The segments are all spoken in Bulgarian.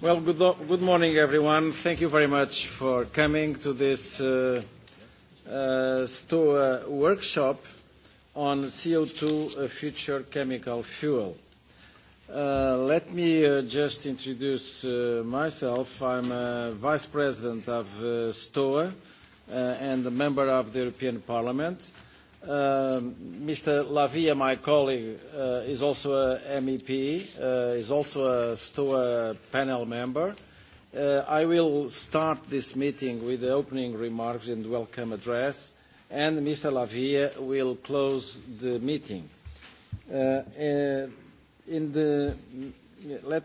Well, good, good morning, everyone. Thank you very much for coming to this uh, uh, STOA workshop on CO2, a future chemical fuel. Uh, let me uh, just introduce uh, myself. I'm a vice president of uh, STOA uh, and a member of the European Parliament. Uh, Mr. Lavia, my colleague, is also a MEP, is also a STOA panel member. I will start this meeting with the opening remarks and welcome address, and Mr. Lavia will close the meeting. Let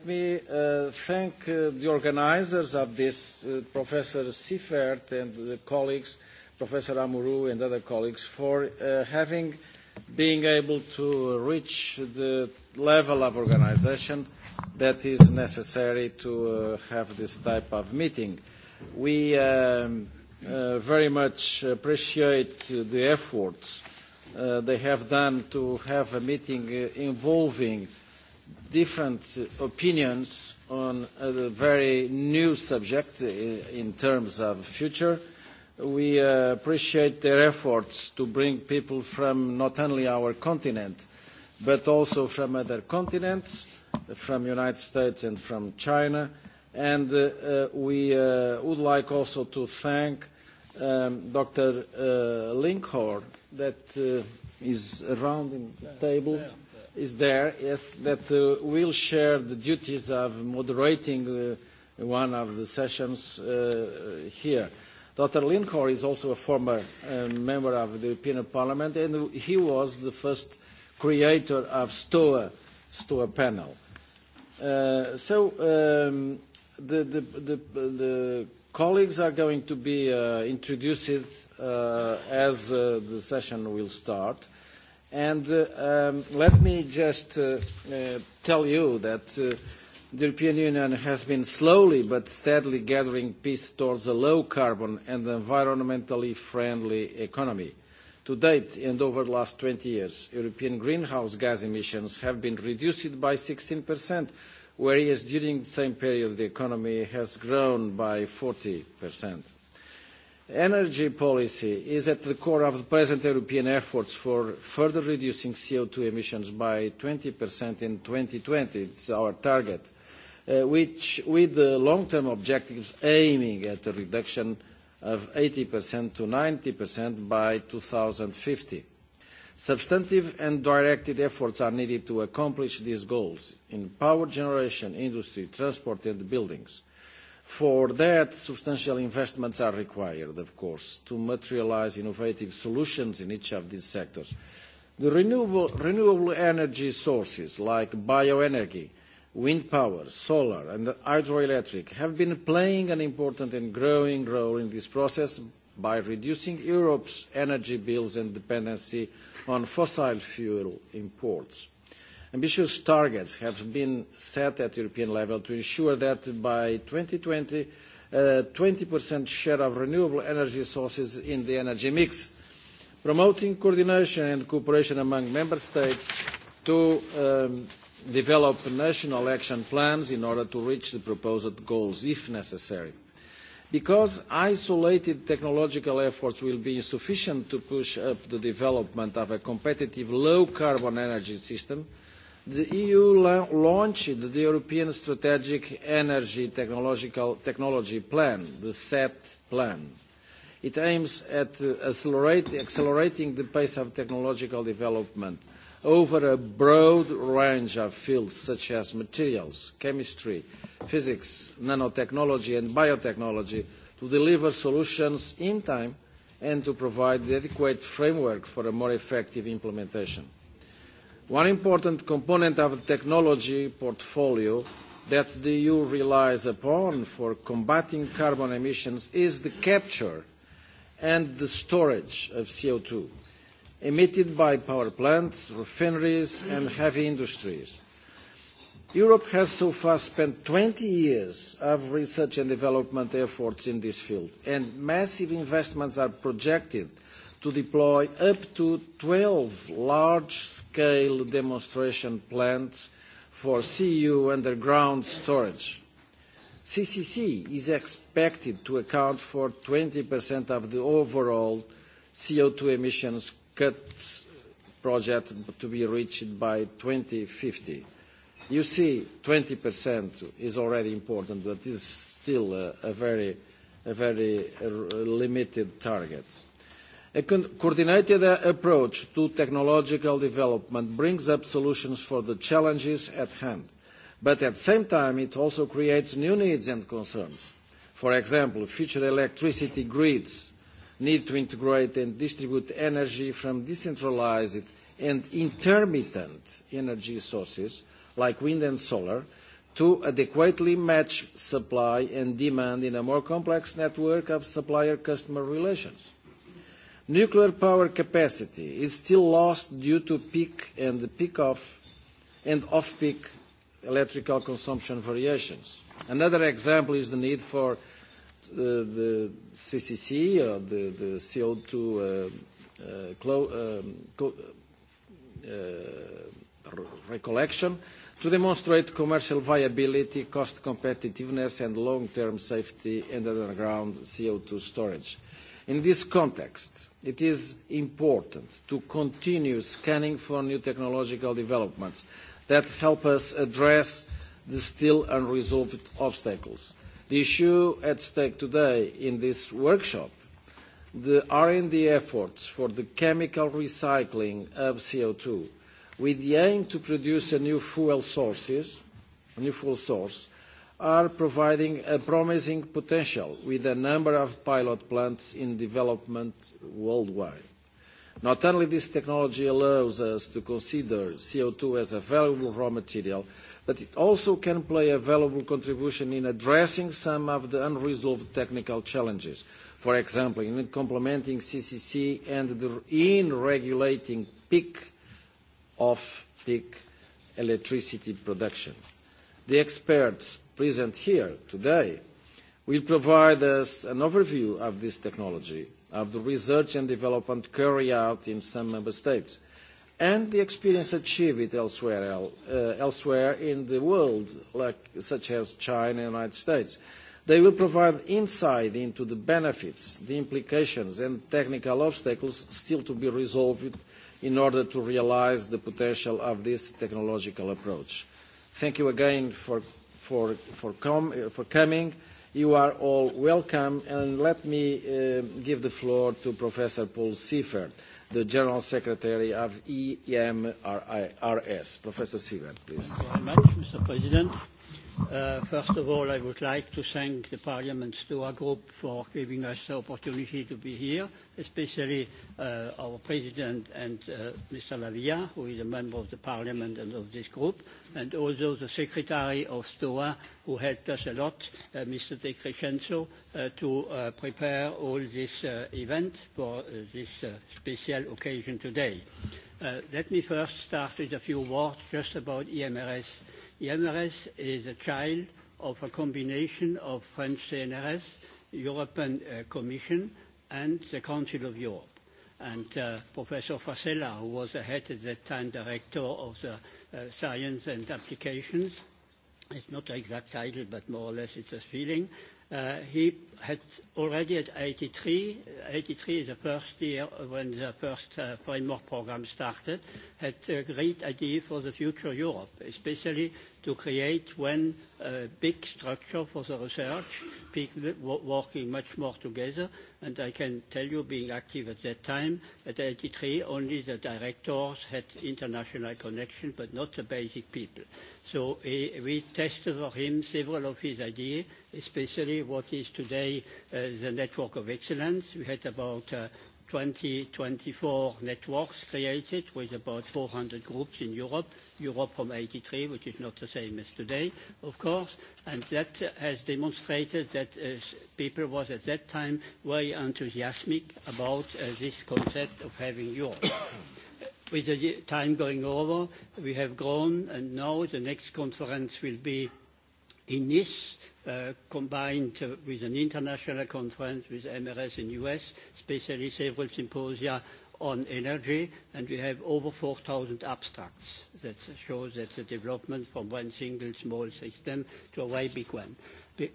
me thank the organizers of this, Professor Seifert and the colleagues Professor Amuru and other colleagues for having being able to reach the level of organisation that is necessary to have this type of meeting. We very much appreciate the efforts they have done to have a meeting involving different opinions on a very new subject in terms of future we appreciate their efforts to bring people from not only our continent, but also from other continents, from the United States and from China. And we would like also to thank Dr. Linkhor that is around the table, is there, yes, that will share the duties of moderating one of the sessions here. Dr. Lincor is also a former member of the European Parliament, and he was the first creator of STOA, STOA panel. so the, the the the colleagues are going to be uh introduced uh as the session will start. And um let me just uh uh tell you that The European Union has been slowly but steadily gathering peace towards a low-carbon and environmentally friendly economy. To date, and over the last 20 years, European greenhouse gas emissions have been reduced by 16%, whereas during the same period, the economy has grown by 40%. Energy policy is at the core of the present European efforts for further reducing CO2 emissions by 20% in 2020. It's our target which with the long-term objectives aiming at a reduction of 80% to 90% by 2050. Substantive and directed efforts are needed to accomplish these goals in power generation, industry, transport, and buildings. For that, substantial investments are required, of course, to materialize innovative solutions in each of these sectors. The renewable energy sources, like bioenergy, wind power, solar, and hydroelectric have been playing an important and growing role in this process by reducing Europe's energy bills and dependency on fossil fuel imports. Ambitious targets have been set at European level to ensure that by 2020, a 20% share of renewable energy sources in the energy mix, promoting coordination and cooperation among member states to develop national action plans in order to reach the proposed goals, if necessary. Because isolated technological efforts will be insufficient to push up the development of a competitive low-carbon energy system, the EU launched the European Strategic Energy Technology Plan, the SET plan. It aims at accelerating the pace of technological development – over a broad range of fields such as materials, chemistry, physics, nanotechnology and biotechnology to deliver solutions in time and to provide the adequate framework for a more effective implementation. One important component of the technology portfolio that the EU relies upon for combating carbon emissions is the capture and the storage of co two emitted by power plants, refineries and heavy industries. Europe has so far spent 20 years of research and development efforts in this field, and massive investments are projected to deploy up to 12 large-scale demonstration plants for CU underground storage. CCC is expected to account for 20% of the overall CO2 emissions cut project to be reached by 2050. You see, 20% is already important, but this is still a very limited target. A coordinated approach to technological development brings up solutions for the challenges at hand, but at the same time, it also creates new needs and concerns. For example, future electricity grids need to integrate and distribute energy from decentralized and intermittent energy sources like wind and solar to adequately match supply and demand in a more complex network of supplier-customer relations. Nuclear power capacity is still lost due to peak and peak-off and off-peak electrical consumption variations. Another example is the need for the CCC, or the, the CO2 uh, uh, clo- um, co- uh, recollection, to demonstrate commercial viability, cost competitiveness, and long-term safety in underground CO2 storage. In this context, it is important to continue scanning for new technological developments that help us address the still unresolved obstacles issue at stake today in this workshop, the R&D efforts for the chemical recycling of CO2 with the aim to produce a new fuel sources, new fuel source, are providing a promising potential with a number of pilot plants in development worldwide. Not only this technology allows us to consider CO2 as a valuable raw material, but it also can play a valuable contribution in addressing some of the unresolved technical challenges. For example, in complementing CCC and in regulating peak off-peak electricity production. The experts present here today will provide us an overview of this technology, of the research and development carried out in some member states, and the experience achieved elsewhere in the world, such as China and the United States. They will provide insight into the benefits, the implications, and technical obstacles still to be resolved in order to realise the potential of this technological approach. Thank you again for coming. You are all welcome, and let me give the floor to Professor Paul Sieffert the General Secretary of EMRS. Professor Sievert, please. Thank you very much, Mr. President. First of all, I would like to thank the Parliament Stoa Group for giving us the opportunity to be here, especially our President and Mr. Lavia, who is a member of the Parliament and of this group, and also the Secretary of Stoa, who helped us a lot, Mr. De Crescenzo, to prepare all this event for this special occasion today. Let me first start with a few words just about EMRS Yamaris is a child of a combination of French CNRS, European uh, Commission, and the Council of Europe. And uh, Professor Fasella, who was the head at that time director of the uh, science and applications, it's not the exact title, but more or less it's a feeling, Uh, he had already at 83, 83 the first year when the first uh, framework program started, had a great idea for the future Europe, especially to create one uh, big structure for the research, people working much more together. And I can tell you, being active at that time, at 83, only the directors had international connection, but not the basic people. So uh, we tested for him several of his ideas especially what is today uh, the network of excellence. We had about uh, 20, 24 networks created with about 400 groups in Europe. Europe from 83, which is not the same as today, of course. And that has demonstrated that uh, people was at that time very enthusiastic about uh, this concept of having Europe. With the time going over, we have grown, and now the next conference will be in Nice, uh, combined uh, with an international conference with MRS in US, especially several symposia on energy, and we have over 4,000 abstracts that shows that the development from one single small system to a very big one.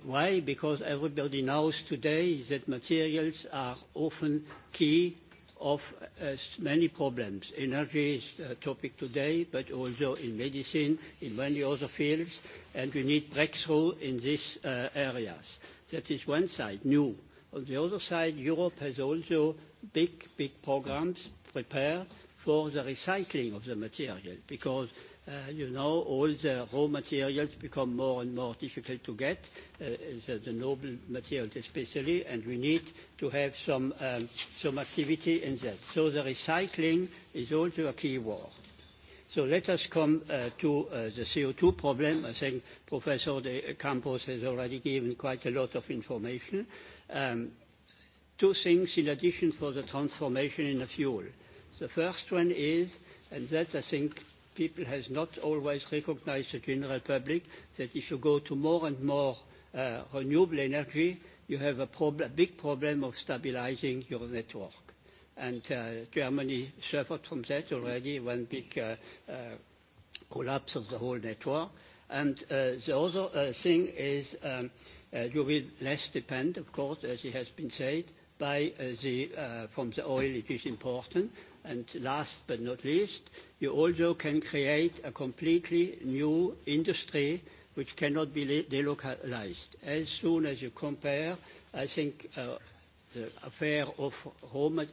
Why? Because everybody knows today that materials are often key of uh, many problems. Energy is a topic today, but also in medicine, in many other fields, and we need breakthrough in these uh, areas. That is one side, new. On the other side, Europe has also big, big programs prepared for the recycling of the material, because you know, all the raw materials become more and more difficult to get, uh, the, the noble materials especially, and we need to have some, um, some activity in that. So the recycling is also a key word. So let us come uh, to uh, the CO2 problem. I think Professor De Campos has already given quite a lot of information. Um, two things in addition for the transformation in the fuel. The first one is, and that I think people has not always recognized the general public that if you go to more and more uh, renewable energy, you have a prob- a big problem of stabilizing your network. And uh, Germany suffered from that already, one big uh, uh, collapse of the whole network. And uh, the other uh, thing is um, uh, you will less depend, of course, as it has been said, by uh, the, uh, from the oil it is important, And last but not least, you also can create a completely new industry which cannot be delocalized. As soon as you compare, I think the affair of raw uh,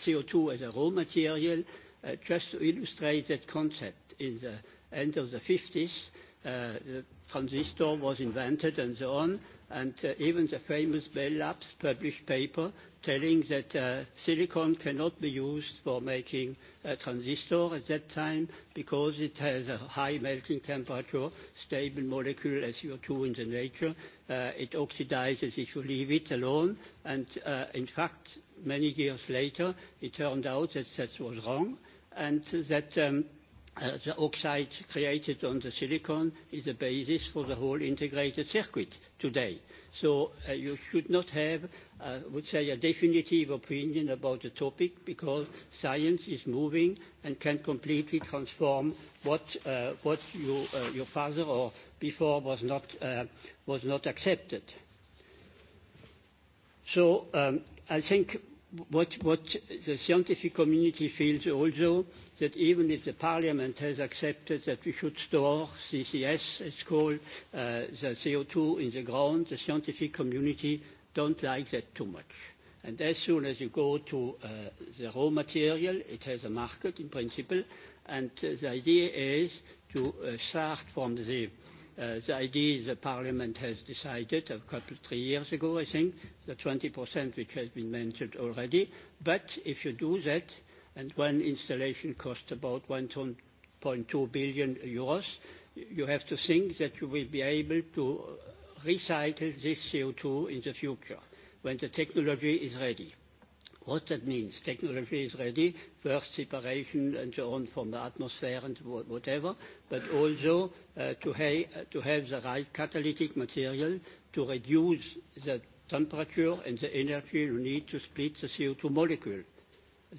CO2 as a raw material, uh, just to illustrate that concept, in the end of the 1950 s uh, the transistor was invented and so on And uh, even the famous Bell Labs published paper telling that uh, silicon cannot be used for making a transistor at that time because it has a high melting temperature, stable molecule as CO2 in the nature. Uh, it oxidizes if you leave it alone. And uh, in fact, many years later, it turned out that that was wrong and that um, the oxide created on the silicon is the basis for the whole integrated circuit today. So uh, you should not have, I would say, a definitive opinion about the topic because science is moving and can completely transform what, uh, what you, uh, your father or before was not, uh, was not accepted. So um, I think what, what the scientific community feels also that even if the parliament has accepted that we should store CCS, it's called, uh, the CO2 in the ground, the scientific community don't like that too much. And as soon as you go to uh, the raw material, it has a market in principle, and uh, the idea is to uh, start from the Uh, the idea the Parliament has decided a couple, three years ago, I think, the 20% which has been mentioned already. But if you do that, and one installation costs about 1.2 billion euros, you have to think that you will be able to recycle this CO2 in the future when the technology is ready what that means. Technology is ready, first separation and so on from the atmosphere and whatever, but also uh, to, ha- to have the right catalytic material to reduce the temperature and the energy you need to split the CO2 molecule.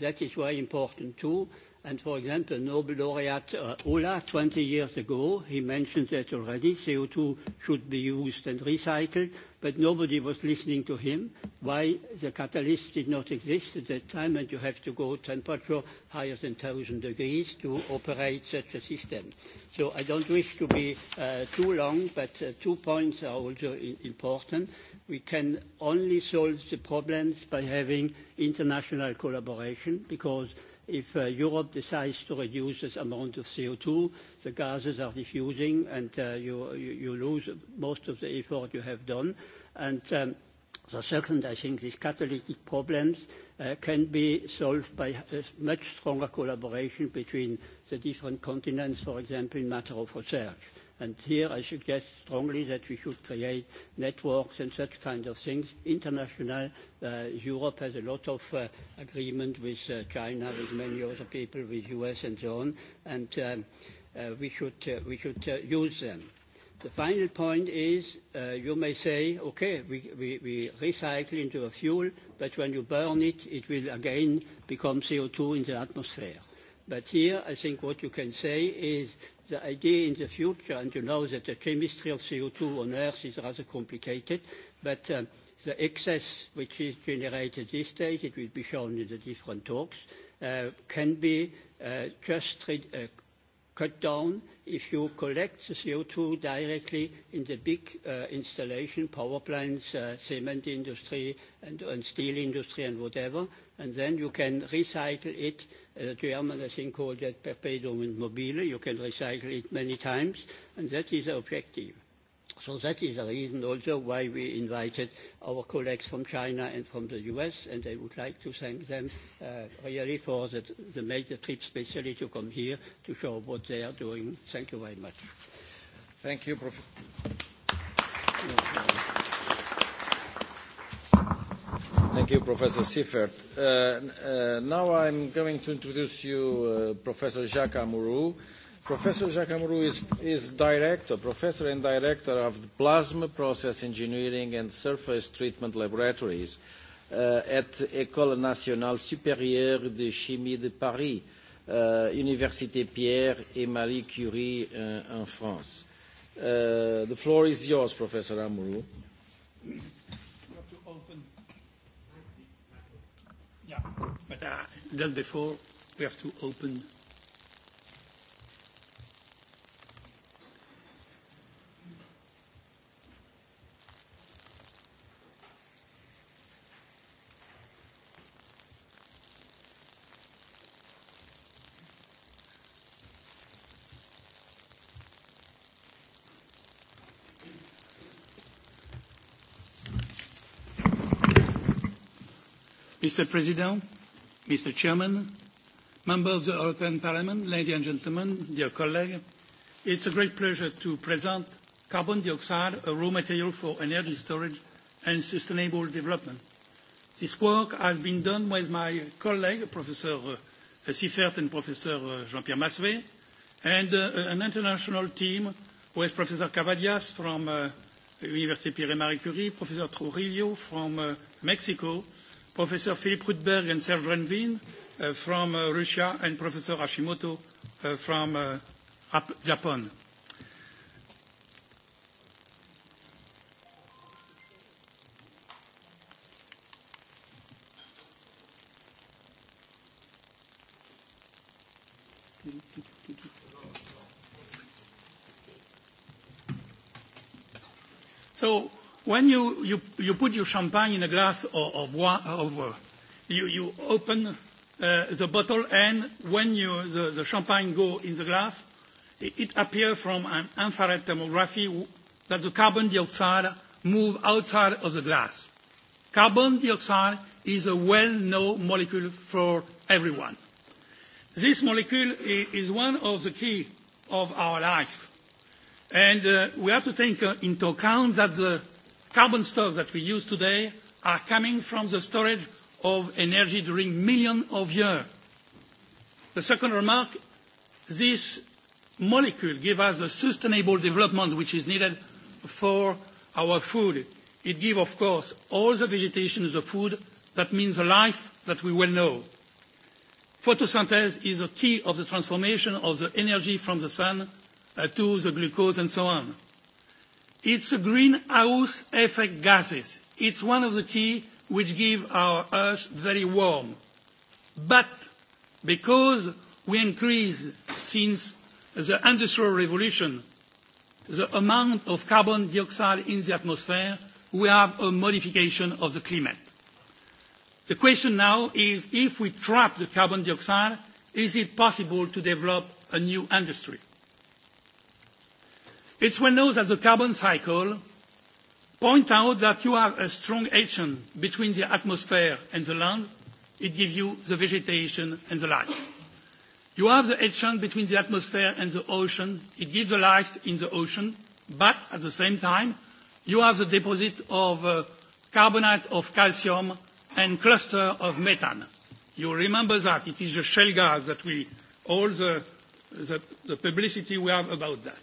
That is very important too And for example, Nobel laureate uh, Ola, 20 years ago, he mentioned that already, CO2 should be used and recycled, but nobody was listening to him. Why the catalyst did not exist at that time, and you have to go temperature higher than 1,000 degrees to operate such a system. So I don't wish to be uh, too long, but uh, two points are also i- important. We can only solve the problems by having international collaboration, because if uh, Europe decides to reduce this amount of CO2, the gases are diffusing and uh, you, you, you lose most of the effort you have done. And um, the second, I think these catalytic problems uh, can be solved by a much stronger collaboration between the different continents, for example, in matter of research And here I suggest strongly that we should create networks and such kind of things. International, uh, Europe has a lot of uh, agreement with uh, China, with many other people, with US and so on, and um, uh, we should, uh, we should uh, use them. The final point is, uh you may say, "Okay, we we we recycle into a fuel, but when you burn it it will again become CO2 in the atmosphere." But here, I think what you can say is the idea in the future, and you know that the chemistry of CO2 on Earth is rather complicated, but um, the excess which is generated this stage, it will be shown in the different talks, uh, can be uh, just uh, cut down if you collect the CO2 directly in the big uh, installation, power plants, uh, cement industry, and, and steel industry, and whatever, and then you can recycle it that German have a thing called that perpetuum mobile. You can recycle it many times, and that is the objective. So that is the reason also why we invited our colleagues from China and from the U.S., and I would like to thank them uh, really for the, the major trip, especially to come here to show what they are doing. Thank you very much. Thank you, Professor. Thank you, Professor Siffert. Now I'm going to introduce you Professor Jacques Amourou. Professor Jacques Amourou is director, professor and director of the Plasma Process Engineering and Surface Treatment Laboratories at École Nationale Supérieure de Chimie de Paris, Université Pierre et Marie Curie in France. The floor is yours, Professor Amourou. But uh, then before, we have to open Mr. President, Mr. Chairman, members of the European Parliament, ladies and gentlemen, dear colleagues, it's a great pleasure to present carbon dioxide, a raw material for energy storage and sustainable development. This work has been done with my colleague, Professor Siffert and Professor Jean-Pierre Massuet, and an international team with Professor Cavadias from University Pierre-Marie Curie, Professor Trujillo from Mexico, Professor Philip Rutberg and Serge Renvin uh, from uh, Russia and Professor Hashimoto uh, from uh, Japan. So When you, you, you put your champagne in a glass of, of, of you, you open uh, the bottle and when you, the, the champagne go in the glass, it, it appears from an infrared thermography that the carbon dioxide move outside of the glass. Carbon dioxide is a well-known molecule for everyone. This molecule is one of the key of our life. And uh, we have to take uh, into account that the carbon stocks that we use today are coming from the storage of energy during millions of years. The second remark, this molecule gives us the sustainable development which is needed for our food. It gives, of course, all the vegetation the food. That means the life that we well know. Photosynthesis is the key of the transformation of the energy from the sun to the glucose and so on. It's the greenhouse effect gases. It's one of the key which give our earth very warm. But because we increase since the industrial revolution the amount of carbon dioxide in the atmosphere, we have a modification of the climate. The question now is if we trap the carbon dioxide, is it possible to develop a new industry? It's well known that the carbon cycle points out that you have a strong action between the atmosphere and the land. It gives you the vegetation and the life. You have the action between the atmosphere and the ocean. It gives the life in the ocean. But at the same time, you have the deposit of uh, carbonate of calcium and cluster of methane. You remember that. It is the shell gas that we, all the, the, the publicity we have about that.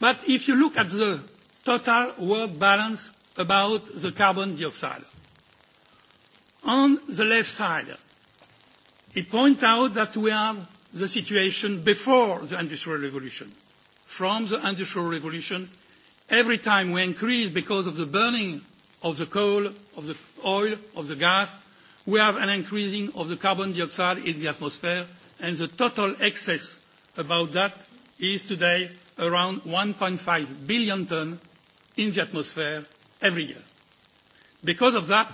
But if you look at the total world balance about the carbon dioxide, on the left side, it points out that we have the situation before the Industrial Revolution. From the Industrial Revolution, every time we increase because of the burning of the coal, of the oil, of the gas, we have an increasing of the carbon dioxide in the atmosphere, and the total excess about that is today around 1.5 billion tonnes in the atmosphere every year. Because of that,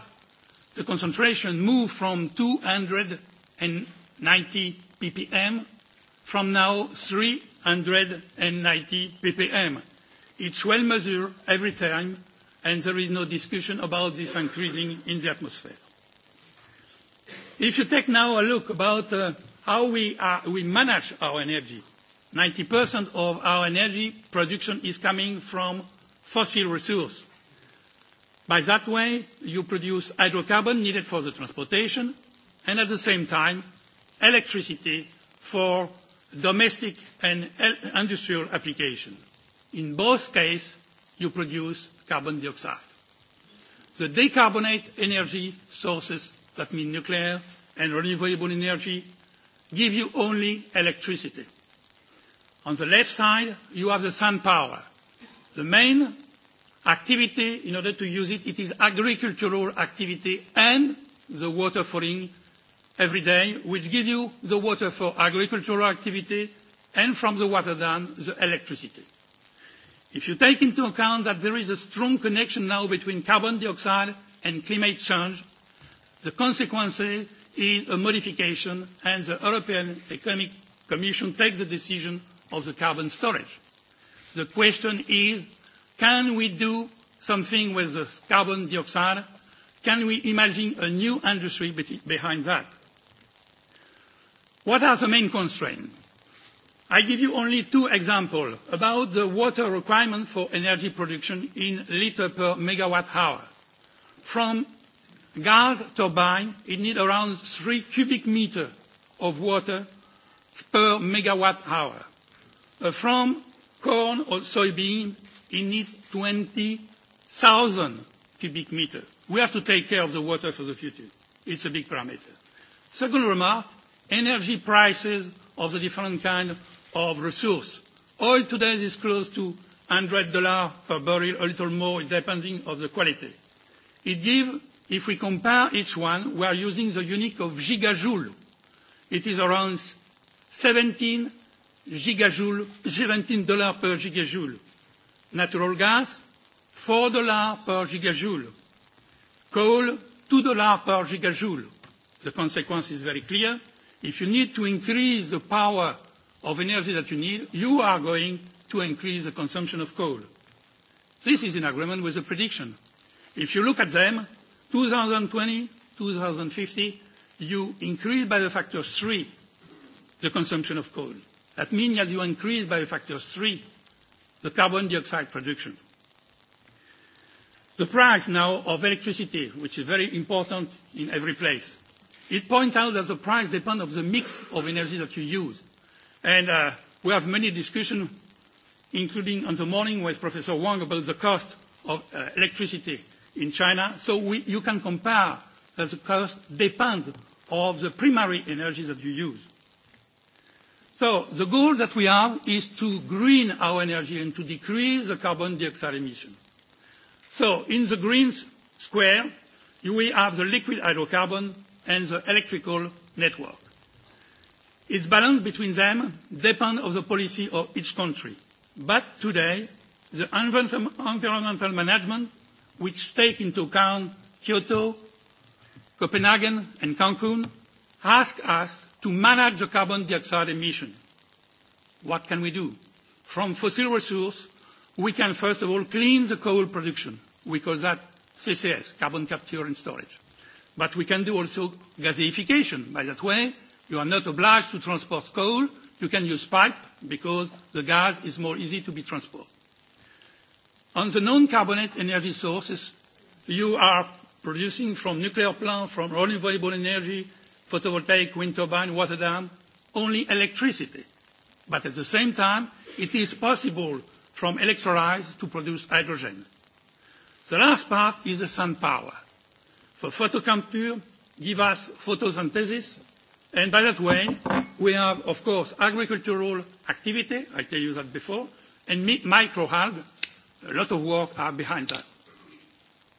the concentration moved from 290 ppm from now 390 ppm. It's well measured every time, and there is no discussion about this increasing in the atmosphere. If you take now a look about how we manage our energy, 90% of our energy production is coming from fossil resource. By that way, you produce hydrocarbon needed for the transportation, and at the same time, electricity for domestic and industrial application. In both cases, you produce carbon dioxide. The decarbonate energy sources, that mean nuclear and renewable energy, give you only electricity. On the left side, you have the sun power. The main activity, in order to use it, it is agricultural activity and the water falling every day, which gives you the water for agricultural activity and from the water down, the electricity. If you take into account that there is a strong connection now between carbon dioxide and climate change, the consequence is a modification, and the European Economic Commission takes the decision of the carbon storage. The question is, can we do something with the carbon dioxide? Can we imagine a new industry behind that? What are the main constraints? I give you only two examples about the water requirement for energy production in liter per megawatt hour. From gas turbine, it needs around three cubic meter of water per megawatt hour from corn or soybean, it needs 20,000 cubic metres. We have to take care of the water for the future. It's a big parameter. Second remark, energy prices of the different kind of resource. Oil today is close to $100 per barrel, a little more, depending on the quality. It gives, if we compare each one, we are using the unit of gigajoule. It is around 17 gigajoule, 17 dollars per gigajoule. Natural gas, 4 dollars per gigajoule. Coal, 2 dollars per gigajoule. The consequence is very clear. If you need to increase the power of energy that you need, you are going to increase the consumption of coal. This is in agreement with the prediction. If you look at them, 2020, 2050, you increase by the factor three the consumption of coal. That means that you increase by a factor of three the carbon dioxide production. The price now of electricity, which is very important in every place, it points out that the price depends on the mix of energy that you use. And uh, we have many discussions, including on the morning with Professor Wang about the cost of uh, electricity in China. So we, you can compare that the cost depends on the primary energy that you use. So the goal that we have is to green our energy and to decrease the carbon dioxide emission. So in the green square, we have the liquid hydrocarbon and the electrical network. Its balance between them depends on the policy of each country. But today, the environmental management, which take into account Kyoto, Copenhagen, and Cancun, ask us to manage the carbon dioxide emission. What can we do? From fossil resources, we can first of all clean the coal production. We call that CCS, carbon capture and storage. But we can do also gasification. By that way, you are not obliged to transport coal. You can use pipe because the gas is more easy to be transported. On the non-carbonate energy sources, you are producing from nuclear plants, from renewable energy, photovoltaic wind turbine, water dam, only electricity. But at the same time, it is possible from electrolyte to produce hydrogen. The last part is the sun power. For photocampure, give us photosynthesis, and by that way, we have, of course, agricultural activity, I tell you that before, and microalgae. A lot of work are behind that.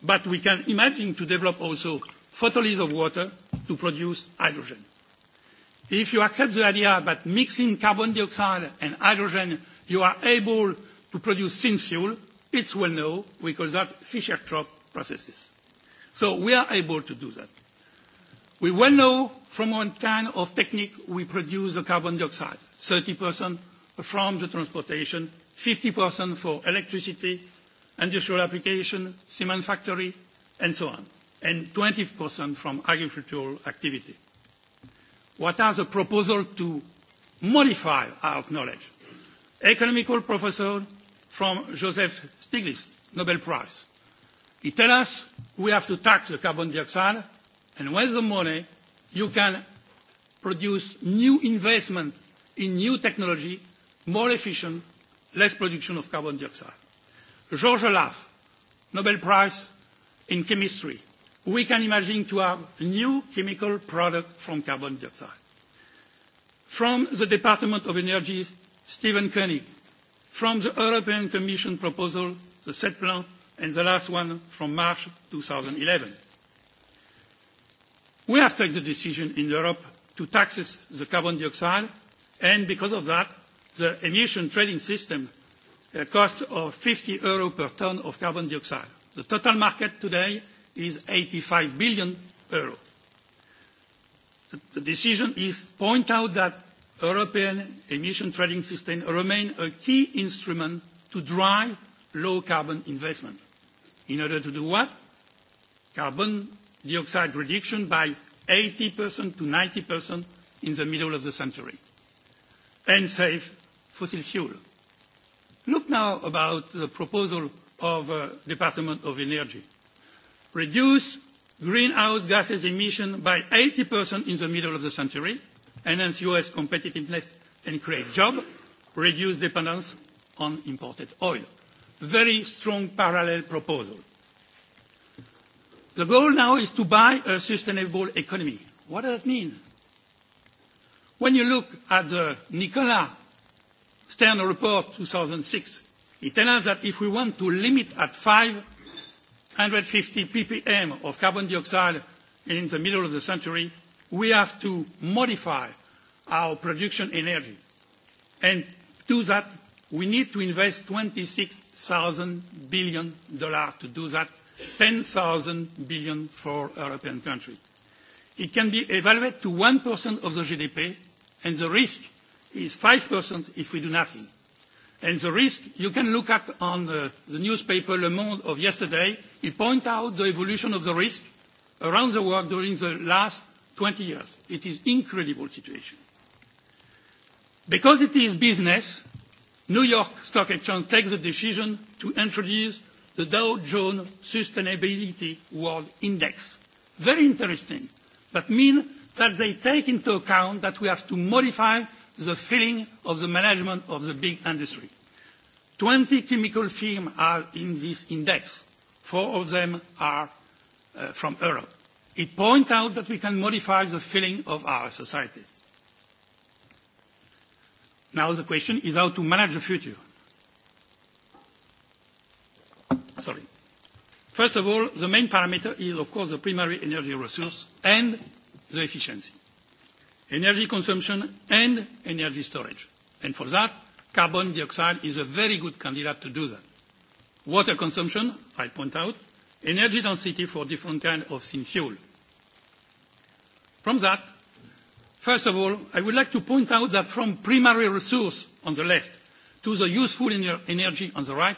But we can imagine to develop also photolysis of water to produce hydrogen. If you accept the idea that mixing carbon dioxide and hydrogen, you are able to produce syn fuel, it's well known. We call that Fischer-Tropsch processes. So we are able to do that. We well know from what kind of technique we produce the carbon dioxide, 30% from the transportation, 50% for electricity, industrial application, cement factory, and so on and 20% from agricultural activity. What are the proposals to modify our knowledge? Economical professor from Joseph Stiglitz, Nobel Prize. He tells us we have to tax the carbon dioxide, and with the money, you can produce new investment in new technology, more efficient, less production of carbon dioxide. Georges Laff, Nobel Prize in Chemistry, we can imagine to have new chemical product from carbon dioxide. From the Department of Energy, Stephen Koenig. From the European Commission proposal, the set plan, and the last one from March 2011. We have taken the decision in Europe to tax the carbon dioxide, and because of that, the emission trading system costs of 50 euro per ton of carbon dioxide. The total market today is 85 billion euro. The decision is point out that European emission trading system remain a key instrument to drive low carbon investment. In order to do what? Carbon dioxide reduction by 80% to 90% in the middle of the century, and save fossil fuel. Look now about the proposal of the Department of Energy reduce greenhouse gases emission by 80% in the middle of the century, enhance U.S. competitiveness and create jobs, reduce dependence on imported oil. Very strong parallel proposal. The goal now is to buy a sustainable economy. What does that mean? When you look at the Nicola Stern report 2006, it tells us that if we want to limit at five 150 ppm of carbon dioxide in the middle of the century, we have to modify our production energy. And to do that, we need to invest $26,000 billion to do that, $10,000 billion for European countries. It can be evaluated to 1% of the GDP, and the risk is 5% if we do nothing. And the risk, you can look at on the, the newspaper Le Monde of yesterday, it points out the evolution of the risk around the world during the last 20 years. It is incredible situation. Because it is business, New York Stock Exchange takes the decision to introduce the Dow Jones Sustainability World Index. Very interesting. That means that they take into account that we have to modify the feeling of the management of the big industry. Twenty chemical firms are in this index. Four of them are uh, from Europe. It points out that we can modify the feeling of our society. Now the question is how to manage the future. Sorry. First of all, the main parameter is, of course, the primary energy resource and the efficiency energy consumption and energy storage. And for that, carbon dioxide is a very good candidate to do that. Water consumption, I point out, energy density for different kinds of thin fuel. From that, first of all, I would like to point out that from primary resource on the left to the useful energy on the right,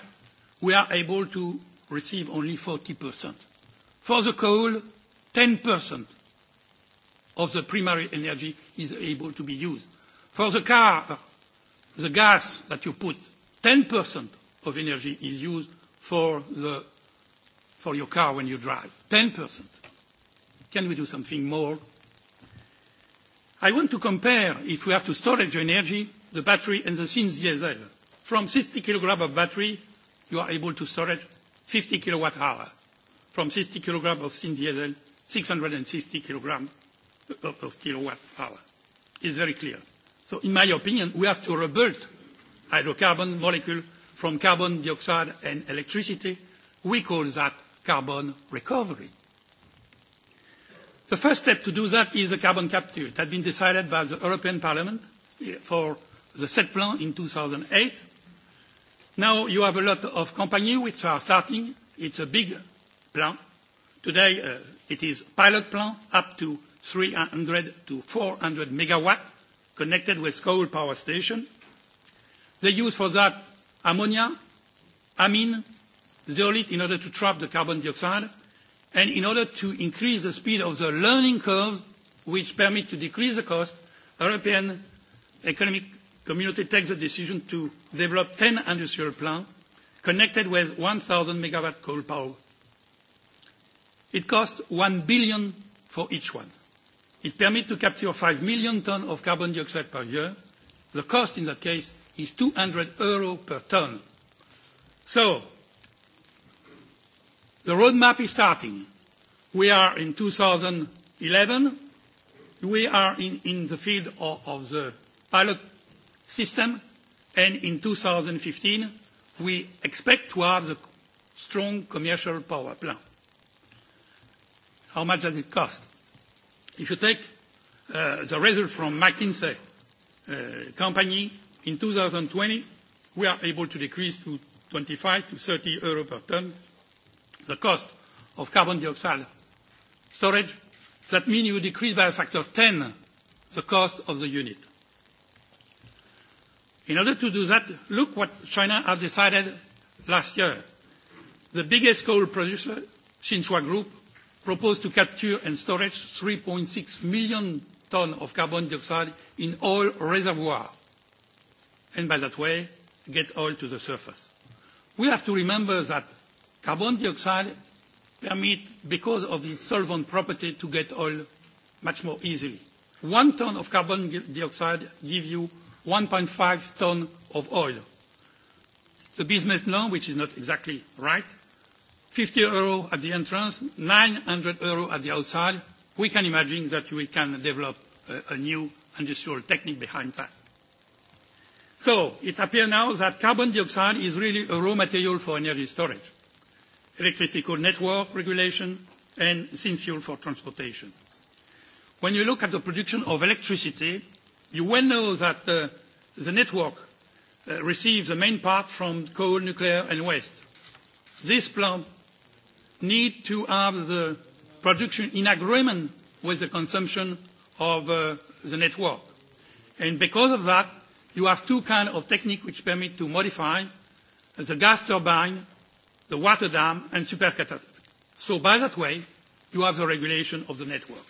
we are able to receive only 40%. For the coal, 10% of the primary energy is able to be used. For the car, the gas that you put, 10% of energy is used for, the, for your car when you drive. 10%. Can we do something more? I want to compare, if we have to storage energy, the battery and the sins diesel. From 60 kg of battery, you are able to storage 50 kilowatt hour. From 60 kg of syn diesel, 660 kilograms of kilowatt hour. It's very clear. So in my opinion, we have to rebuild hydrocarbon molecule from carbon dioxide and electricity. We call that carbon recovery. The first step to do that is a carbon capture. It had been decided by the European Parliament for the set plan in 2008. Now you have a lot of companies which are starting. It's a big plan. Today, it is pilot plan up to 300 to 400 megawatt connected with coal power station. They use for that ammonia, amine, zeolite in order to trap the carbon dioxide, and in order to increase the speed of the learning curves, which permit to decrease the cost, European Economic Community takes the decision to develop 10 industrial plants connected with 1,000 megawatt coal power. It costs 1 billion for each one. It permits to capture 5 million tonnes of carbon dioxide per year. The cost in that case is 200 euros per tonne. So, the roadmap is starting. We are in 2011. We are in, in the field of, of the pilot system. And in 2015, we expect to have the strong commercial power plant. How much does it cost? If you take the result from McKinsey company in 2020, we are able to decrease to 25 to 30 euro per ton the cost of carbon dioxide storage. That means you decrease by a factor of 10 the cost of the unit. In order to do that, look what China have decided last year. The biggest coal producer, Tsinghua Group, proposed to capture and storage 3.6 million tonnes of carbon dioxide in all reservoirs, and by that way, get oil to the surface. We have to remember that carbon dioxide permit, because of its solvent property, to get oil much more easily. One ton of carbon dioxide gives you 1.5 ton of oil. The business law, which is not exactly right, 50 euro at the entrance, 900 euro at the outside, we can imagine that we can develop a, a new industrial technique behind that. So it appears now that carbon dioxide is really a raw material for energy storage, electrical network regulation, and since fuel for transportation. When you look at the production of electricity, you well know that uh, the network uh, receives the main part from coal, nuclear, and waste. This plant need to have the production in agreement with the consumption of uh, the network. And because of that, you have two kinds of techniques which permit to modify the gas turbine, the water dam, and supercatalytic. So by that way, you have the regulation of the network.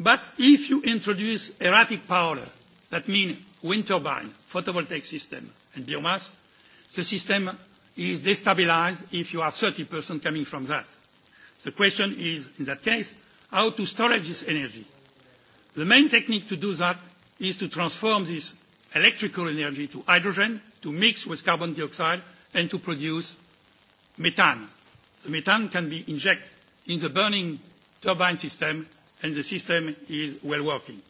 But if you introduce erratic power, that means wind turbine, photovoltaic system, and biomass, the system is destabilized if you have 30% coming from that. The question is, in that case, how to storage this energy. The main technique to do that is to transform this electrical energy to hydrogen, to mix with carbon dioxide, and to produce methane. The methane can be injected in the burning turbine system, and the system is well working.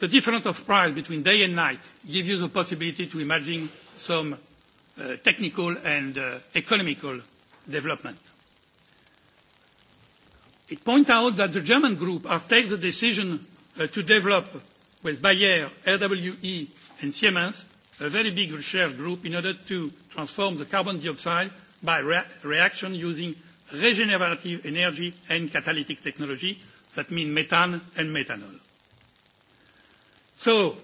The difference of price between day and night gives you the possibility to imagine some technical and economical development. It points out that the German group has taken the decision to develop with Bayer, RWE, and Siemens a very big research group in order to transform the carbon dioxide by reaction using regenerative energy and catalytic technology that mean methane and methanol. So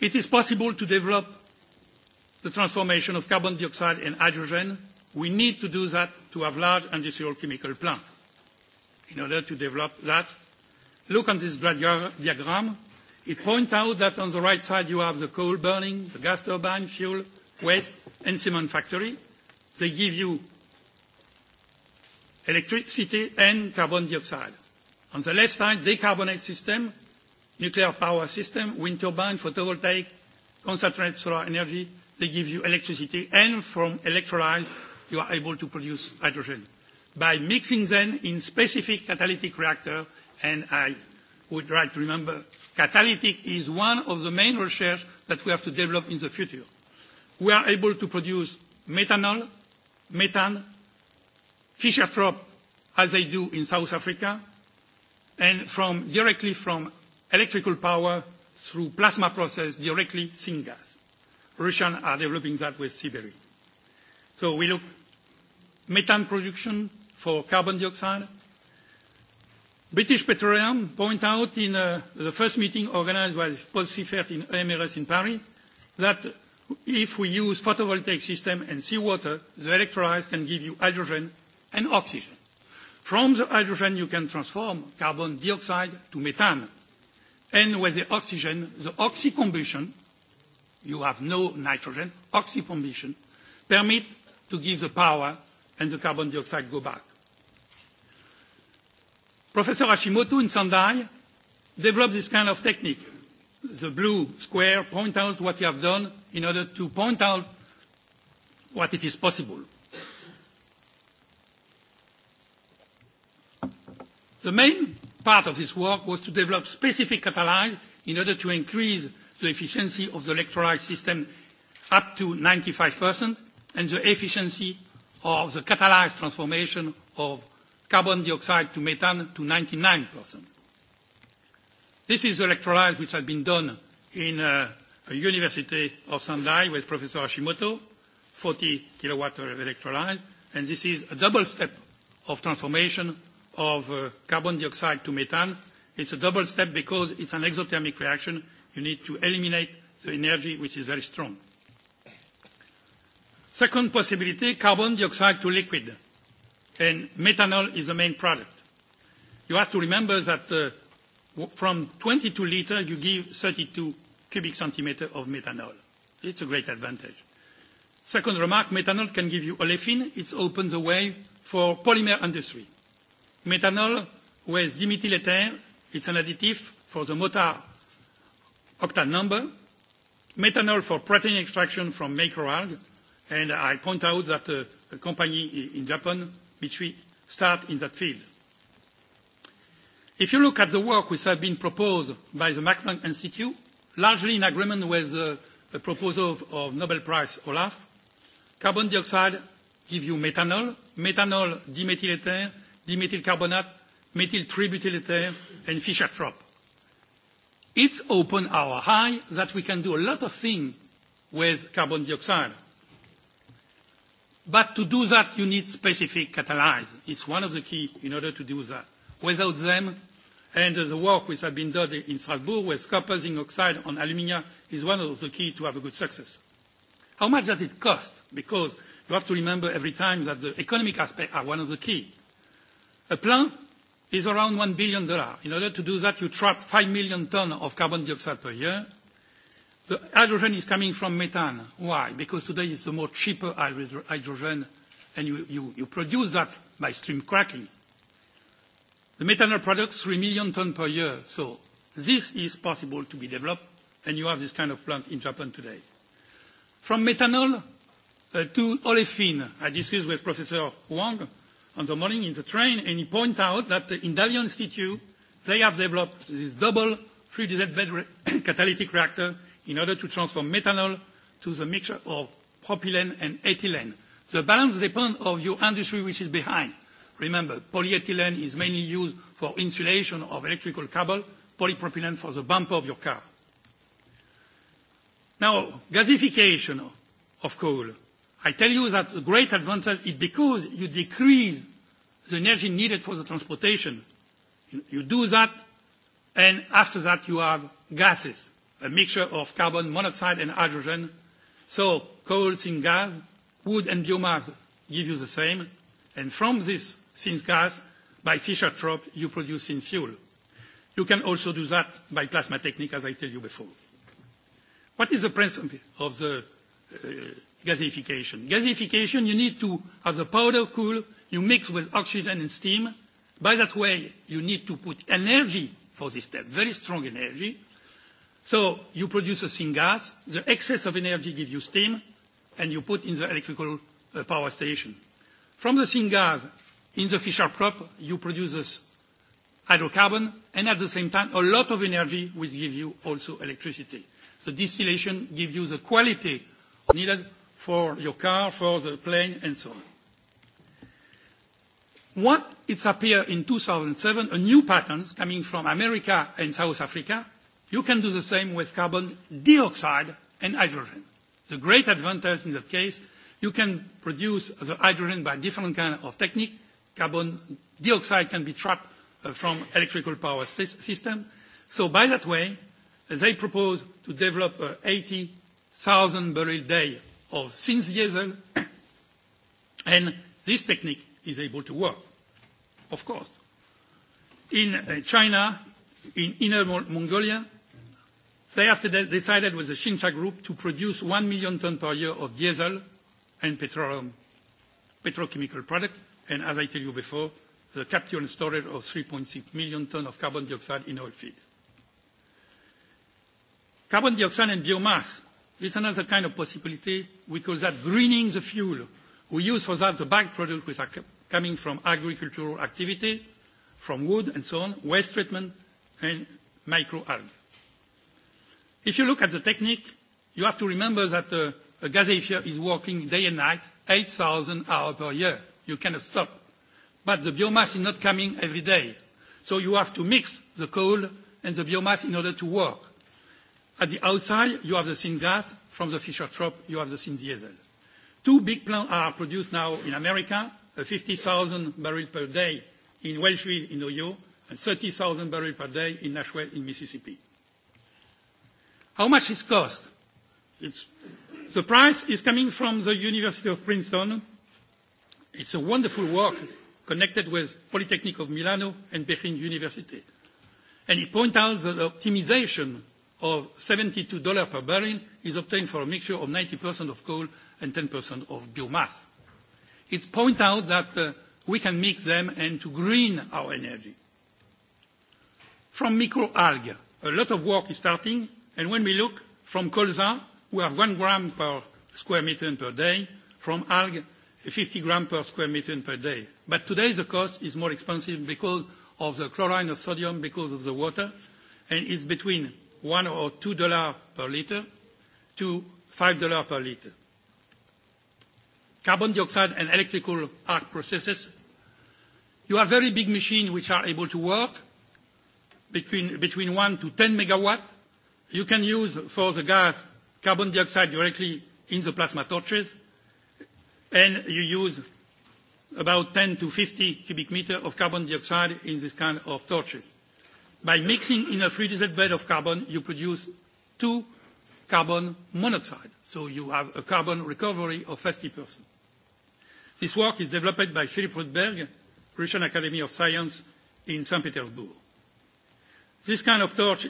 it is possible to develop the transformation of carbon dioxide and hydrogen, we need to do that to have large industrial chemical plants. In order to develop that, look on this diagram. It points out that on the right side you have the coal burning, the gas turbine, fuel, waste, and cement factory. They give you electricity and carbon dioxide. On the left side, decarbonate system, nuclear power system, wind turbine, photovoltaic, concentrated solar energy, they give you electricity, and from electrolyze, you are able to produce hydrogen by mixing them in specific catalytic reactor. And I would like to remember, catalytic is one of the main research that we have to develop in the future. We are able to produce methanol, methane, Fischer-Tropsch, as they do in South Africa, and from directly from electrical power through plasma process, directly syngas. Russians are developing that with Siberia. So we look methane production for carbon dioxide. British Petroleum point out in uh, the first meeting organized by Paul Siffert in AMRS in Paris that if we use photovoltaic system and seawater, the electrolyzer can give you hydrogen and oxygen. From the hydrogen, you can transform carbon dioxide to methane. And with the oxygen, the oxycombustion you have no nitrogen, oxyformation, permit to give the power and the carbon dioxide go back. Professor Hashimoto in Sendai developed this kind of technique. The blue square point out what you have done in order to point out what it is possible. The main part of this work was to develop specific catalyze in order to increase the efficiency of the electrolyte system up to 95% and the efficiency of the catalyzed transformation of carbon dioxide to methane to 99%. This is the electrolyte which has been done in uh, University of Sendai with Professor Hashimoto, 40 kilowatt of electrolyte, and this is a double step of transformation of uh, carbon dioxide to methane. It's a double step because it's an exothermic reaction You need to eliminate the energy which is very strong. Second possibility, carbon dioxide to liquid. And methanol is the main product. You have to remember that uh, from 22 liters, you give 32 cubic centimeters of methanol. It's a great advantage. Second remark, methanol can give you olefin. It's opens the way for polymer industry. Methanol with dimethyl ether, it's an additive for the motor octal number, methanol for protein extraction from microalgae, and I point out that a company in Japan, Mitsui, start in that field. If you look at the work which has been proposed by the Max Planck Institute, largely in agreement with the proposal of Nobel Prize Olaf, carbon dioxide gives you methanol, methanol dimethyl ether, dimethyl carbonate, methyl tributyl ether, and Fischer-Tropsch. It's opened our eye that we can do a lot of things with carbon dioxide. But to do that, you need specific catalyze. It's one of the key in order to do that. Without them, and the work which has been done in Strasbourg with copper zinc oxide on alumina is one of the key to have a good success. How much does it cost? Because you have to remember every time that the economic aspects are one of the key. A plant is around $1 billion. In order to do that, you trap 5 million tons of carbon dioxide per year. The hydrogen is coming from methane. Why? Because today it's the more cheaper hydrogen, and you you you produce that by stream cracking. The methanol products, 3 million tons per year. So this is possible to be developed, and you have this kind of plant in Japan today. From methanol uh to olefin, I discussed with Professor Wang, on the morning in the train, and he pointed out that in Dalian Institute, they have developed this double 3DZ bed re- catalytic reactor in order to transform methanol to the mixture of propylene and ethylene. The balance depends on your industry which is behind. Remember, polyethylene is mainly used for insulation of electrical cable, polypropylene for the bumper of your car. Now, gasification of coal. I tell you that the great advantage is because you decrease the energy needed for the transportation. You do that, and after that you have gases, a mixture of carbon monoxide and hydrogen. So coal, thin gas, wood and biomass give you the same. And from this syn gas, by fischer trop you produce syn fuel. You can also do that by plasma technique, as I tell you before. What is the principle of the gasification. Gasification, you need to have the powder cool, you mix with oxygen and steam. By that way, you need to put energy for this step, very strong energy. So you produce a syngas, the excess of energy gives you steam, and you put in the electrical uh, power station. From the syngas, in the fisher crop, you produce this hydrocarbon, and at the same time, a lot of energy will give you also electricity. The distillation gives you the quality needed for your car, for the plane, and so on. What it's appeared in 2007, a new patent coming from America and South Africa. You can do the same with carbon dioxide and hydrogen. The great advantage in that case, you can produce the hydrogen by different kind of technique. Carbon dioxide can be trapped from electrical power system. So by that way, they propose to develop a 80,000 barrel day of synth-diesel, and this technique is able to work, of course. In China, in Inner Mongolia, they have decided with the Xincha Group to produce 1 million ton per year of diesel and petroleum, petrochemical product, and as I tell you before, the capture and storage of 3.6 million ton of carbon dioxide in oil field. Carbon dioxide and biomass It's another kind of possibility. We call that greening the fuel. We use for that the products which are coming from agricultural activity, from wood and so on, waste treatment, and microalgae. If you look at the technique, you have to remember that uh, a gazeifer is working day and night, 8,000 hours per year. You cannot stop. But the biomass is not coming every day. So you have to mix the coal and the biomass in order to work. At the outside, you have the syngas. From the Fischer-Tropsch, you have the syndiesel. Two big plants are produced now in America, a 50,000 barrel per day in Wellsville in Ohio, and 30,000 barrel per day in Nashua in Mississippi. How much it cost? It's The price is coming from the University of Princeton. It's a wonderful work connected with Polytechnic of Milano and Berlin University. And it points out the optimization of $72 per barrel is obtained for a mixture of 90% of coal and 10% of biomass. It points out that we can mix them and to green our energy. From microalgae, a lot of work is starting, and when we look from colza, we have 1 gram per square meter per day, from algae, 50 gram per square meter per day. But today, the cost is more expensive because of the chlorine of sodium, because of the water, and it's between one or two dollars per liter to five dollars per liter. Carbon dioxide and electrical arc processes. You have very big machines which are able to work between, between 1 to 10 megawatts. You can use for the gas carbon dioxide directly in the plasma torches, and you use about 10 to 50 cubic meter of carbon dioxide in this kind of torches By mixing in a freeze-treated bed of carbon, you produce two carbon monoxide, so you have a carbon recovery of 50%. This work is developed by Philip Rutberg, Russian Academy of Science in St. Petersburg. This kind of torch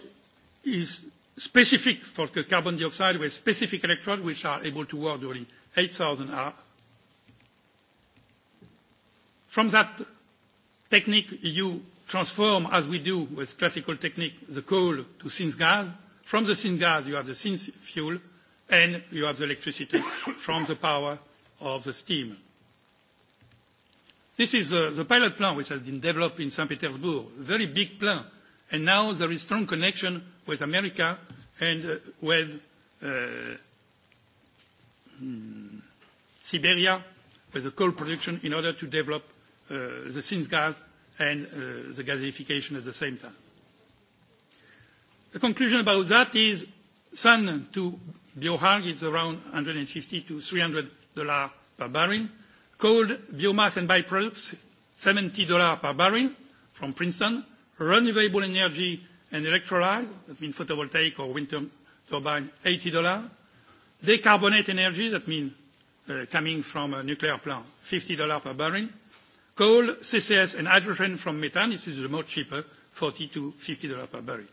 is specific for the carbon dioxide with specific electrodes which are able to work during 8,000 hours. From that technique, you transform, as we do with classical technique, the coal to syngas. From the syngas, you have the syn fuel, and you have the electricity from the power of the steam. This is uh, the pilot plant which has been developed in St. Petersburg, a very big plant. And now there is strong connection with America and uh, with uh, mm, Siberia, with the coal production in order to develop uh, the syngas and uh the gasification at the same time. The conclusion about that is sun to biohag is around $150 to $300 per barrel. Coal, biomass and byproducts, $70 per barrel from Princeton. Renewable energy and electrolyze, that means photovoltaic or wind turbine, $80. Decarbonate energy, that means uh coming from a nuclear plant, $50 per barrel coal, CCS, and hydrogen from methane, is the most cheaper, $40 to $50 per barrel.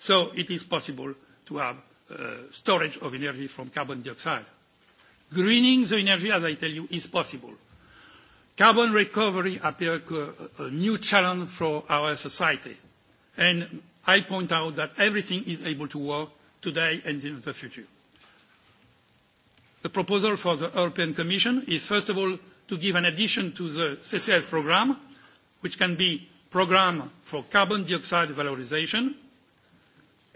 So it is possible to have storage of energy from carbon dioxide. Greening the energy, as I tell you, is possible. Carbon recovery appears a new challenge for our society, and I point out that everything is able to work today and in the future. The proposal for the European Commission is, first of all, to give an addition to the CCS programme, which can be programme for carbon dioxide valorisation,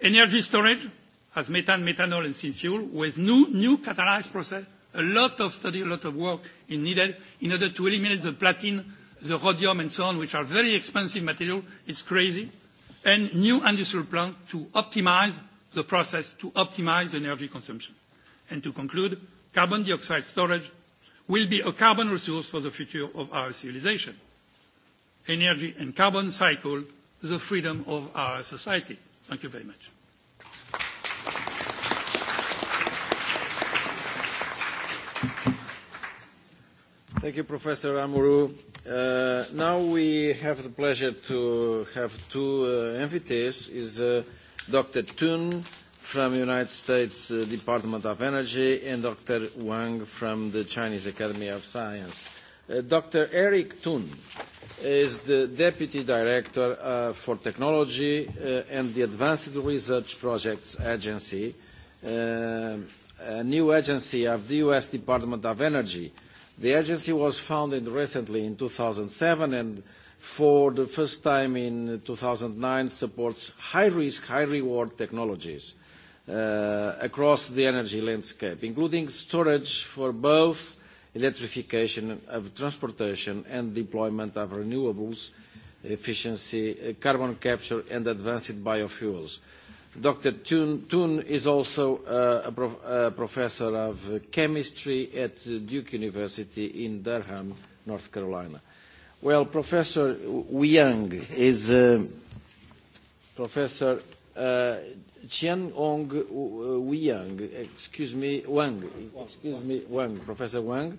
energy storage as methane, methanol, and fuel, with new, new catalyzed process. A lot of study, a lot of work is needed in order to eliminate the platinum, the rhodium, and so on, which are very expensive material. It's crazy. And new industrial plant to optimize the process, to optimize energy consumption. And to conclude, carbon dioxide storage will be a carbon resource for the future of our civilization. Energy and carbon cycle, the freedom of our society. Thank you very much. Thank you, Professor Amuru. Uh, now we have the pleasure to have two uh, invitees. Is uh, Dr. Thun from the United States Department of Energy and Dr. Wang from the Chinese Academy of Science. Dr. Eric Thun is the Deputy Director for Technology and the Advanced Research Projects Agency, a new agency of the U.S. Department of Energy. The agency was founded recently in two thousand seven and for the first time in two thousand nine supports high-risk, high-reward technologies across the energy landscape, including storage for both electrification of transportation and deployment of renewables, efficiency, carbon capture, and advanced biofuels. Dr. Thun is also a professor of chemistry at Duke University in Durham, North Carolina. Well, Professor Wu Yang is professor Qian Wang, excuse me, Wang, excuse me, Wang, Professor Wang,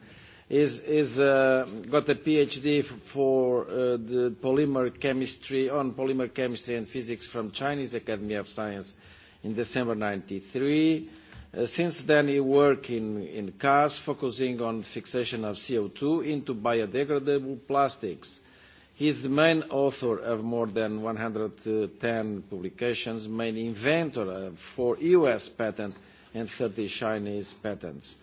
is, is uh, got a PhD for uh, the polymer chemistry on polymer chemistry and physics from Chinese Academy of Science in December 93. Uh, since then, he worked in, in CAS, focusing on fixation of CO2 into biodegradable plastics He is the main author of more than one hundred and ten publications, main inventor of four US patents and thirty Chinese patents.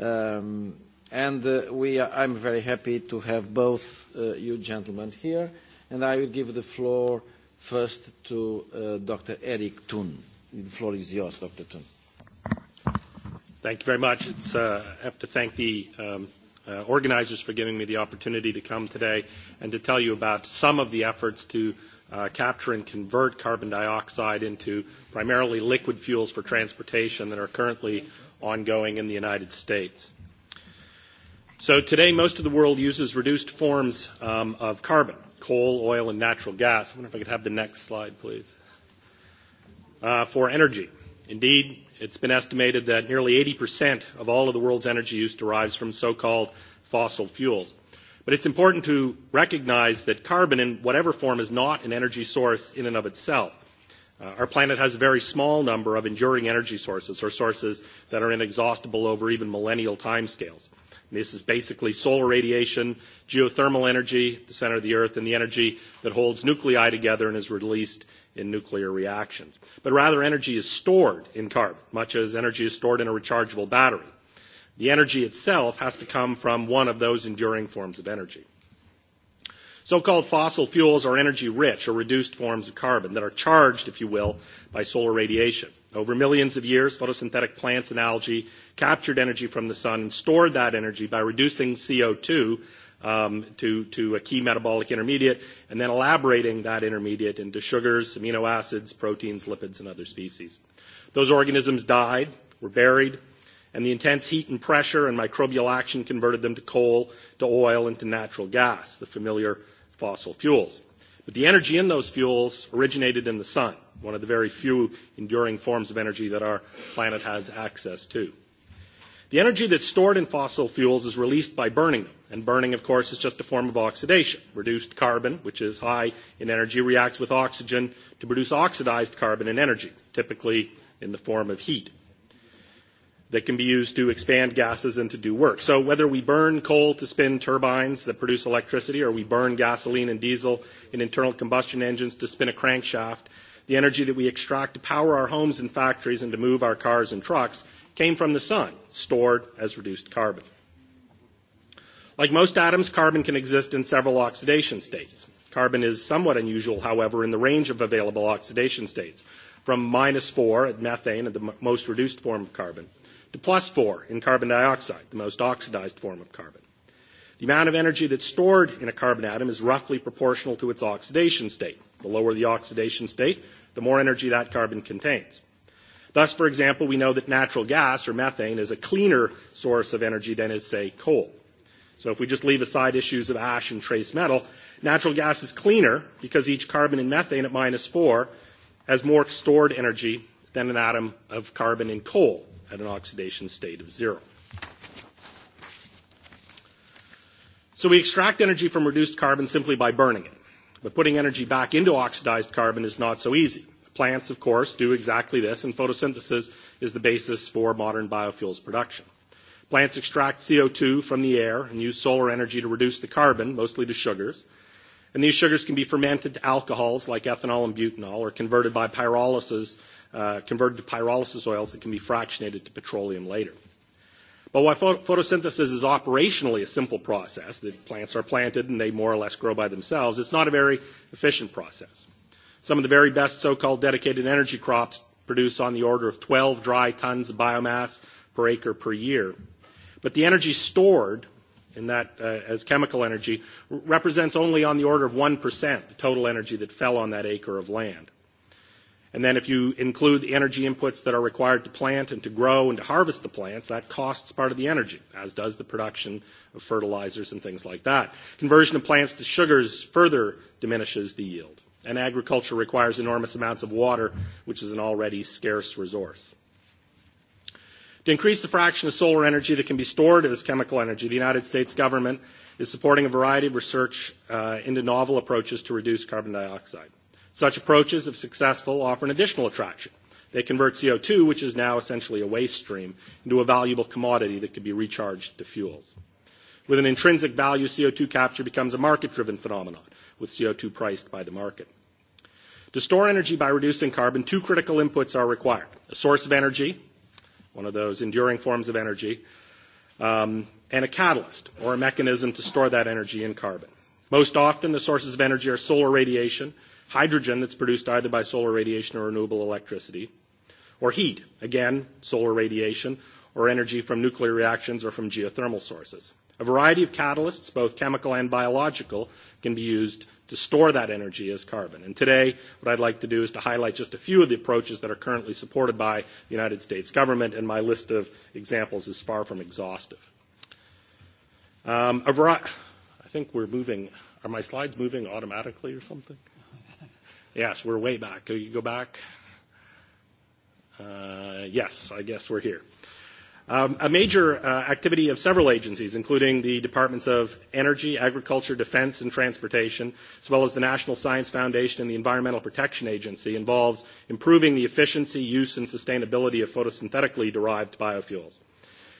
Um, and we are, I'm very happy to have both you gentlemen here, and I will give the floor first to Dr. Eric Thun. The floor is yours, Dr. Thun. Thank you very much. It's, uh, I have to thank the um, uh, organizers for giving me the opportunity to come today and to tell you about some of the efforts to uh, capture and convert carbon dioxide into primarily liquid fuels for transportation that are currently ongoing in the United States. So today, most of the world uses reduced forms um, of carbon, coal, oil, and natural gas. I wonder if I could have the next slide, please, uh, for energy. Indeed, It's been estimated that nearly 80% of all of the world's energy use derives from so-called fossil fuels. But it's important to recognize that carbon in whatever form is not an energy source in and of itself. Our planet has a very small number of enduring energy sources, or sources that are inexhaustible over even millennial timescales. This is basically solar radiation, geothermal energy, the center of the Earth, and the energy that holds nuclei together and is released in nuclear reactions. But rather, energy is stored in carbon, much as energy is stored in a rechargeable battery. The energy itself has to come from one of those enduring forms of energy. So-called fossil fuels are energy rich or reduced forms of carbon that are charged, if you will, by solar radiation. Over millions of years, photosynthetic plants and algae captured energy from the sun and stored that energy by reducing CO2 um, to, to a key metabolic intermediate and then elaborating that intermediate into sugars, amino acids, proteins, lipids, and other species. Those organisms died, were buried, and the intense heat and pressure and microbial action converted them to coal, to oil, and to natural gas, the familiar fossil fuels. But the energy in those fuels originated in the sun, one of the very few enduring forms of energy that our planet has access to. The energy that's stored in fossil fuels is released by burning them. And burning, of course, is just a form of oxidation. Reduced carbon, which is high in energy, reacts with oxygen to produce oxidized carbon and energy, typically in the form of heat that can be used to expand gases and to do work. So whether we burn coal to spin turbines that produce electricity or we burn gasoline and diesel in internal combustion engines to spin a crankshaft, the energy that we extract to power our homes and factories and to move our cars and trucks came from the sun, stored as reduced carbon. Like most atoms, carbon can exist in several oxidation states. Carbon is somewhat unusual, however, in the range of available oxidation states, from minus four at methane, the most reduced form of carbon, to plus four in carbon dioxide, the most oxidized form of carbon. The amount of energy that's stored in a carbon atom is roughly proportional to its oxidation state. The lower the oxidation state, the more energy that carbon contains. Thus, for example, we know that natural gas or methane is a cleaner source of energy than is, say, coal. So if we just leave aside issues of ash and trace metal, natural gas is cleaner because each carbon in methane at minus four has more stored energy than an atom of carbon in coal at an oxidation state of zero. So we extract energy from reduced carbon simply by burning it. But putting energy back into oxidized carbon is not so easy. Plants, of course, do exactly this, and photosynthesis is the basis for modern biofuels production. Plants extract CO2 from the air and use solar energy to reduce the carbon, mostly to sugars. And these sugars can be fermented to alcohols like ethanol and butanol, or converted by pyrolysis uh, converted to pyrolysis oils that can be fractionated to petroleum later. But while photosynthesis is operationally a simple process, the plants are planted and they more or less grow by themselves, it's not a very efficient process. Some of the very best so-called dedicated energy crops produce on the order of 12 dry tons of biomass per acre per year. But the energy stored in that uh, as chemical energy represents only on the order of 1% the total energy that fell on that acre of land. And then if you include the energy inputs that are required to plant and to grow and to harvest the plants, that costs part of the energy, as does the production of fertilizers and things like that. Conversion of plants to sugars further diminishes the yield. And agriculture requires enormous amounts of water, which is an already scarce resource. To increase the fraction of solar energy that can be stored as chemical energy, the United States government is supporting a variety of research uh, into novel approaches to reduce carbon dioxide. Such approaches, if successful, offer an additional attraction. They convert CO2, which is now essentially a waste stream, into a valuable commodity that could be recharged to fuels. With an intrinsic value, CO2 capture becomes a market-driven phenomenon, with CO2 priced by the market. To store energy by reducing carbon, two critical inputs are required. A source of energy, one of those enduring forms of energy, um, and a catalyst, or a mechanism to store that energy in carbon. Most often, the sources of energy are solar radiation, hydrogen that's produced either by solar radiation or renewable electricity, or heat, again, solar radiation, or energy from nuclear reactions or from geothermal sources. A variety of catalysts, both chemical and biological, can be used to store that energy as carbon. And today, what I'd like to do is to highlight just a few of the approaches that are currently supported by the United States government, and my list of examples is far from exhaustive. Um, a vari- I think we're moving. Are my slides moving automatically or something? Yes, we're way back. Can you go back? Uh, yes, I guess we're here. Um, a major uh, activity of several agencies, including the Departments of Energy, Agriculture, Defense, and Transportation, as well as the National Science Foundation and the Environmental Protection Agency, involves improving the efficiency, use, and sustainability of photosynthetically derived biofuels.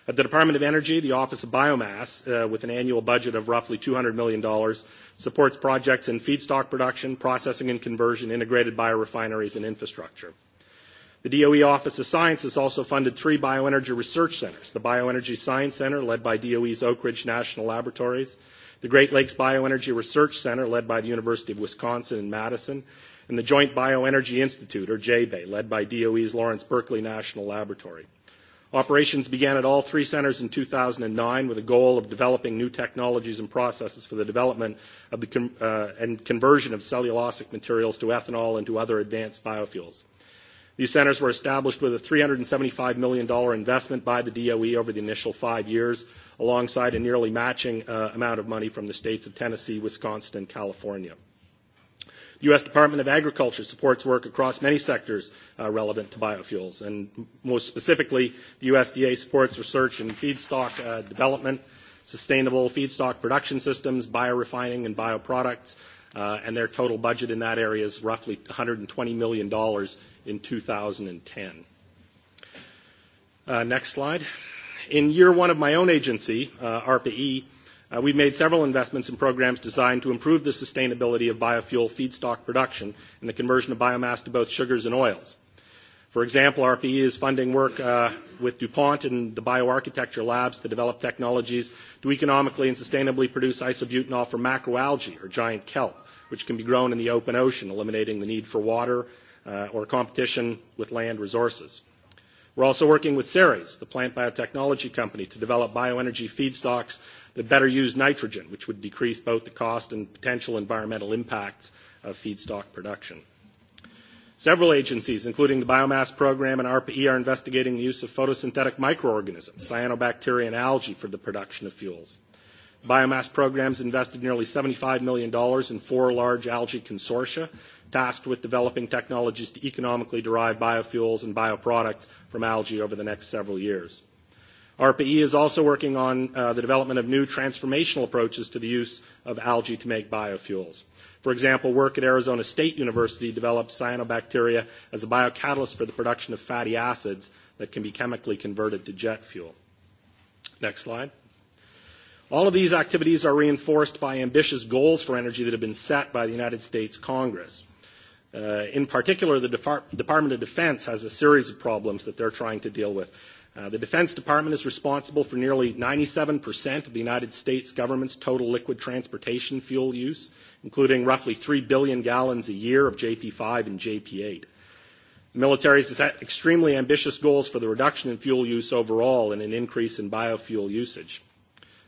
At the Department of Energy, the Office of Biomass, uh, with an annual budget of roughly $200 million, supports projects in feedstock production, processing and conversion, integrated biorefineries, and infrastructure. The DOE Office of Science has also funded three bioenergy research centers the Bioenergy Science Center, led by DOE's Oak Ridge National Laboratories, the Great Lakes Bioenergy Research Center, led by the University of Wisconsin in Madison, and the Joint Bioenergy Institute, or JBay, led by DOE's Lawrence Berkeley National Laboratory. Operations began at all three centres in 2009 with a goal of developing new technologies and processes for the development of the com- uh, and conversion of cellulosic materials to ethanol and to other advanced biofuels. These centres were established with a $375 million investment by the DOE over the initial five years, alongside a nearly matching uh, amount of money from the states of Tennessee, Wisconsin, and California. U.S. Department of Agriculture supports work across many sectors uh, relevant to biofuels, and most specifically, the USDA supports research in feedstock uh, development, sustainable feedstock production systems, biorefining, and bioproducts, uh, and their total budget in that area is roughly $120 million in 2010. Uh, next slide. In year one of my own agency, uh, ARPA-E, We've made several investments in programs designed to improve the sustainability of biofuel feedstock production and the conversion of biomass to both sugars and oils. For example, RPE is funding work with DuPont and the bioarchitecture labs to develop technologies to economically and sustainably produce isobutanol for macroalgae or giant kelp, which can be grown in the open ocean, eliminating the need for water or competition with land resources. We're also working with Ceres, the plant biotechnology company, to develop bioenergy feedstocks that better use nitrogen, which would decrease both the cost and potential environmental impacts of feedstock production. Several agencies, including the Biomass Program and ARPA-E, are investigating the use of photosynthetic microorganisms, cyanobacteria and algae, for the production of fuels. Biomass programs invested nearly $75 million in four large algae consortia tasked with developing technologies to economically derive biofuels and bioproducts from algae over the next several years. RPE is also working on the development of new transformational approaches to the use of algae to make biofuels. For example, work at Arizona State University developed cyanobacteria as a biocatalyst for the production of fatty acids that can be chemically converted to jet fuel. Next slide. All of these activities are reinforced by ambitious goals for energy that have been set by the United States Congress. in particular, the Department of Defense has a series of problems that they're trying to deal with. the Defense Department is responsible for nearly 97% of the United States government's total liquid transportation fuel use, including roughly 3 billion gallons a year of JP5 and JP8. The military has set extremely ambitious goals for the reduction in fuel use overall and an increase in biofuel usage.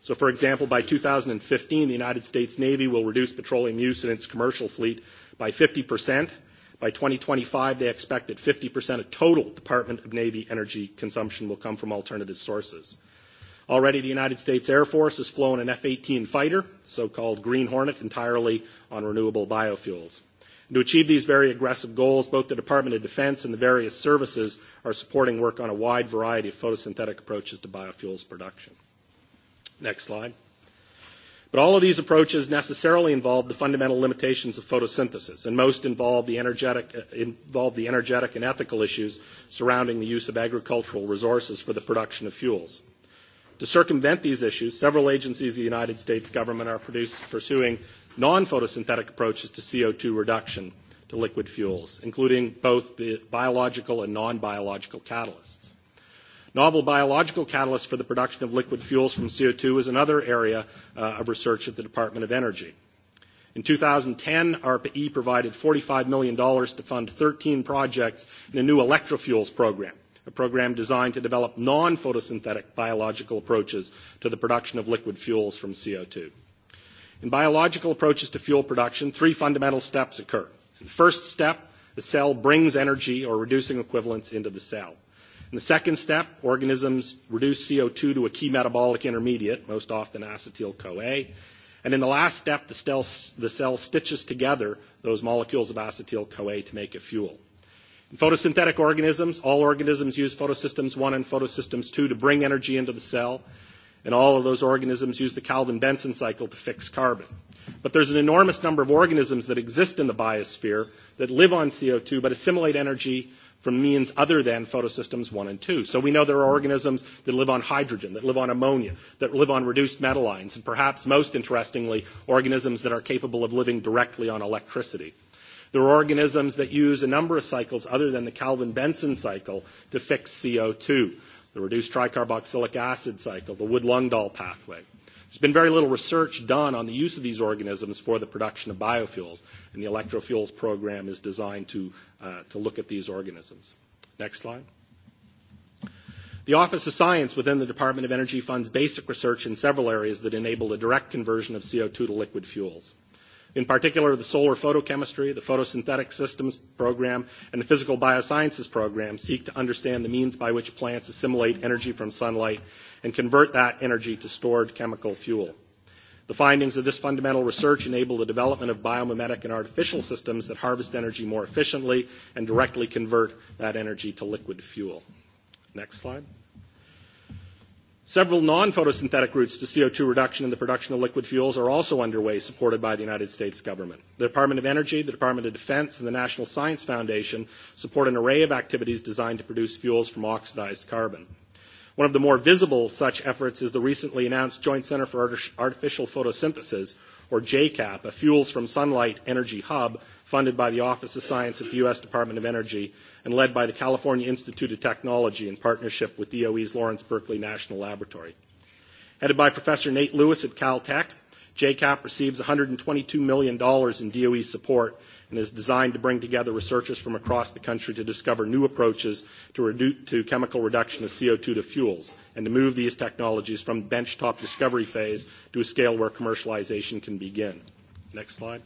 So, for example, by 2015, the United States Navy will reduce petroleum use in its commercial fleet by 50%. By 2025, they expect that 50% of total Department of Navy energy consumption will come from alternative sources. Already, the United States Air Force has flown an F 18 fighter, so called Green Hornet, entirely on renewable biofuels. And to achieve these very aggressive goals, both the Department of Defense and the various services are supporting work on a wide variety of photosynthetic approaches to biofuels production. Next slide. But all of these approaches necessarily involve the fundamental limitations of photosynthesis, and most involve the energetic, involve the energetic and ethical issues surrounding the use of agricultural resources for the production of fuels. To circumvent these issues, several agencies of the United States government are produce, pursuing non-photosynthetic approaches to CO2 reduction to liquid fuels, including both the biological and non-biological catalysts. Novel biological catalysts for the production of liquid fuels from CO2 is another area of research at the Department of Energy. In 2010, ARPA-E provided $45 million to fund 13 projects in a new electrofuels program, a program designed to develop non-photosynthetic biological approaches to the production of liquid fuels from CO2. In biological approaches to fuel production, three fundamental steps occur. In The first step, the cell brings energy or reducing equivalents into the cell. In the second step, organisms reduce CO2 to a key metabolic intermediate, most often acetyl-CoA. And in the last step, the cell, the cell stitches together those molecules of acetyl-CoA to make a fuel. In photosynthetic organisms, all organisms use photosystems 1 and photosystems 2 to bring energy into the cell, and all of those organisms use the Calvin-Benson cycle to fix carbon. But there's an enormous number of organisms that exist in the biosphere that live on CO2 but assimilate energy from means other than photosystems one and two. So we know there are organisms that live on hydrogen, that live on ammonia, that live on reduced metal ions, and perhaps most interestingly, organisms that are capable of living directly on electricity. There are organisms that use a number of cycles other than the Calvin Benson cycle to fix CO2, the reduced tricarboxylic acid cycle, the Wood Lundahl pathway. There's been very little research done on the use of these organisms for the production of biofuels, and the electrofuels program is designed to, uh, to look at these organisms. Next slide. The Office of Science within the Department of Energy funds basic research in several areas that enable the direct conversion of CO2 to liquid fuels in particular the solar photochemistry, the photosynthetic systems program, and the physical biosciences program seek to understand the means by which plants assimilate energy from sunlight and convert that energy to stored chemical fuel. The findings of this fundamental research enable the development of biomimetic and artificial systems that harvest energy more efficiently and directly convert that energy to liquid fuel. Next slide. Several non-photosynthetic routes to CO2 reduction in the production of liquid fuels are also underway, supported by the United States government. The Department of Energy, the Department of Defense, and the National Science Foundation support an array of activities designed to produce fuels from oxidized carbon. One of the more visible such efforts is the recently announced Joint Center for Artificial Photosynthesis, or JCAP, a Fuels from Sunlight Energy Hub funded by the Office of Science at the U.S. Department of Energy and led by the California Institute of Technology in partnership with DOE's Lawrence Berkeley National Laboratory. Headed by Professor Nate Lewis at Caltech, JCAP receives $122 million in DOE support and is designed to bring together researchers from across the country to discover new approaches to, redu- to chemical reduction of CO2 to fuels and to move these technologies from benchtop discovery phase to a scale where commercialization can begin. Next slide.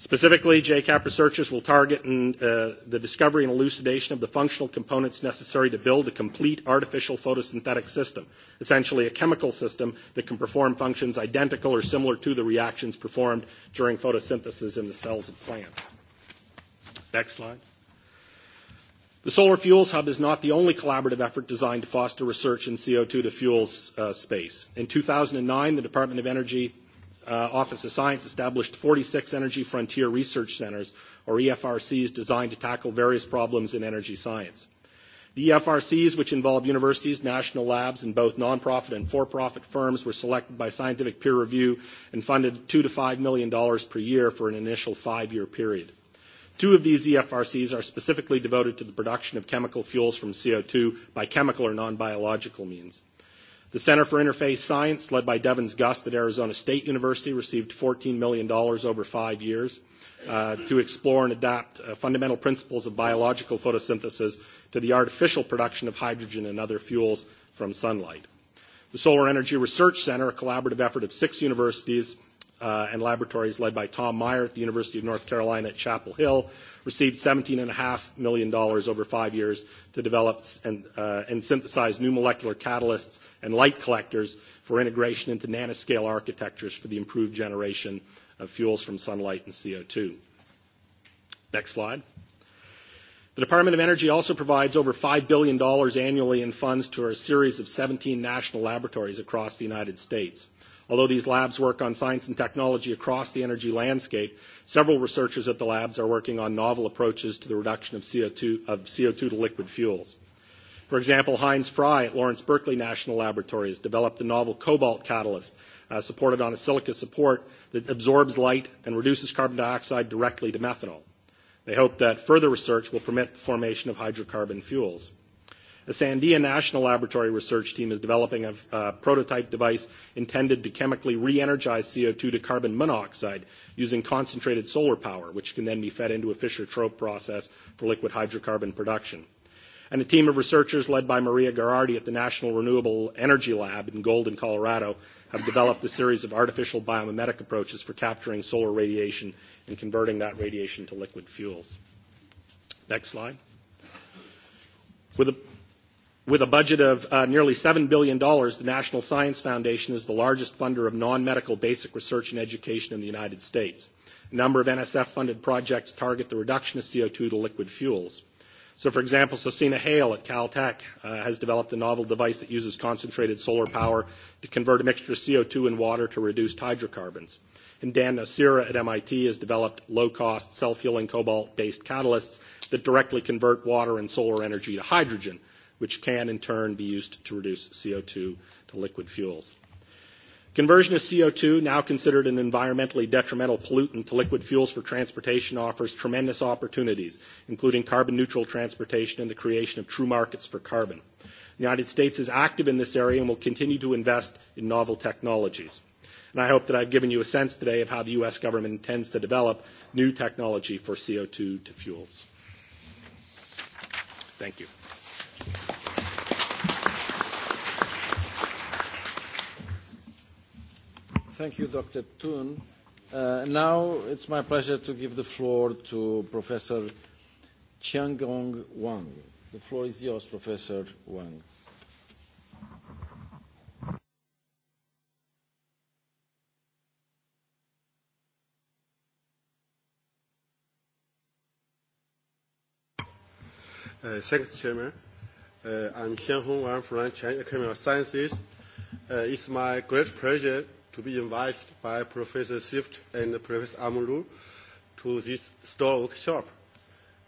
Specifically, JCAP researchers will target the discovery and elucidation of the functional components necessary to build a complete artificial photosynthetic system, essentially a chemical system that can perform functions identical or similar to the reactions performed during photosynthesis in the cells of plants. Next slide. The Solar Fuels Hub is not the only collaborative effort designed to foster research in CO2 to fuels space. In 2009, the Department of Energy Office of Science established 46 Energy Frontier Research Centers, or EFRCs, designed to tackle various problems in energy science. The EFRCs, which involve universities, national labs, and both nonprofit and for-profit firms, were selected by scientific peer review and funded two to five million dollars per year for an initial five-year period. Two of these EFRCs are specifically devoted to the production of chemical fuels from CO2 by chemical or non-biological means. The Center for Interface Science, led by Devins Gust at Arizona State University, received $14 million over five years uh, to explore and adapt uh, fundamental principles of biological photosynthesis to the artificial production of hydrogen and other fuels from sunlight. The Solar Energy Research Center, a collaborative effort of six universities, uh, and laboratories led by Tom Meyer at the University of North Carolina at Chapel Hill received $17.5 million over five years to develop and, uh, and synthesize new molecular catalysts and light collectors for integration into nanoscale architectures for the improved generation of fuels from sunlight and CO2. Next slide. The Department of Energy also provides over $5 billion annually in funds to a series of 17 national laboratories across the United States. Although these labs work on science and technology across the energy landscape, several researchers at the labs are working on novel approaches to the reduction of CO2, of CO2 to liquid fuels. For example, Heinz Frey at Lawrence Berkeley National Laboratory has developed a novel cobalt catalyst uh, supported on a silica support that absorbs light and reduces carbon dioxide directly to methanol. They hope that further research will permit the formation of hydrocarbon fuels. The Sandia National Laboratory research team is developing a, a prototype device intended to chemically re-energize CO2 to carbon monoxide using concentrated solar power, which can then be fed into a Fischer-Tropsch process for liquid hydrocarbon production. And a team of researchers led by Maria Garardi at the National Renewable Energy Lab in Golden, Colorado, have developed a series of artificial biomimetic approaches for capturing solar radiation and converting that radiation to liquid fuels. Next slide. With a With a budget of uh, nearly $7 billion, the National Science Foundation is the largest funder of non-medical basic research and education in the United States. A number of NSF-funded projects target the reduction of CO2 to liquid fuels. So, for example, Sosina Hale at Caltech uh, has developed a novel device that uses concentrated solar power to convert a mixture of CO2 and water to reduce hydrocarbons. And Dan Nasira at MIT has developed low-cost, self-healing cobalt-based catalysts that directly convert water and solar energy to hydrogen, which can in turn be used to reduce CO2 to liquid fuels. Conversion of CO2, now considered an environmentally detrimental pollutant to liquid fuels for transportation, offers tremendous opportunities, including carbon neutral transportation and the creation of true markets for carbon. The United States is active in this area and will continue to invest in novel technologies. And I hope that I've given you a sense today of how the U.S. government intends to develop new technology for CO2 to fuels. Thank you. Thank you, Dr. Thun. Now it's my pleasure to give the floor to Professor Chiangong Wang. The floor is yours, Professor Wang. Thanks, Chairman. Uh, I'm Xian Hong Wang from Chinese Academy of Sciences. Uh, it's my great pleasure to be invited by Professor Swift and Professor Amulu to this store workshop.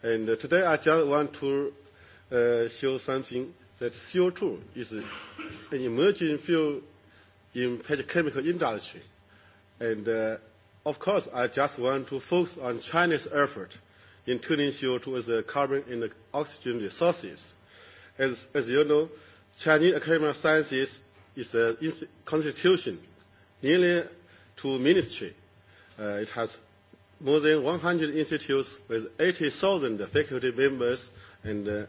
And uh, today I just want to uh, show something that CO2 is an emerging field in petrochemical industry. And uh, of course, I just want to focus on China's effort in turning CO2 as a carbon and oxygen resources. As, as you know, Chinese Academy of Sciences is a constitution, nearly to ministry. Uh, it has more than 100 institutes with 80,000 faculty members and uh,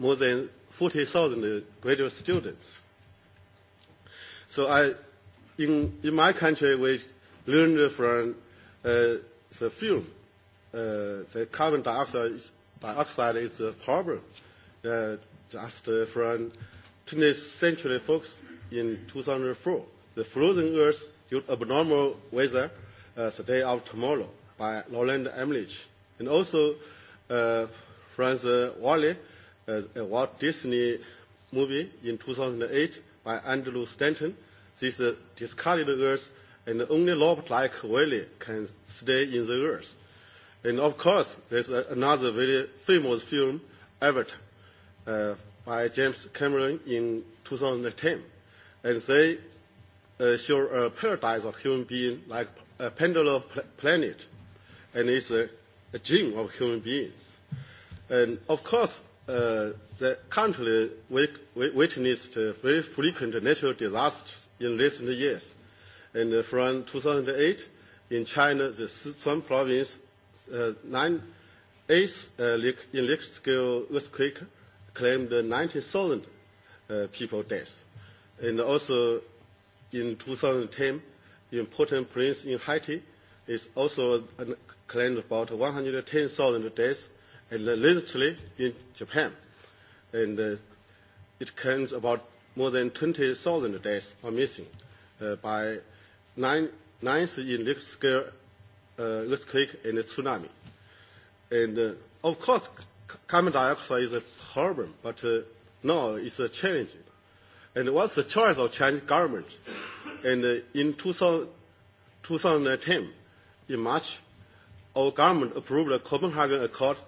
more than 40,000 graduate students. So I, in, in my country, we learned from uh, the film. Uh, the carbon dioxide is, dioxide is a problem. Uh, just uh from 20th century folks in 2004. The frozen earth due to abnormal weather, uh, the day of tomorrow by Roland Emlich. And also uh, from the Wally, uh, a Walt Disney movie in 2008 by Andrew Stanton. This uh, discarded earth and only lobe-like whale can stay in the earth. And of course, there's another very famous film, Avatar uh, by James Cameron in 2010, and they uh, show a paradise of human being like a pendulum planet, and it's a, a dream of human beings. And of course, uh, the country we, we witnessed uh, very frequent natural disasters in recent years. And uh, from 2008, in China, the Sichuan province, uh, nine eighth uh, in Lake scale earthquake claimed 90,000 uh, people deaths. And also in 2010, in Port-au-Prince in Haiti, is also claimed about 110,000 deaths, and lately in Japan. And uh, it claims about more than 20,000 deaths are missing uh, by nine, ninth in scale uh, earthquake and tsunami. And uh, of course, carbon dioxide is a problem, but uh, no, it's a challenge. And what's the choice of Chinese government? And uh, in 2000, 2010, in March, our government approved the Copenhagen Accord,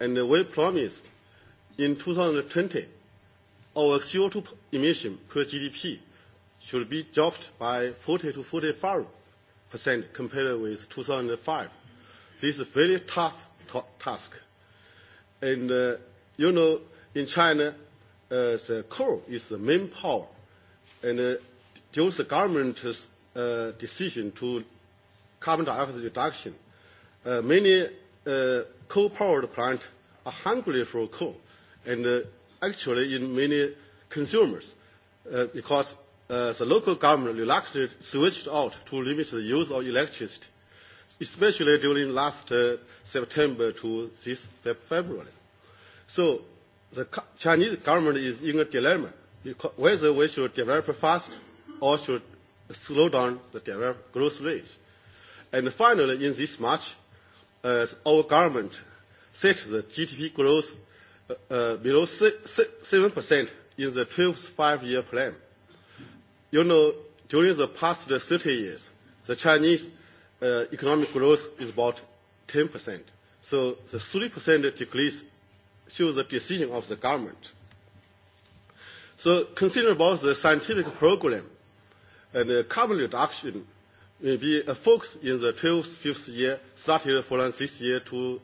and we promised in 2020, our CO2 emission per GDP should be dropped by 40 to 45 percent compared with 2005. This is a very tough task. And uh, you know, in China, uh, the coal is the main power. And uh, due to the government's uh, decision to carbon dioxide reduction, uh, many uh, coal-powered plants are hungry for coal. And uh, actually, in many consumers, uh, because uh, the local government reluctantly switched out to limit the use of electricity especially during last uh, September to this February. So the Chinese government is in a dilemma because whether we should develop fast or should slow down the growth rate. And finally, in this March, uh, our government set the GDP growth uh, uh, below 7% in the 12th five-year plan. You know, during the past 30 years, the Chinese uh, economic growth is about 10%. So the 3% decrease shows the decision of the government. So consider about the scientific program, and the carbon reduction may be a focus in the 12th, 5th year, started for this year to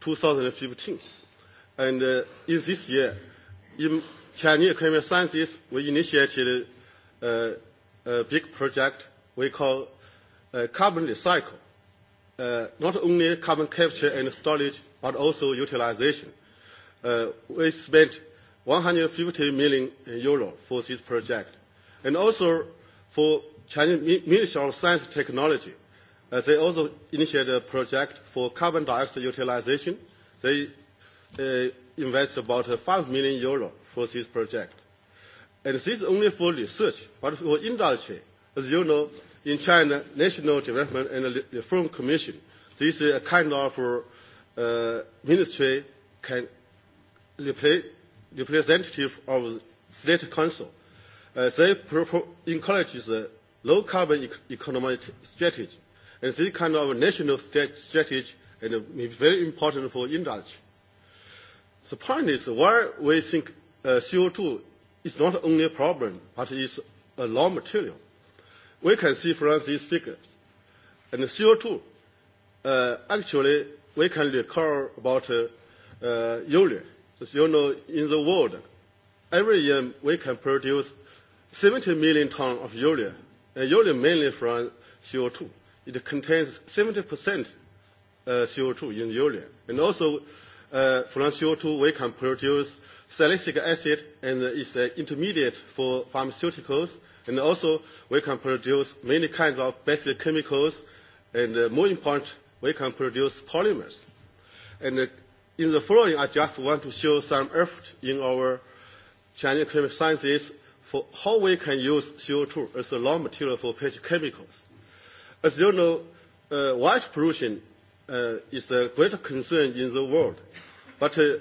2015. And uh, in this year, in Chinese economic sciences, we initiated uh, a big project we call carbon recycle, uh, not only carbon capture and storage, but also utilization. Uh, we spent 150 million euro for this project. And also for Chinese Ministry of Science and Technology, uh, they also initiated a project for carbon dioxide utilization. They uh, invest about 5 million euro for this project. And this is only for research, but for industry, as you know, In China, National Development and Reform Commission, this is a kind of uh, ministry can representative of State Council. Uh, they encourage the low carbon e- economic strategy, and this kind of national state strategy and is very important for industry. The point is why we think uh, CO2 is not only a problem, but is a raw material we can see from these figures. And CO2, uh, actually, we can recall about uh, uh, urea. As you know, in the world, every year we can produce 70 million tons of urea, and urea mainly from CO2. It contains 70% uh, CO2 in urea. And also, uh, from CO2, we can produce salicylic acid, and it's an intermediate for pharmaceuticals, And also, we can produce many kinds of basic chemicals, and uh, more important, we can produce polymers. And uh, in the following, I just want to show some effort in our Chinese chemical sciences for how we can use CO2 as a raw material for petrochemicals. As you know, uh, white pollution uh, is a great concern in the world. But uh,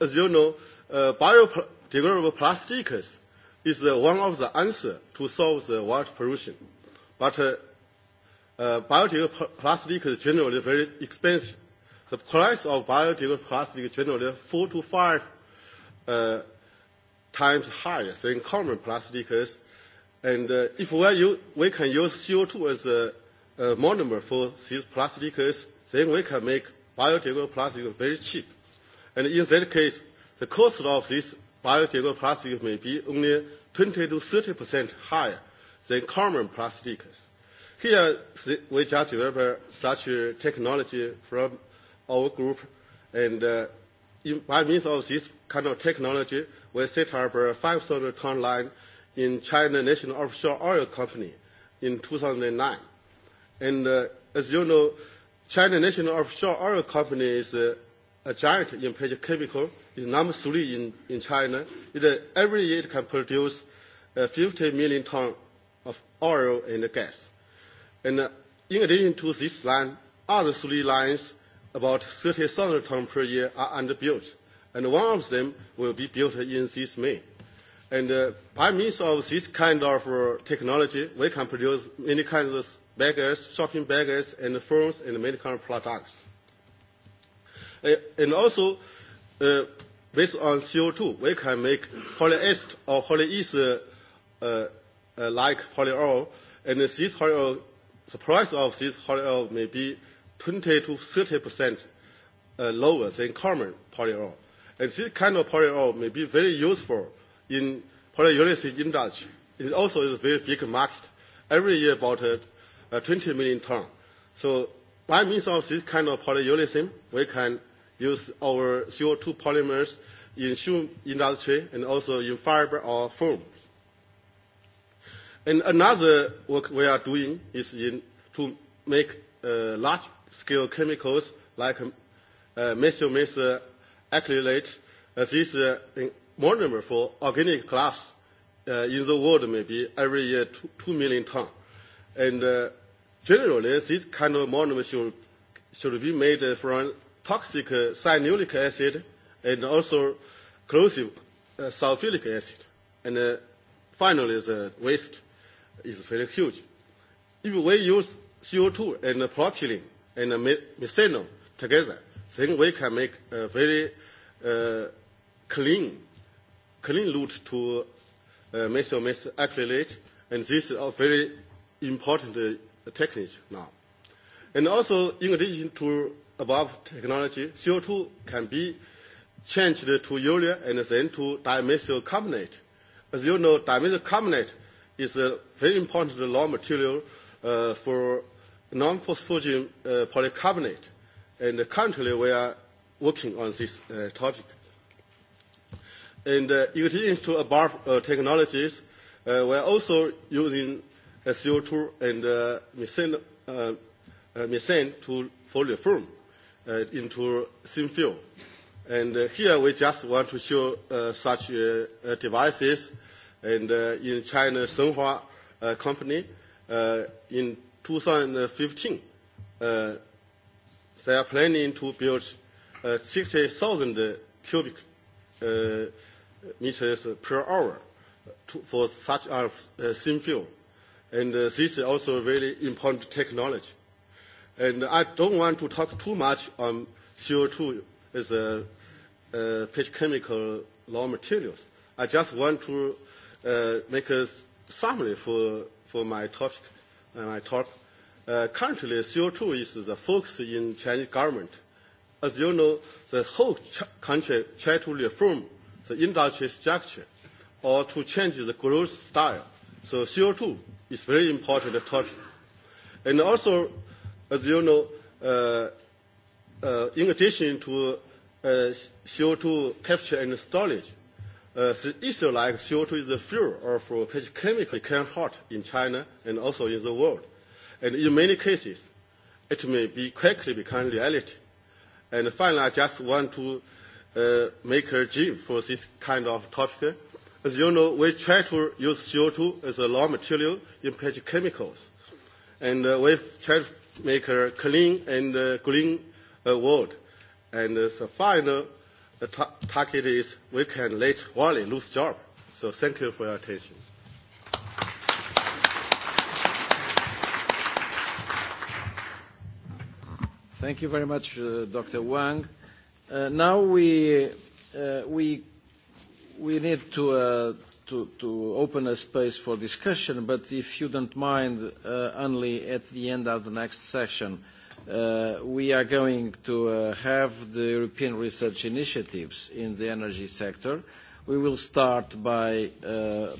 as you know, uh, biodegradable plastics is the, one of the answers to solve the water pollution. But uh, uh, biodegradable is generally very expensive. The price of biodegradable plastic is generally four to five uh, times higher than common is And uh, if we, use, we can use CO2 as a, a monomer for these plastics, then we can make biodegradable plastic very cheap. And in that case, the cost of this biodegradable plastic may be only 20 to 30 percent higher than common plastics. Here, we just developed such technology from our group, and uh, in, by means of this kind of technology, we set up a 5,000 ton line in China National Offshore Oil Company in 2009. And uh, as you know, China National Offshore Oil Company is uh, a giant in petrochemical chemical is number three in, in China. It, uh every year it can produce uh, 50 million tons of oil and gas. And uh, in addition to this line, other three lines, about 30,000 tons per year, are underbuilt. And one of them will be built in this May. And uh, by means of this kind of uh, technology, we can produce many kinds of baggers, shopping baggers, and phones, and many kinds of products. Uh, and also, uh, based on CO2, we can make polyester or polyester uh, uh, like polyol, and this polyol, the price of this polyol may be 20 to 30 percent uh, lower than common polyol. And this kind of polyol may be very useful in polyurethane industry. It also is a very big market. Every year about uh, 20 million tons. So by means of this kind of polyurethane, we can use our CO2 polymers in shoe industry and also in fiber or foams. And another work we are doing is in to make uh, large-scale chemicals like uh, methylmesa acrylate. Uh, this is uh, a monomer for organic glass uh, in the world maybe every year two, two million tons. And uh, generally, this kind of monomer should, should be made from toxic cyanuric acid and also corrosive sulfuric acid. And uh, finally, the waste is very huge. If we use CO2 and propylene and methanol together, then we can make a very uh, clean, clean route to uh, methyl methyl acrylate, and this is a very important uh, technique now. And also, in addition to above technology, CO2 can be changed to urea and then to dimethyl carbonate. As you know, dimethyl carbonate is a very important raw material uh, for non-phosphogen uh, polycarbonate. And currently we are working on this uh, topic. And uh, in addition to above uh, technologies, uh, we are also using uh, CO2 and uh, methane, uh, uh, methane to, for reform uh, into thin film. And uh, here we just want to show uh, such uh, uh, devices. And uh, in China, Senhua uh, company, uh, in 2015, uh, they are planning to build uh, 60,000 cubic uh, meters per hour to, for such a uh, thin film. And uh, this is also a very important technology And I don't want to talk too much on CO2 as a uh, petrochemical raw materials. I just want to uh, make a summary for, for my topic, uh, my talk. Uh, currently, CO2 is the focus in Chinese government. As you know, the whole ch- country try to reform the industry structure or to change the growth style. So CO2 is very important topic. And also, As you know, uh, uh, in addition to uh, CO2 capture and storage, uh, the issue like CO2 is a fuel or for petrochemical can hot in China and also in the world. And in many cases, it may be quickly become reality. And finally, I just want to uh, make a dream for this kind of topic. As you know, we try to use CO2 as a raw material in petrochemicals. And uh, we try to make a clean and uh, green uh, world. And uh, the final uh, target is we can let Wally lose job. So thank you for your attention. Thank you very much, uh, Dr. Wang. Uh, now we, uh, we, we need to, uh, to, to open a space for discussion, but if you don't mind, uh, only at the end of the next session, uh, we are going to uh, have the European research initiatives in the energy sector. We will start by uh, uh,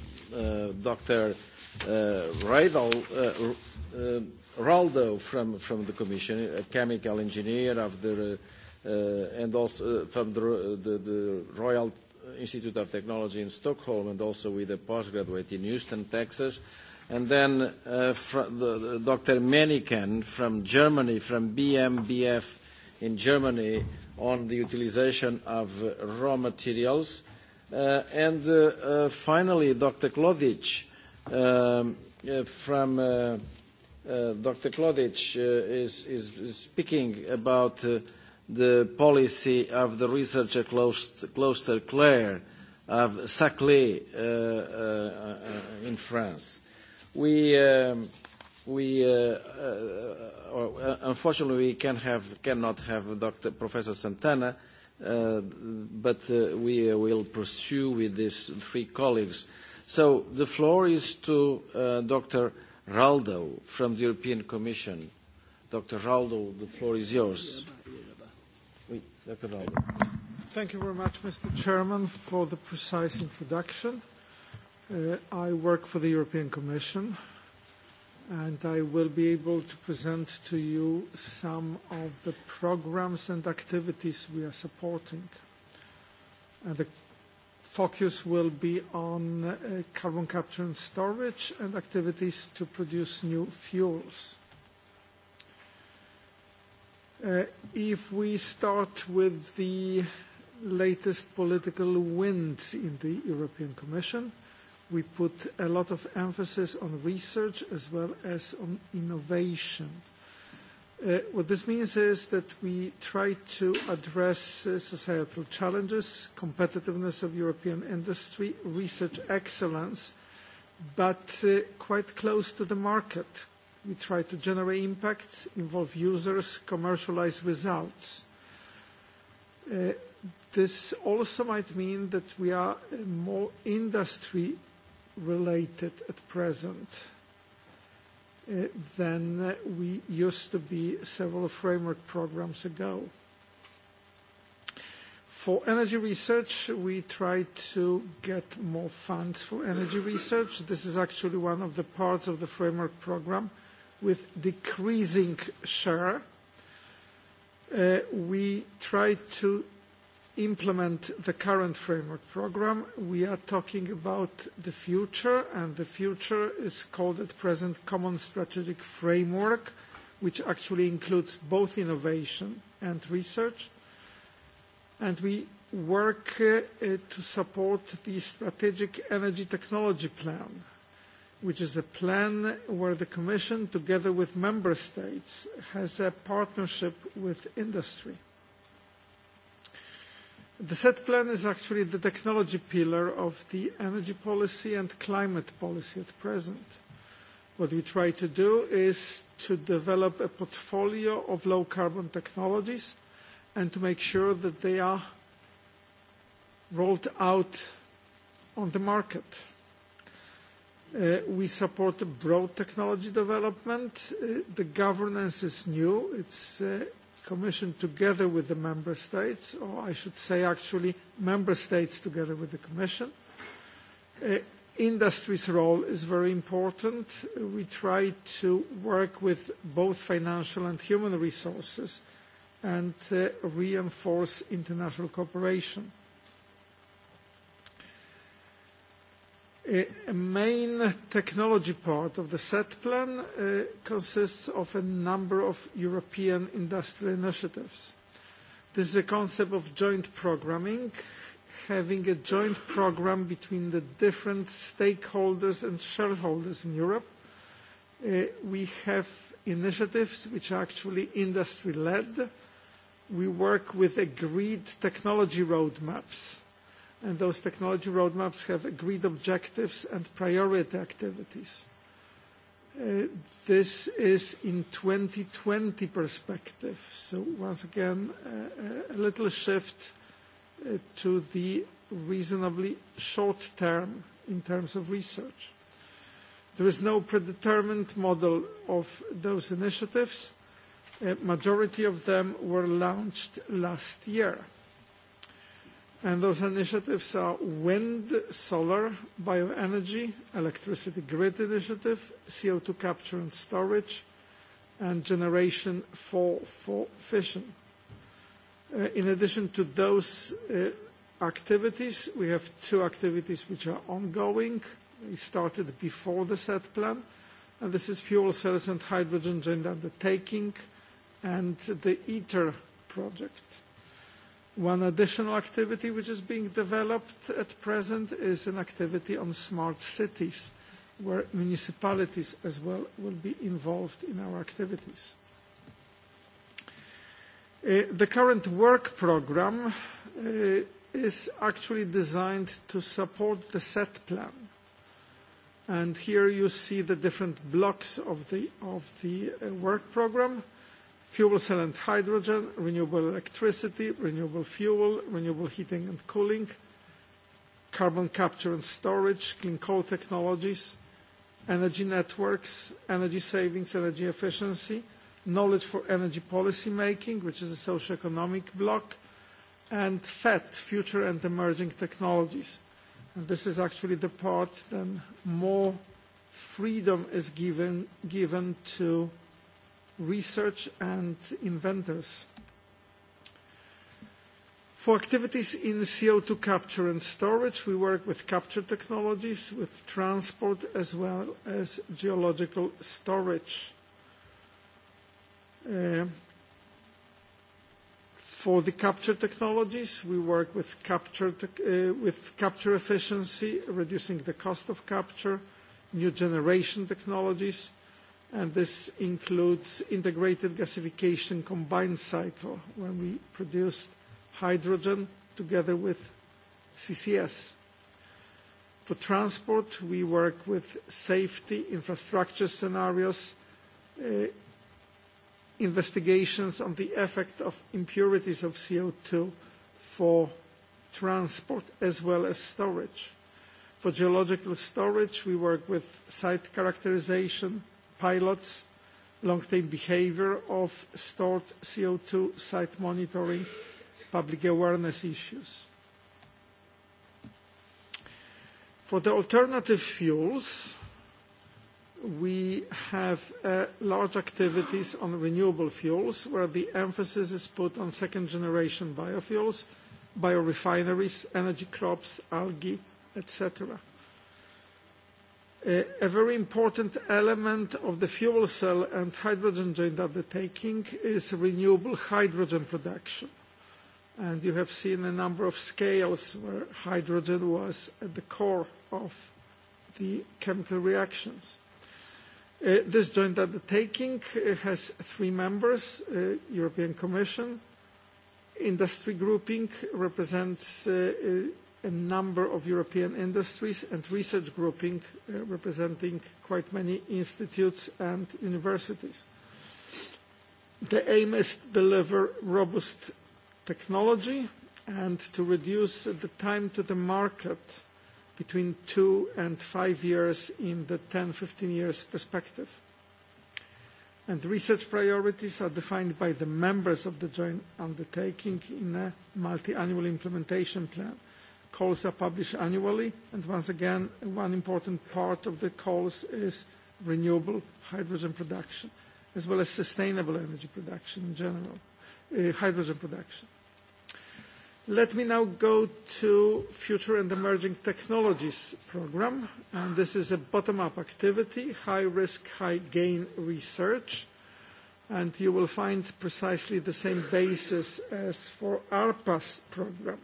Dr. Uh, Radal, uh, uh, Raldo from, from the Commission, a chemical engineer of the, uh, and also from the, the, the Royal Institute of Technology in Stockholm and also with a postgraduate in Houston, Texas. And then uh, the, Dr. Meniken from Germany, from BMBF in Germany, on the utilization of raw materials. Uh, and uh, uh, finally, Dr. Klodic um, uh, from uh, uh, Dr. Klodic uh, is, is speaking about uh, the policy of the researcher Closter Clare of Saclay in France. We unfortunately we cannot have Dr. Professor Santana, but we will pursue with these three colleagues. So the floor is to Dr. Raldo from the European Commission. Dr. Raldo, the floor is yours. Dr. Thank you very much, Mr. Chairman, for the precise introduction. I work for the European Commission, and I will be able to present to you some of the programs and activities we are supporting. The focus will be on carbon capture and storage and activities to produce new fuels. If we start with the latest political winds in the European Commission, we put a lot of emphasis on research as well as on innovation. What this means is that we try to address societal challenges, competitiveness of European industry, research excellence, but quite close to the market We try to generate impacts, involve users, commercialize results. This also might mean that we are more industry-related at present than we used to be several framework programs ago. For energy research, we try to get more funds for energy research. This is actually one of the parts of the framework program with decreasing share. We try to implement the current framework programme. We are talking about the future, and the future is called at present Common Strategic Framework, which actually includes both innovation and research. and We work to support the Strategic Energy Technology Plan, which is a plan where the Commission, together with Member States, has a partnership with industry. The SET plan is actually the technology pillar of the energy policy and climate policy at present. What we try to do is to develop a portfolio of low-carbon technologies and to make sure that they are rolled out on the market We support broad technology development. The governance is new. It's commissioned together with the member states, or I should say actually member states together with the commission. Industry's role is very important. We try to work with both financial and human resources and reinforce international cooperation main technology part of the set plan consists of a number of European industrial initiatives. This is a concept of joint programming, having a joint programme between the different stakeholders and shareholders in Europe. We have initiatives which are actually industry-led. We work with agreed technology roadmaps and those technology roadmaps have agreed objectives and priority activities. This is in 2020 perspective. So once again, a little shift to the reasonably short term in terms of research. There is no predetermined model of those initiatives. A majority of them were launched last year And those initiatives are wind, solar, bioenergy, electricity grid initiative, CO2 capture and storage, and generation for fission. In addition to those activities, we have two activities which are ongoing. They started before the set plan, and this is fuel cells and hydrogen joint undertaking and the ITER project One additional activity which is being developed at present is an activity on smart cities, where municipalities as well will be involved in our activities. The current work programme is actually designed to support the set plan. And here you see the different blocks of the work programme fuel cell and hydrogen, renewable electricity, renewable fuel, renewable heating and cooling, carbon capture and storage, clean coal technologies, energy networks, energy savings, energy efficiency, knowledge for energy policy making, which is a socio-economic block, and FET, future and emerging technologies. this is actually the part then more freedom is given, given to research and inventors. For activities in CO2 capture and storage, we work with capture technologies, with transport, as well as geological storage. For the capture technologies, we work with capture efficiency, reducing the cost of capture, new generation technologies, and this includes integrated gasification combined cycle, where we produce hydrogen together with CCS. For transport, we work with safety, infrastructure scenarios, investigations on the effect of impurities of co two for transport as well as storage. For geological storage, we work with site characterisation, pilots, long-term behaviour of stored co two site monitoring, public awareness issues. For the alternative fuels, we have large activities on renewable fuels, where the emphasis is put on second-generation biofuels, biorefineries, energy crops, algae, et cetera. A very important element of the fuel cell and hydrogen joint undertaking is renewable hydrogen production. and You have seen a number of scales where hydrogen was at the core of the chemical reactions. This joint undertaking has three members, European Commission, industry grouping represents a number of European industries and research grouping representing quite many institutes and universities. The aim is to deliver robust technology and to reduce the time to the market between two and five years in the 10-15 years perspective. And Research priorities are defined by the members of the joint undertaking in a multi-annual implementation plan calls are published annually, and once again, one important part of the calls is renewable hydrogen production, as well as sustainable energy production in general, hydrogen production. Let me now go to Future and Emerging Technologies program, and this is a bottom-up activity, high-risk, high-gain research, and you will find precisely the same basis as for ARPA's program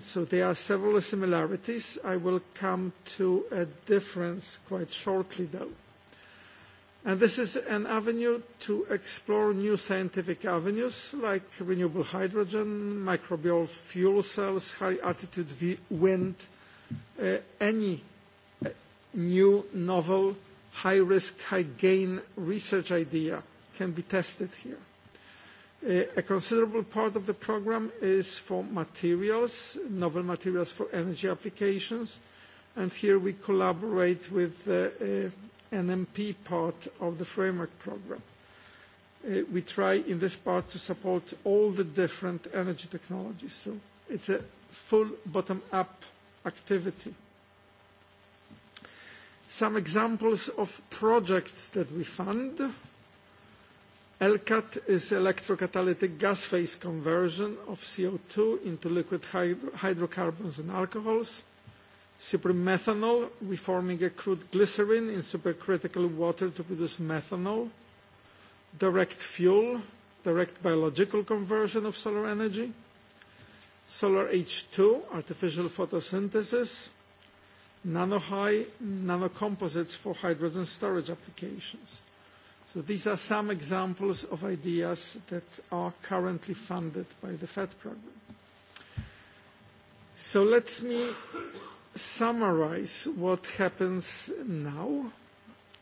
so there are several similarities. I will come to a difference quite shortly, though. And this is an avenue to explore new scientific avenues like renewable hydrogen, microbial fuel cells, high-altitude wind, any new, novel, high-risk, high-gain research idea can be tested here. A considerable part of the programme is for materials, novel materials for energy applications, and here we collaborate with the NMP part of the framework programme. We try in this part to support all the different energy technologies, so it's a full bottom-up activity. Some examples of projects that we fund ELCAT is electrocatalytic gas phase conversion of co two into liquid hydrocarbons and alcohols. Supramethanol, reforming a crude glycerine in supercritical water to produce methanol. Direct fuel, direct biological conversion of solar energy. Solar H2, artificial photosynthesis. Nanohigh, nanocomposites for hydrogen storage applications. So these are some examples of ideas that are currently funded by the FED program. So let me summarize what happens now.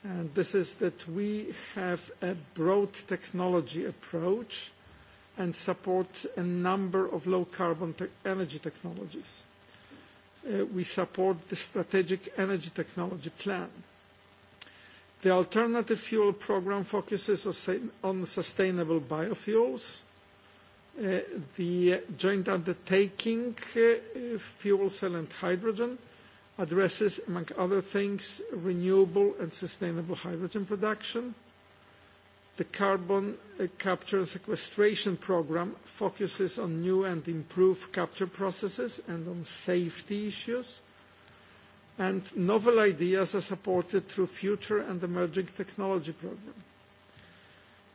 And this is that we have a broad technology approach and support a number of low-carbon energy technologies. We support the Strategic Energy Technology Plan The alternative fuel program focuses on sustainable biofuels. The joint undertaking, fuel cell and hydrogen, addresses, among other things, renewable and sustainable hydrogen production. The carbon capture and sequestration program focuses on new and improved capture processes and on safety issues and novel ideas are supported through future and emerging technology programme.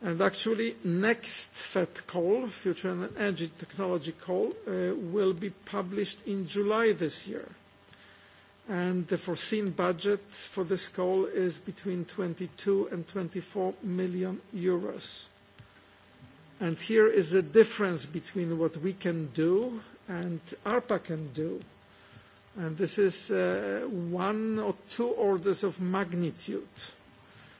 And actually, next FET call, Future and Energy Technology call, will be published in July this year. And the foreseen budget for this call is between 22 and 24 million euros. And here is the difference between what we can do and ARPA can do and this is one or two orders of magnitude.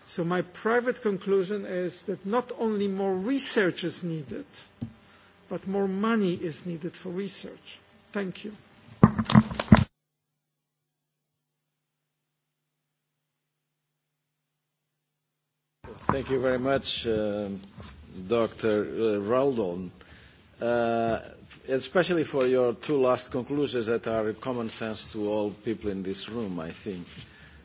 So my private conclusion is that not only more research is needed, but more money is needed for research. Thank you. Thank you very much, Dr. Raldon especially for your two last conclusions that are common sense to all people in this room, I think.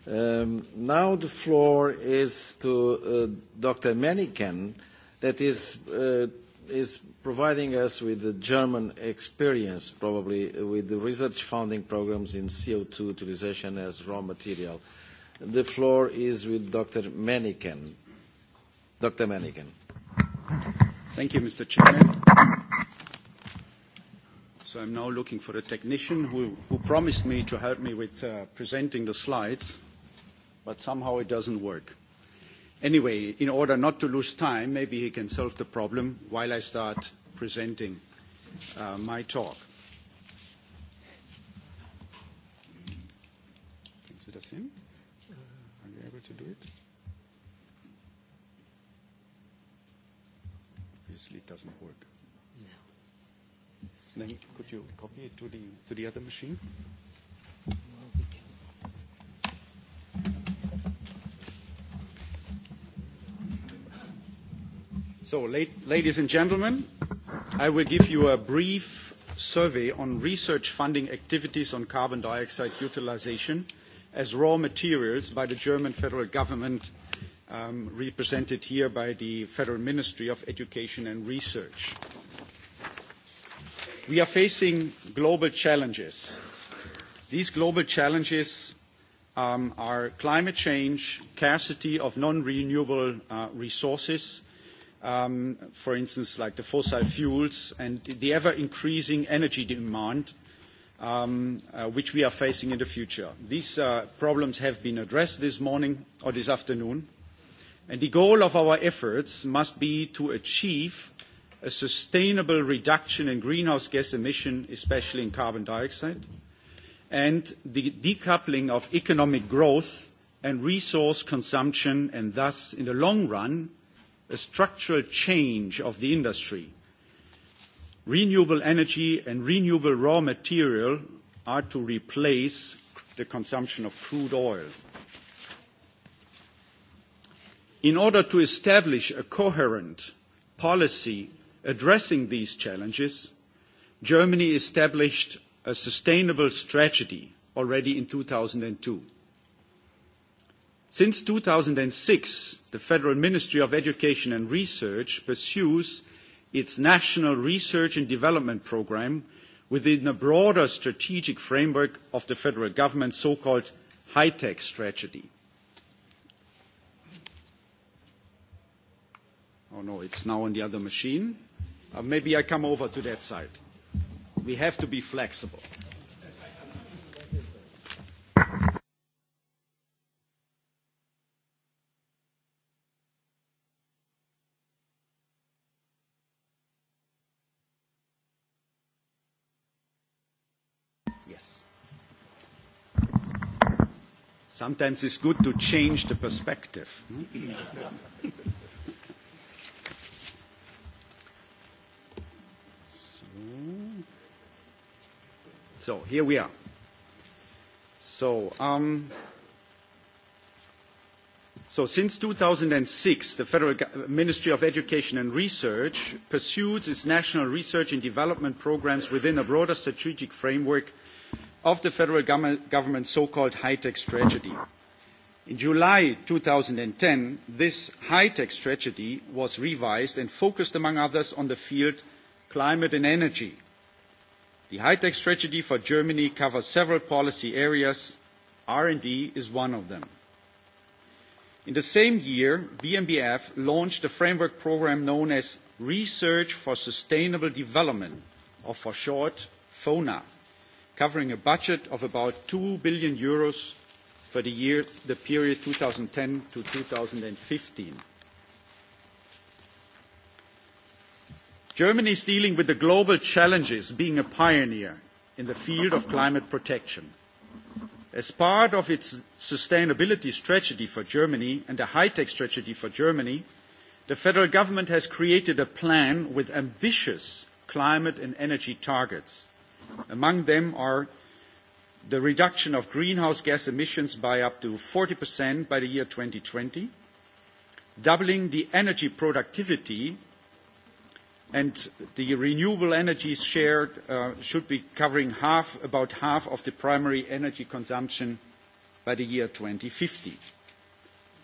now the floor is to Dr. Meniken, that is, is providing us with the German experience, probably, with the research funding programs in CO2 utilization as raw material. The floor is with Dr. Meniken. Dr. Meniken. Thank you, Mr. Chairman So I'm now looking for a technician who, who promised me to help me with uh, presenting the slides, but somehow it doesn't work. Anyway, in order not to lose time, maybe he can solve the problem while I start presenting uh, my talk. you see the thing? Are you able to do it? Obviously, it doesn't work. Then could you copy it to the, to the other machine? So, ladies and gentlemen, I will give you a brief survey on research funding activities on carbon dioxide utilization as raw materials by the German federal government, represented here by the Federal Ministry of Education and Research. We are facing global challenges. These global challenges are climate change, scarcity of non-renewable resources, for instance, like the fossil fuels, and the ever-increasing energy demand, which we are facing in the future. These problems have been addressed this morning or this afternoon, and the goal of our efforts must be to achieve a sustainable reduction in greenhouse gas emission, especially in carbon dioxide, and the decoupling of economic growth and resource consumption, and thus, in the long run, a structural change of the industry. Renewable energy and renewable raw material are to replace the consumption of crude oil. In order to establish a coherent policy addressing these challenges, Germany established a sustainable strategy already in 2002. Since 2006, the Federal Ministry of Education and Research pursues its national research and development programme within a broader strategic framework of the federal government's so-called high-tech strategy. Oh no, it's now on the other machine maybe I come over to that side. We have to be flexible. Yes. Sometimes it's good to change the perspective. So here we are. So, um, so since 2006, the Federal Ministry of Education and Research pursues its national research and development programs within a broader strategic framework of the federal government's so-called high-tech strategy. In July ten, this high-tech strategy was revised and focused, among others, on the field climate and energy – The high-tech strategy for Germany covers several policy areas. R&D is one of them. In the same year, BMBF launched a framework programme known as Research for Sustainable Development, or for short, FONA, covering a budget of about 2 billion euros for the year, the period 2010 to 2015. Germany is dealing with the global challenges being a pioneer in the field of climate protection. As part of its sustainability strategy for Germany and a high-tech strategy for Germany, the federal government has created a plan with ambitious climate and energy targets. Among them are the reduction of greenhouse gas emissions by up to 40% by the year 2020, doubling the energy productivity and the renewable energies share should be covering half, about half of the primary energy consumption by the year 2050.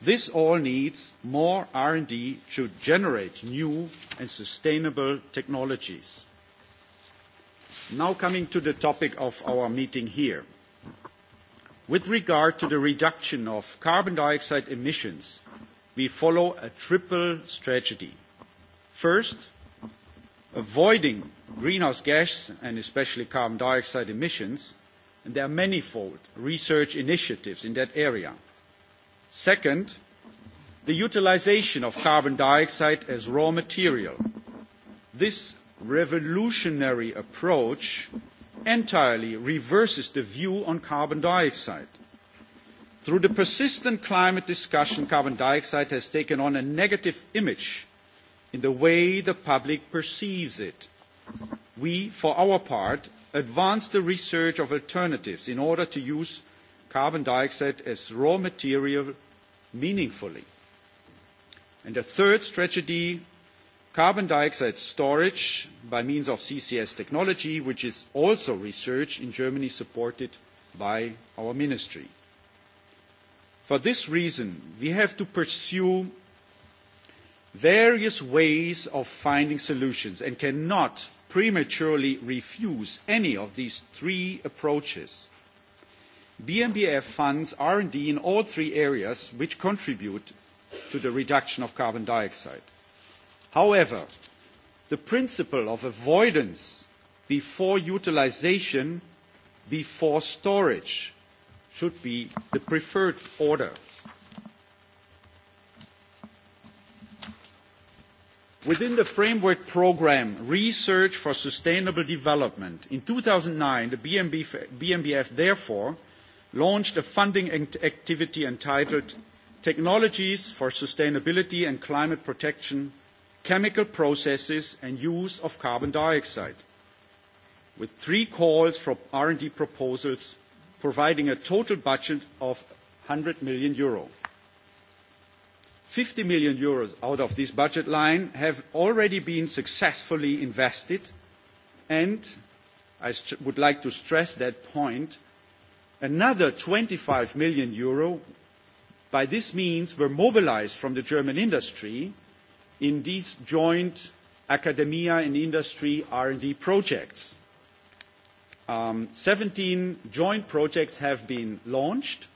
This all needs more R&D to generate new and sustainable technologies. Now coming to the topic of our meeting here. With regard to the reduction of carbon dioxide emissions, we follow a triple strategy. First, avoiding greenhouse gas and especially carbon dioxide emissions, and there are manifold research initiatives in that area. Second, the utilisation of carbon dioxide as raw material. This revolutionary approach entirely reverses the view on carbon dioxide. Through the persistent climate discussion, carbon dioxide has taken on a negative image in the way the public perceives it. We, for our part, advance the research of alternatives in order to use carbon dioxide as raw material meaningfully. And the third strategy, carbon dioxide storage by means of CCS technology, which is also research in Germany supported by our ministry. For this reason, we have to pursue various ways of finding solutions and cannot prematurely refuse any of these three approaches. BMBF funds R&D in all three areas which contribute to the reduction of carbon dioxide. However, the principle of avoidance before utilisation, before storage, should be the preferred order. Within the framework programme Research for Sustainable Development, in two thousand nine the BMBF therefore launched a funding activity entitled Technologies for Sustainability and Climate Protection, Chemical Processes and Use of Carbon Dioxide, with three calls for R&D proposals providing a total budget of EUR 100 million euro. 50 million euros out of this budget line have already been successfully invested, and I would like to stress that point, another 25 million euro by this means were mobilized from the German industry in these joint academia and industry R&D projects. Seventeen 17 joint projects have been launched,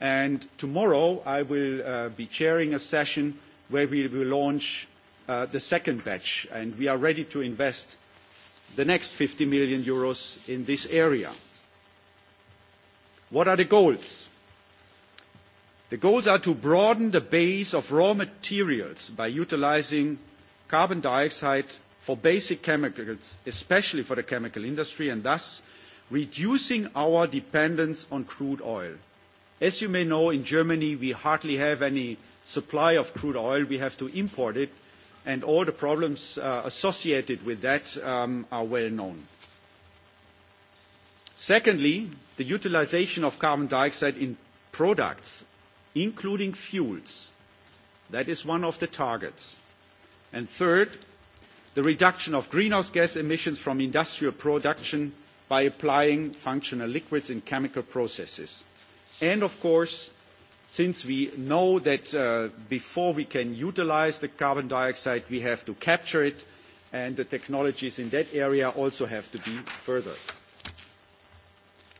And tomorrow I will be chairing a session where we will launch the second batch, and we are ready to invest the next 50 million euros in this area. What are the goals? The goals are to broaden the base of raw materials by utilising carbon dioxide for basic chemicals, especially for the chemical industry, and thus reducing our dependence on crude oil. As you may know, in Germany, we hardly have any supply of crude oil. We have to import it, and all the problems associated with that are well known. Secondly, the utilization of carbon dioxide in products, including fuels. That is one of the targets. And third, the reduction of greenhouse gas emissions from industrial production by applying functional liquids in chemical processes. And of course, since we know that before we can utilise the carbon dioxide, we have to capture it, and the technologies in that area also have to be furthered.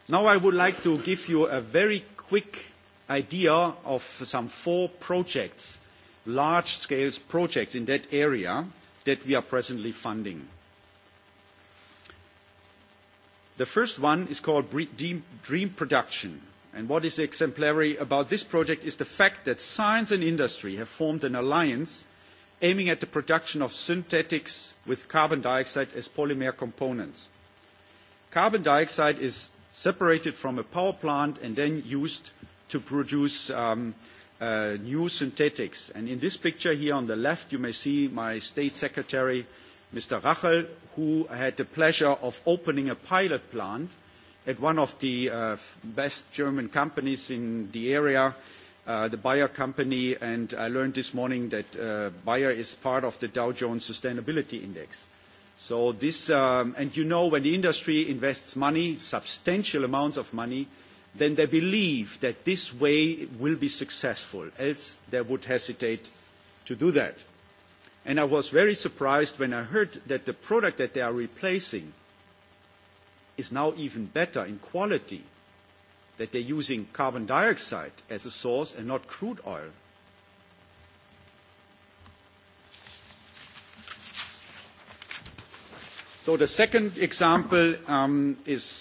Now I would like to give you a very quick idea of some four projects, large-scale projects in that area that we are presently funding. The first one is called Dream Production. And what is exemplary about this project is the fact that science and industry have formed an alliance aiming at the production of synthetics with carbon dioxide as polymer components. Carbon dioxide is separated from a power plant and then used to produce new synthetics. And in this picture here on the left, you may see my state secretary, Mr. Rachel, who had the pleasure of opening a pilot plant – at one of the best German companies in the area, the Bayer company, and I learned this morning that Bayer is part of the Dow Jones Sustainability Index. So this, and you know, when the industry invests money, substantial amounts of money, then they believe that this way will be successful, else they would hesitate to do that. And I was very surprised when I heard that the product that they are replacing – is now even better in quality, that they're using carbon dioxide as a source and not crude oil. So the second example is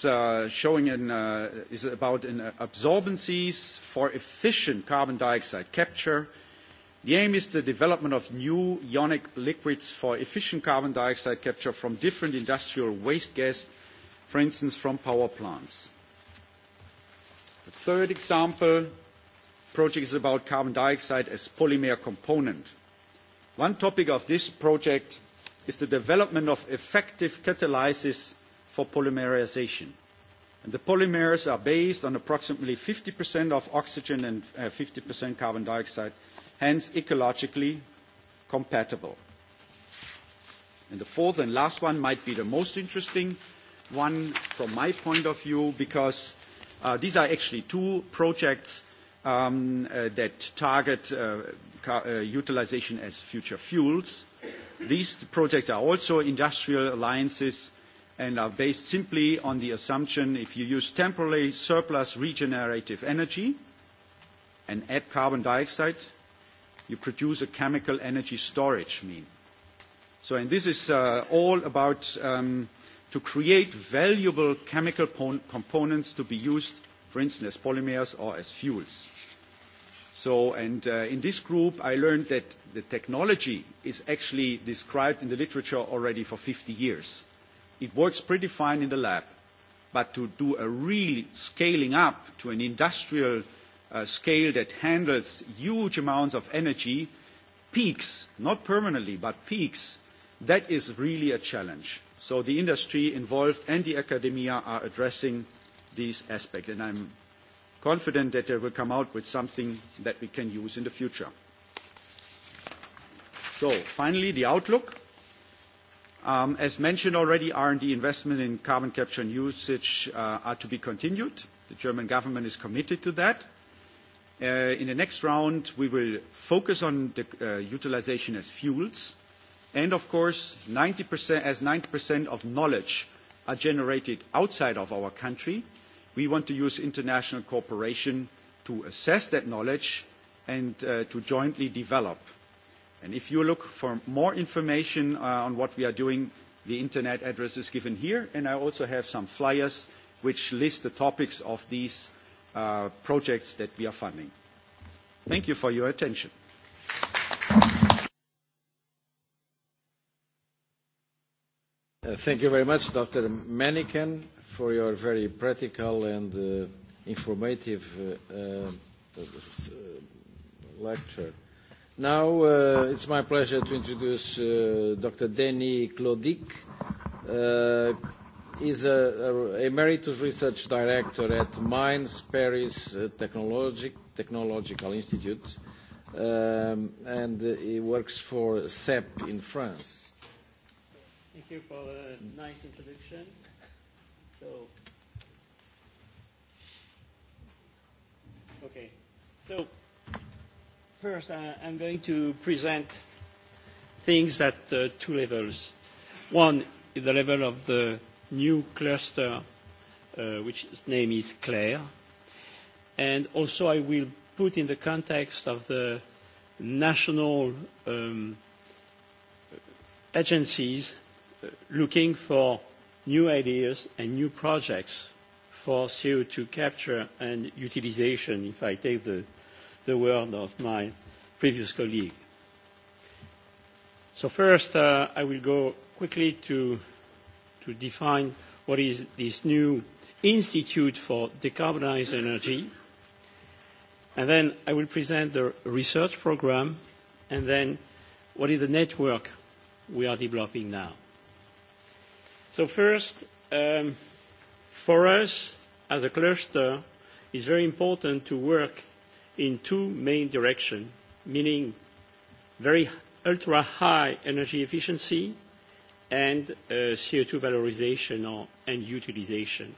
showing an is about an absorbencies for efficient carbon dioxide capture. The aim is the development of new ionic liquids for efficient carbon dioxide capture from different industrial waste gas for instance, from power plants. The third example project is about carbon dioxide as polymer component. One topic of this project is the development of effective catalysis for polymerization. And the polymers are based on approximately 50% of oxygen and fifty 50% carbon dioxide, hence ecologically compatible. the fourth and last one might be the most interesting, one from my point of view because these are actually two projects that target utilization as future fuels. These projects are also industrial alliances and are based simply on the assumption if you use temporary surplus regenerative energy and add carbon dioxide, you produce a chemical energy storage mean. So, and this is all about um, – to create valuable chemical components to be used, for instance, as polymers or as fuels. So, and uh, in this group, I learned that the technology is actually described in the literature already for 50 years. It works pretty fine in the lab, but to do a real scaling up to an industrial uh, scale that handles huge amounts of energy, peaks, not permanently, but peaks, that is really a challenge. So the industry involved and the academia are addressing these aspects, and I'm confident that they will come out with something that we can use in the future. So finally, the outlook. As mentioned already, R&D investment in carbon capture and usage are to be continued. The German government is committed to that. In the next round, we will focus on the utilization as fuels, And of course, 90%, as 90% of knowledge are generated outside of our country, we want to use international cooperation to assess that knowledge and to jointly develop. And if you look for more information on what we are doing, the internet address is given here, and I also have some flyers which list the topics of these projects that we are funding. Thank you for your attention. Thank you very much, Dr. Manican, for your very practical and informative lecture. Now, it's my pleasure to introduce Dr. Denis Clodic. he's a, emeritus research director at Mines Paris Technological Institute, and he works for CEP in France Thank you for the nice introduction. So, okay. So, first, uh, I'm going to present things at uh, two levels. One, the level of the new cluster, uh, which its name is Claire. And also, I will put in the context of the national um, agencies looking for new ideas and new projects for CO2 capture and utilization, if I take the, the word of my previous colleague. So first, uh, I will go quickly to, to define what is this new Institute for Decarbonized Energy, and then I will present the research program, and then what is the network we are developing now. So first, for us as a cluster, it's very important to work in two main directions, meaning very ultra-high energy efficiency and CO2 valorization or, and utilization.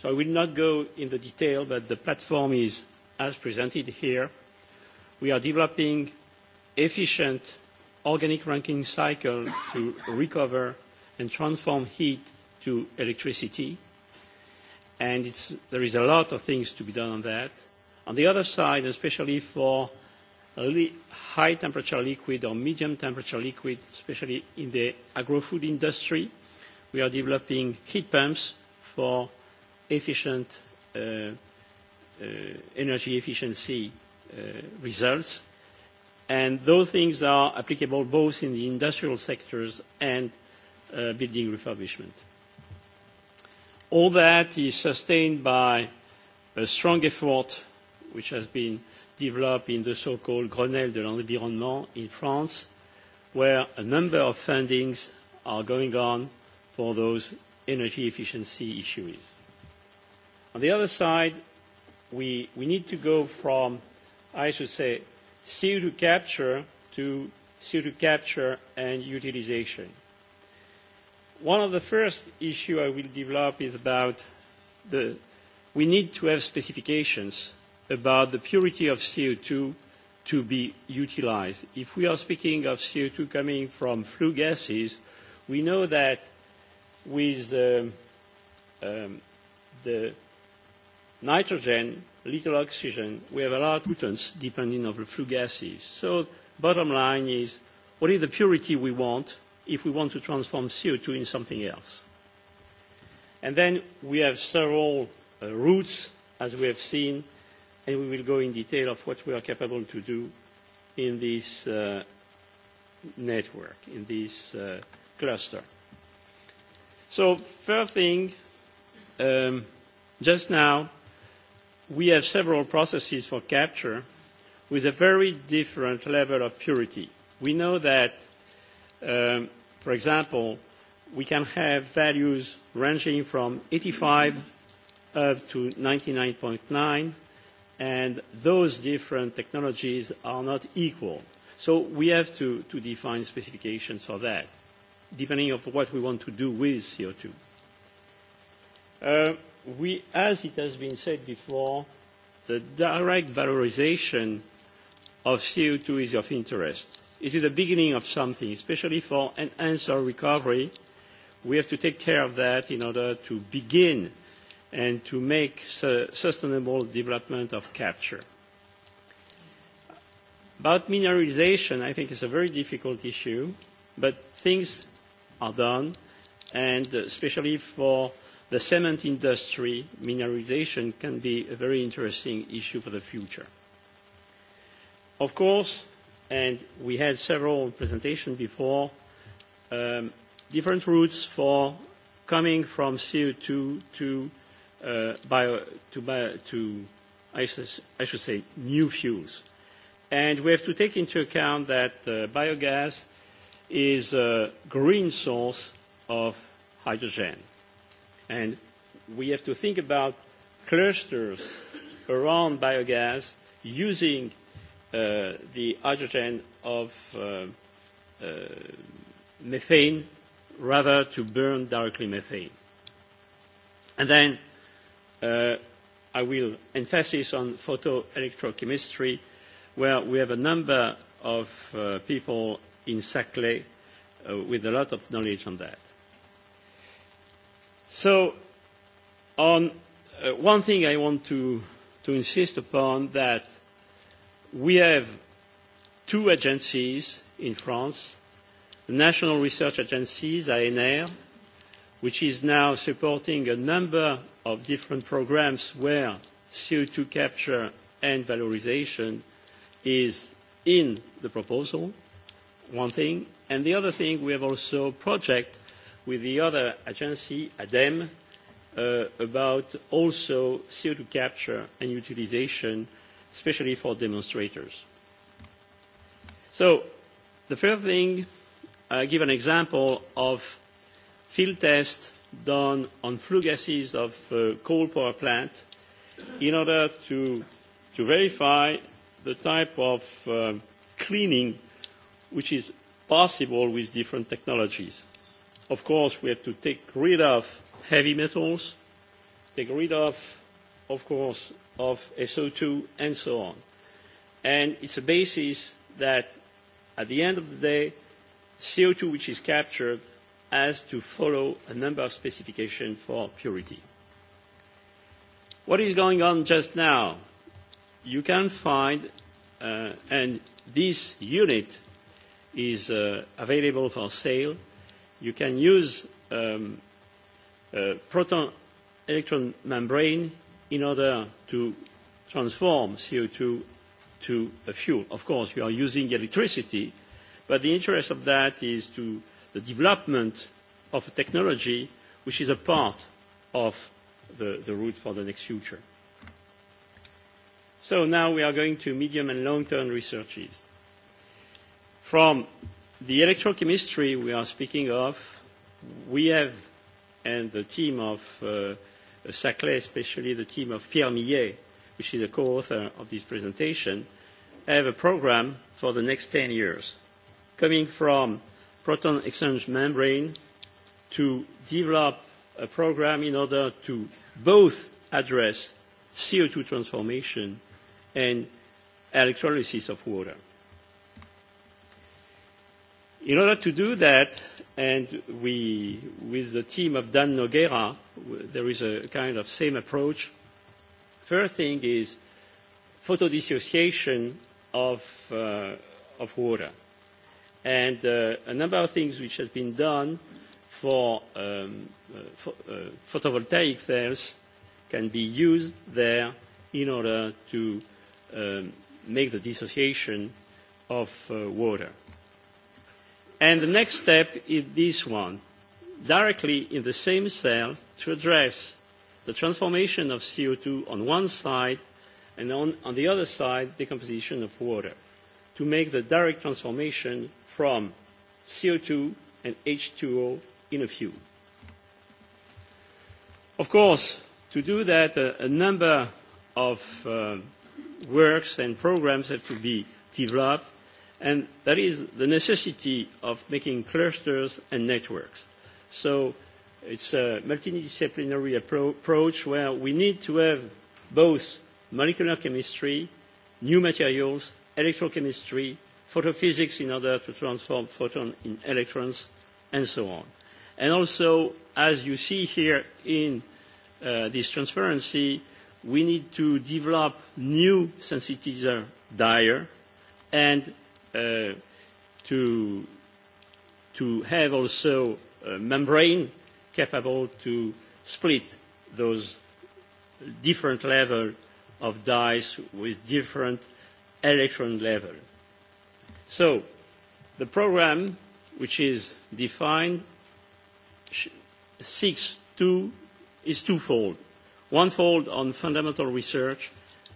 So I will not go into detail, but the platform is as presented here. We are developing efficient organic ranking cycle to recover and transform heat to electricity. And it's, there is a lot of things to be done on that. On the other side, especially for high temperature liquid or medium temperature liquid, especially in the agro-food industry, we are developing heat pumps for efficient uh, energy efficiency results. and Those things are applicable both in the industrial sectors and building refurbishment. All that is sustained by a strong effort which has been developed in the so-called Grenelle de l'environnement in France, where a number of fundings are going on for those energy efficiency issues. On the other side, we need to go from, I should say, CO2 capture to CO2 capture and utilization One of the first issues I will develop is about the we need to have specifications about the purity of co two to be utilised. If we are speaking of co two coming from flue gases, we know that with the nitrogen, little oxygen, we have a lot of pollutants depending on the flue gases. So bottom line is, what is the purity we want if we want to transform CO2 in something else. And then we have several uh, routes, as we have seen, and we will go in detail of what we are capable to do in this uh, network, in this uh, cluster. So first thing, um, just now, we have several processes for capture with a very different level of purity. We know that for example, we can have values ranging from 85 up to 99.9, and those different technologies are not equal. So we have to, to define specifications for that, depending on what we want to do with CO2. Uh, we, as it has been said before, the direct valorization of CO2 is of interest It is the beginning of something, especially for enhanced recovery. We have to take care of that in order to begin and to make sustainable development of capture. About mineralization, I think it's a very difficult issue, but things are done, and especially for the cement industry, mineralization can be a very interesting issue for the future. Of course, and we had several presentations before, um, different routes for coming from CO2 to uh, bio, to, bio, to I, I should say, new fuels. And we have to take into account that uh, biogas is a green source of hydrogen. And we have to think about clusters around biogas using the hydrogen of methane rather to burn directly methane. And then uh, I will emphasis on photoelectrochemistry, where we have a number of uh, people in Saclay uh, with a lot of knowledge on that. So, on uh, one thing I want to, to insist upon that we have two agencies in France, the National Research Agencies, ANR, which is now supporting a number of different programs where co two capture and valorisation is in the proposal, one thing. And the other thing, we have also a project with the other agency, uh, about also co two capture and utilisation especially for demonstrators. So the first thing, I give an example of field tests done on flue gases of a coal power plant in order to, to verify the type of uh, cleaning which is possible with different technologies. Of course, we have to take rid of heavy metals, take rid of, of course, of SO2, and so on. And it's a basis that, at the end of the day, CO2 which is captured has to follow a number of specifications for purity. What is going on just now? You can find, uh, and this unit is uh, available for sale. You can use um, a proton electron membrane in order to transform co two to a fuel. Of course, we are using electricity, but the interest of that is to the development of a technology which is a part of the, the route for the next future. So now we are going to medium and long-term researches. From the electrochemistry we are speaking of, we have, and the team of uh, Saclay, especially the team of Pierre Millet, which is a co-author of this presentation, have a program for the next 10 years, coming from proton exchange membrane to develop a program in order to both address CO2 transformation and electrolysis of water. In order to do that, and we, with the team of Dan Nogueira, there is a kind of same approach. First thing is photo dissociation of, uh, of water. And uh, a number of things which has been done for um, uh, for uh, photovoltaic cells can be used there in order to um, make the dissociation of uh, water And the next step is this one, directly in the same cell to address the transformation of co two on one side and on, on the other side, decomposition of water to make the direct transformation from co two and h two o in a few. Of course, to do that, a, a number of uh, works and programs have to be developed and that is the necessity of making clusters and networks. So it's a multidisciplinary approach where we need to have both molecular chemistry, new materials, electrochemistry, photophysics in order to transform photons in electrons, and so on. And also, as you see here in uh, this transparency, we need to develop new sensitizer dyer and to, to have also a membrane capable to split those different levels of dyes with different electron level. So the programme which is defined seeks two is twofold. One fold on fundamental research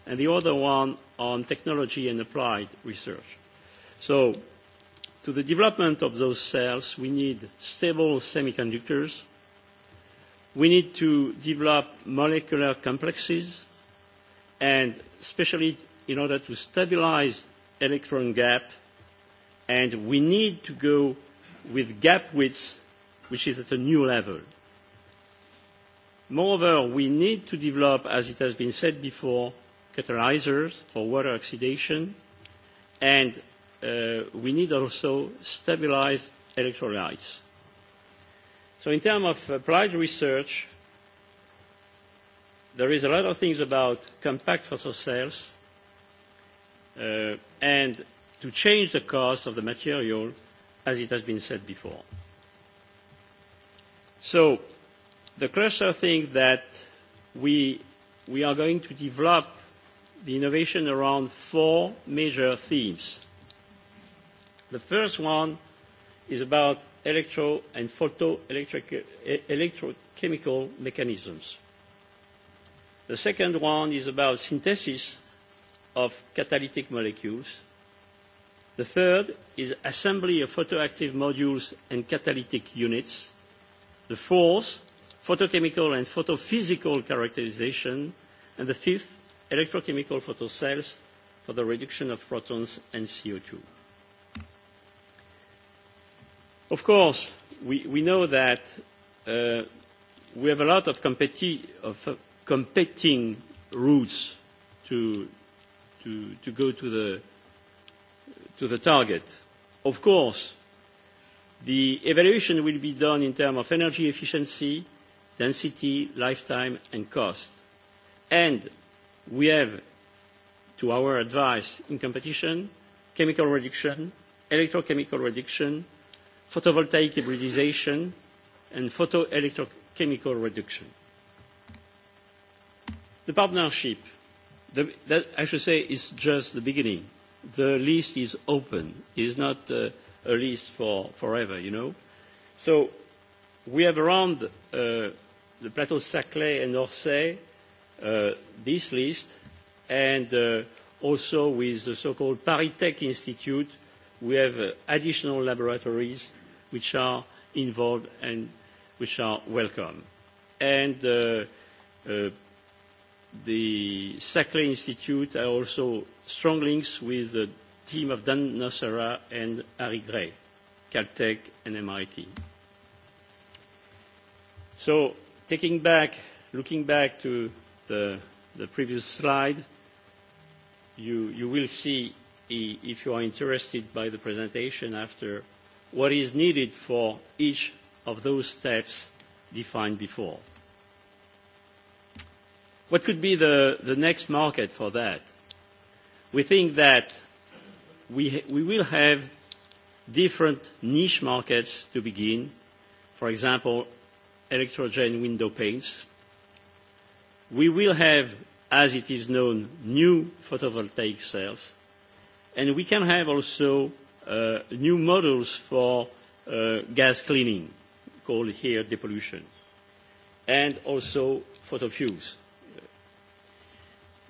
and the other one on technology and applied research So to the development of those cells, we need stable semiconductors. We need to develop molecular complexes, and especially in order to stabilize electron gap, and we need to go with gap width, which is at a new level. Moreover, we need to develop, as it has been said before, catalyzers for water oxidation, and we need also stabilised electrolytes. So in terms of applied research, there is a lot of things about compact fossil cells, uh, and to change the cost of the material, as it has been said before. So the cluster thinks that we, we are going to develop the innovation around four major themes The first one is about electro and electrochemical mechanisms. The second one is about synthesis of catalytic molecules. The third is assembly of photoactive modules and catalytic units. The fourth, photochemical and photophysical characterization. And the fifth, electrochemical photocells for the reduction of protons and CO2. Of course, we, we know that uh, we have a lot of, competi- of competing routes to, to, to go to the, to the target. Of course, the evaluation will be done in terms of energy efficiency, density, lifetime, and cost. And we have, to our advice in competition, chemical reduction, electrochemical reduction, photovoltaic hybridization, and photoelectrochemical reduction. The partnership, the, that I should say, is just the beginning. The list is open. It is not uh, a list for forever, you know. So we have around uh, the plateau Saclay and Orsay uh, this list, and uh, also with the so-called Tech Institute, we have uh, additional laboratories which are involved and which are welcome. And uh, uh, the Sackley Institute are also strong links with the team of Dan Nocera and Harry Gray, Caltech and MIT. So taking back, looking back to the, the previous slide, you, you will see if you are interested by the presentation after what is needed for each of those steps defined before. What could be the, the next market for that? We think that we, we will have different niche markets to begin. For example, electrogen window paints. We will have, as it is known, new photovoltaic cells. And we can have also uh, new models for uh, gas cleaning, called here depollution, and also photo fuels.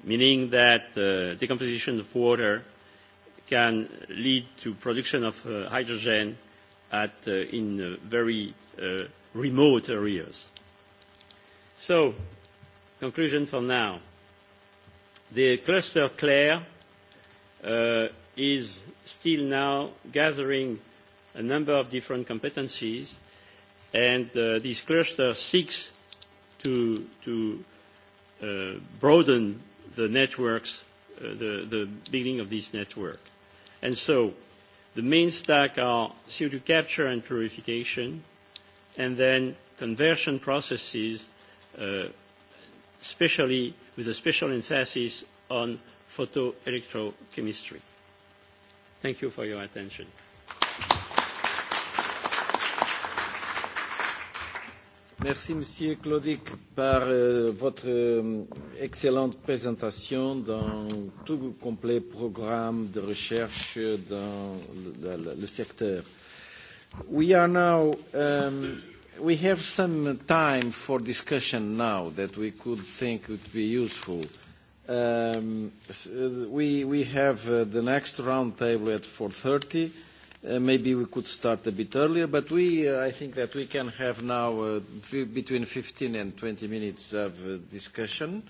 meaning that uh, decomposition of water can lead to production of uh, hydrogen at, uh, in uh, very uh, remote areas. So, conclusion for now. The cluster CLARE is still now gathering a number of different competencies, and uh, this cluster seeks to, to uh, broaden the networks, uh, the, the beginning of this network. And so the main stack are CO2 capture and purification, and then conversion processes, uh, especially with a special emphasis on photoelectrochemistry. Thank you for your attention. Merci, Monsieur Claudic, par votre excellente présentation dans tout complet programme de recherche dans le, secteur. We are now, we have some time for discussion now that we could think would be useful. We we have the next round table at 4:30 Maybe we could start a bit earlier, but we I think that we can have now between 15 and 20 minutes of discussion.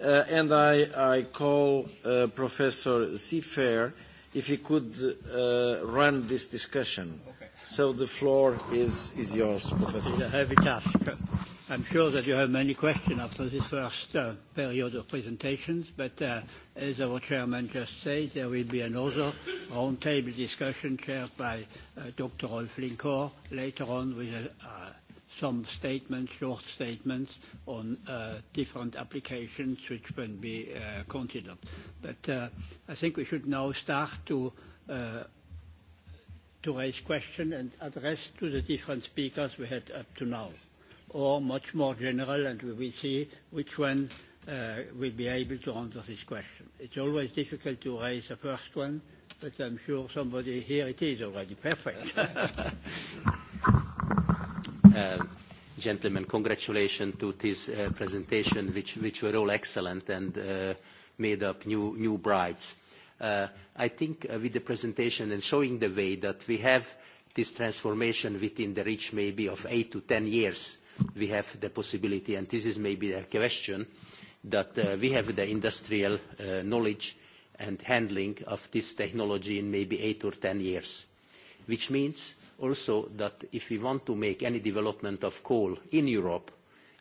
And I I call Professor Seafair if he could run this discussion. So the floor is is yours, Professor. Heavy cash. I'm sure that you have many questions after this first uh, period of presentations, but uh, as our chairman just said, there will be another roundtable discussion chaired by uh, Dr. Rolf Linkohr later on with uh, some statements, short statements on uh, different applications which can be uh, considered. But uh, I think we should now start to uh, to raise questions and address to the different speakers we had up to now or much more general, and we will see which one uh, will be able to answer this question. It's always difficult to raise the first one, but I'm sure somebody here it is already. Perfect. uh, gentlemen, congratulations to this uh, presentation, which, which were all excellent and uh, made up new, new brides. Uh, I think uh, with the presentation and showing the way that we have this transformation within the reach maybe of eight to ten years we have the possibility, and this is maybe the question, that we have the industrial knowledge and handling of this technology in maybe eight or ten years. Which means also that if we want to make any development of coal in Europe,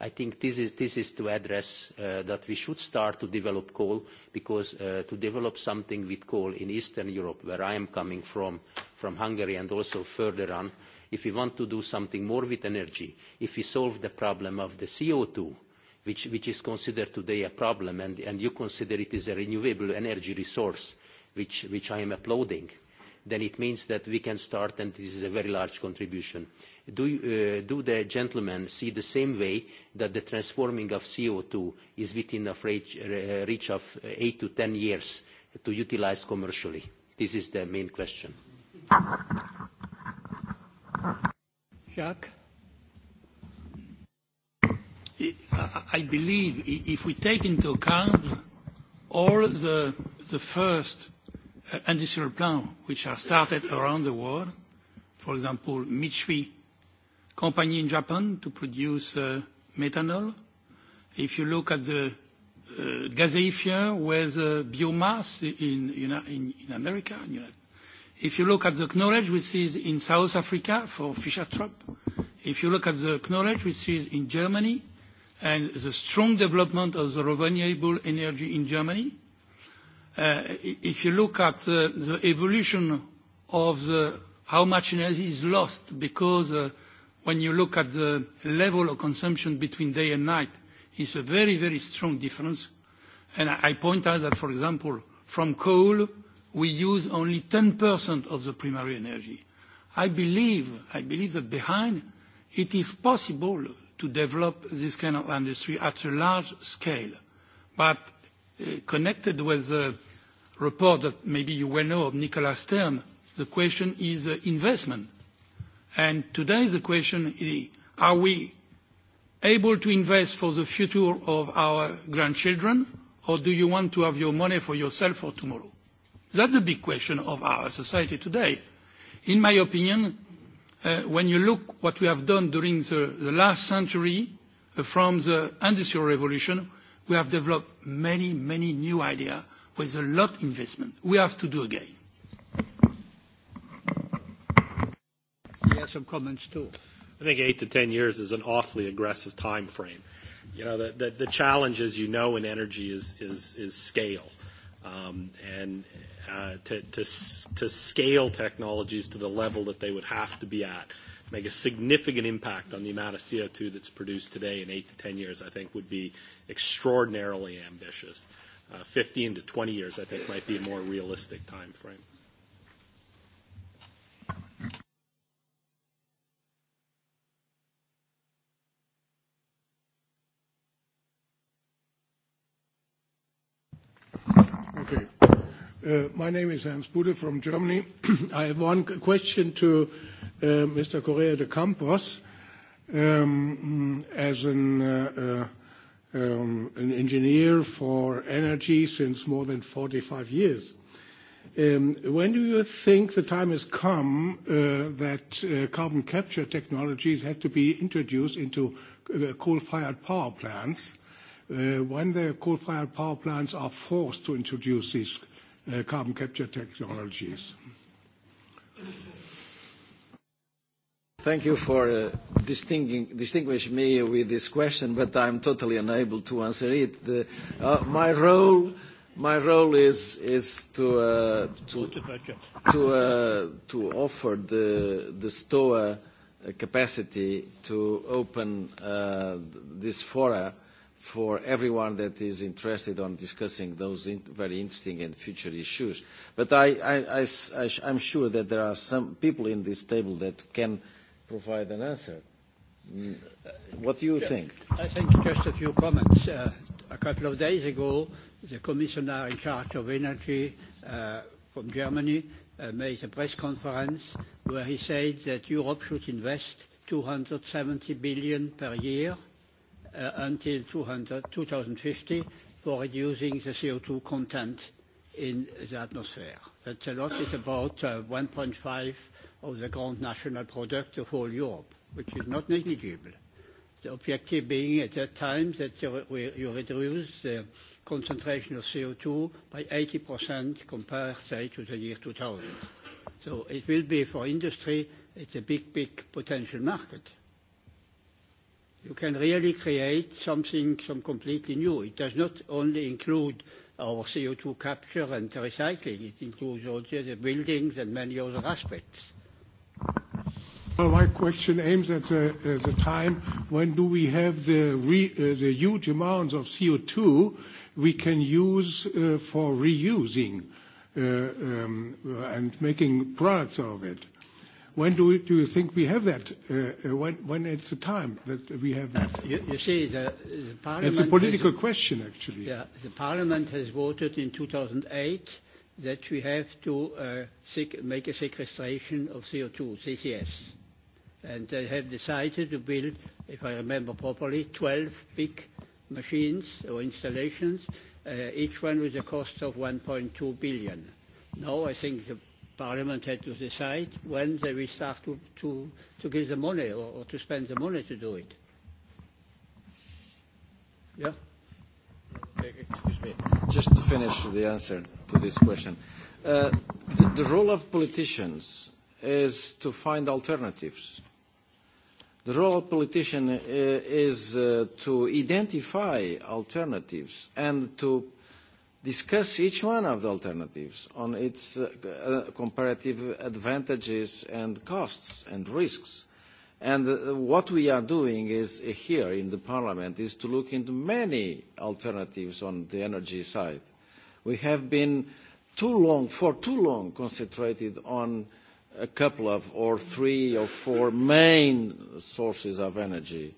I think this is to address that we should start to develop coal because to develop something with coal in Eastern Europe, where I am coming from, from Hungary and also further on, if we want to do something more with energy, if we solve the problem of the co two, which, which is considered today a problem, and, and you consider it is a renewable energy resource, which, which I am applauding, then it means that we can start, and this is a very large contribution. Do, the gentlemen see the same way that the transforming of co two is within a reach of eight to ten years to utilise commercially? This is the main question. Jacques? I believe if we take into account all the the first industrial plants which are started around the world, for example, Mitsui company in Japan to produce methanol. If you look at the gazeifier with biomass in America, If you look at the knowledge which is in South Africa for Fischer Tropsch, if you look at the knowledge which is in Germany and the strong development of the renewable energy in Germany, if you look at the evolution of the how much energy is lost because when you look at the level of consumption between day and night, it's a very, very strong difference. And I point out that, for example, from coal we use only 10% of the primary energy. I believe, I believe that behind it is possible to develop this kind of industry at a large scale. But connected with the report that maybe you well know of Nicola Stern, the question is investment. And today the question is, are we able to invest for the future of our grandchildren, or do you want to have your money for yourself for tomorrow? That's the big question of our society today. In my opinion, uh, when you look what we have done during the, the last century, uh, from the industrial revolution, we have developed many, many new ideas with a lot of investment. We have to do again. has some comments too. I think eight to ten years is an awfully aggressive time frame. You know, the, the, the challenge, as you know, in energy is, is, is scale. Um, and to, to, to scale technologies to the level that they would have to be at, make a significant impact on the amount of CO2 that's produced today in eight to 10 years, I think would be extraordinarily ambitious. Uh, 15 to 20 years, I think, might be a more realistic time frame. Okay. My name is Hans Bude from Germany. I have one question to Mr. Correa de Campos. As an engineer for energy since more than 45 years, when do you think the time has come that carbon capture technologies have to be introduced into coal-fired power plants, when the coal-fired power plants are forced to introduce these carbon capture technologies. Thank you for distinguishing me with this question, but I'm totally unable to answer it. My role is is to uh, to to, uh, to offer the the STOA capacity to open uh, this fora for everyone that is interested in discussing those very interesting and future issues. But I am sure that there are some people in this table that can provide an answer. What do you think? I think just a few comments. A couple of days ago, the commissioner in charge of energy from Germany made a press conference where he said that Europe should invest 270 billion per year until 2050 for reducing the CO2 content in the atmosphere. That's a lot. It's about 1.5 of the gross national product of all Europe, which is not negligible. The objective being at that time that you reduce the concentration of CO2 by 80% compared, say, to the year 2000. So It will be for industry, it's a big, big potential market you can really create something, some completely new. It does not only include our CO2 capture and recycling, it includes also the buildings and many other aspects. Well, my question aims at the, uh, the time when do we have the, re, uh, the huge amounts of CO2 we can use uh, for reusing uh, um, and making products of it When do you think we have that? When it's the time that we have that? You see, the parliament- It's a political question, actually. Yeah. The parliament has voted in 2008 that we have to make a sequestration of CO2, CCS. And they have decided to build, if I remember properly, 12 big machines or installations, each one with a cost of 1.2 billion. Now, I think the Parliament had to decide when they will start to, to, to give the money or, or to spend the money to do it. Yeah? Excuse me. Just to finish the answer to this question. Uh, the, the role of politicians is to find alternatives. The role of politician uh, is uh, to identify alternatives and to discuss each one of the alternatives on its comparative advantages and costs and risks. And what we are doing is here in the Parliament is to look into many alternatives on the energy side. We have been too long, for too long, concentrated on a couple of or three or four main sources of energy.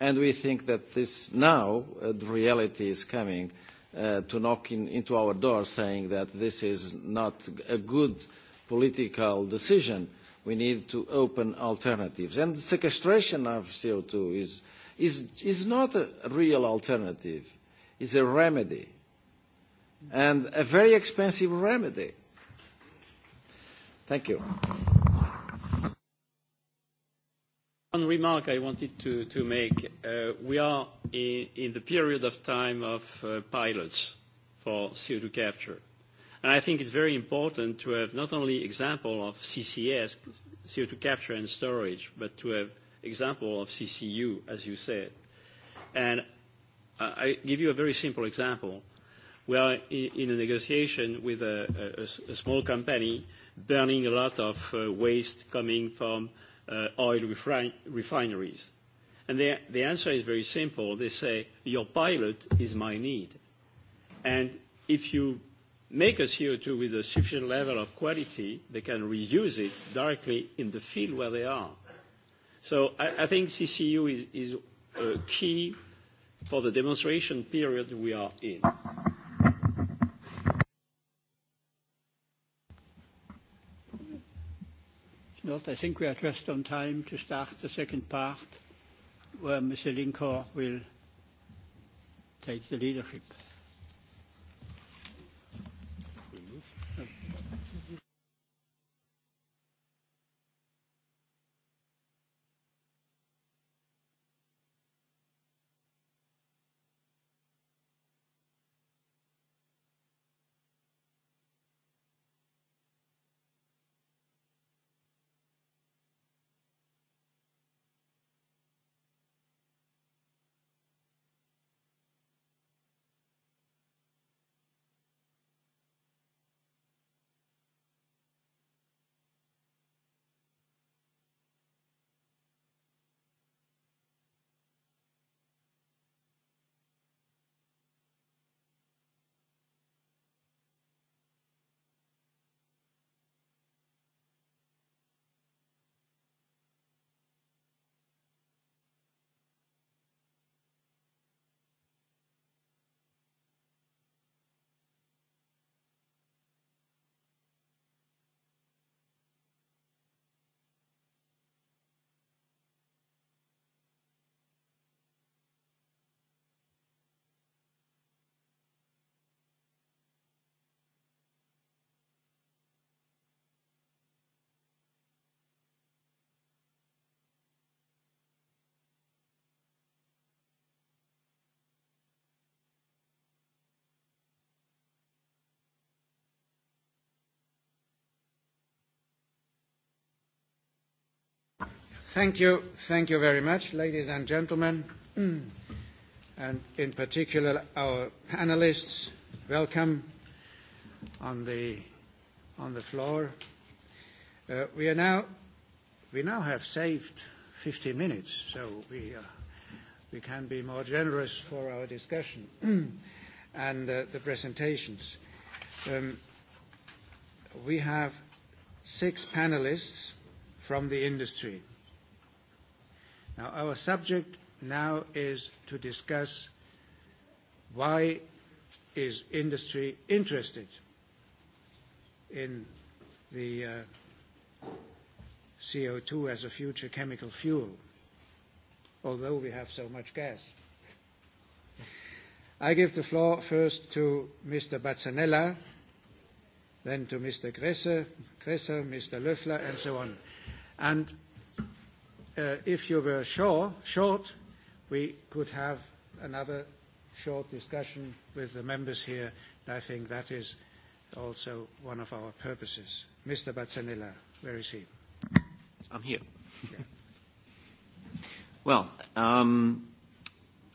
And we think that this now, the reality is coming, to knock into our door saying that this is not a good political decision. We need to open alternatives. And the sequestration of co two is, is, is not a real alternative. It's a remedy. And a very expensive remedy. Thank you. One remark I wanted to make. We are in the period of time of pilots for CO2 capture. and I think it's very important to have not only example of CCS, CO2 capture and storage, but to have example of CCU, as you said. And I give you a very simple example. We are in a negotiation with a small company burning a lot of waste coming from oil refineries? And the answer is very simple. They say, "Your pilot is my need." And if you make a CO2 with a sufficient level of quality, they can reuse it directly in the field where they are. So I I think CCU is is uh key for the demonstration period we are in. Not. I think we are just on time to start the second part, where Mr. Linkor will take the leadership. Thank you. Thank you very much, ladies and gentlemen, and in particular, our panelists. Welcome on the on the floor. Uh, we are now we now have saved 50 minutes, so we uh, we can be more generous for our discussion and uh, the presentations. Um, we have six panelists from the industry. Now, our subject now is to discuss why is industry interested in the uh, CO2 as a future chemical fuel, although we have so much gas. I give the floor first to Mr. Bazzanella, then to Mr. Gresser, Gresser, Mr. Löffler, and so on. And If you were sure short, we could have another short discussion with the members here. I think that is also one of our purposes. Mr. Bazzanella, where is he? I'm here. Well, um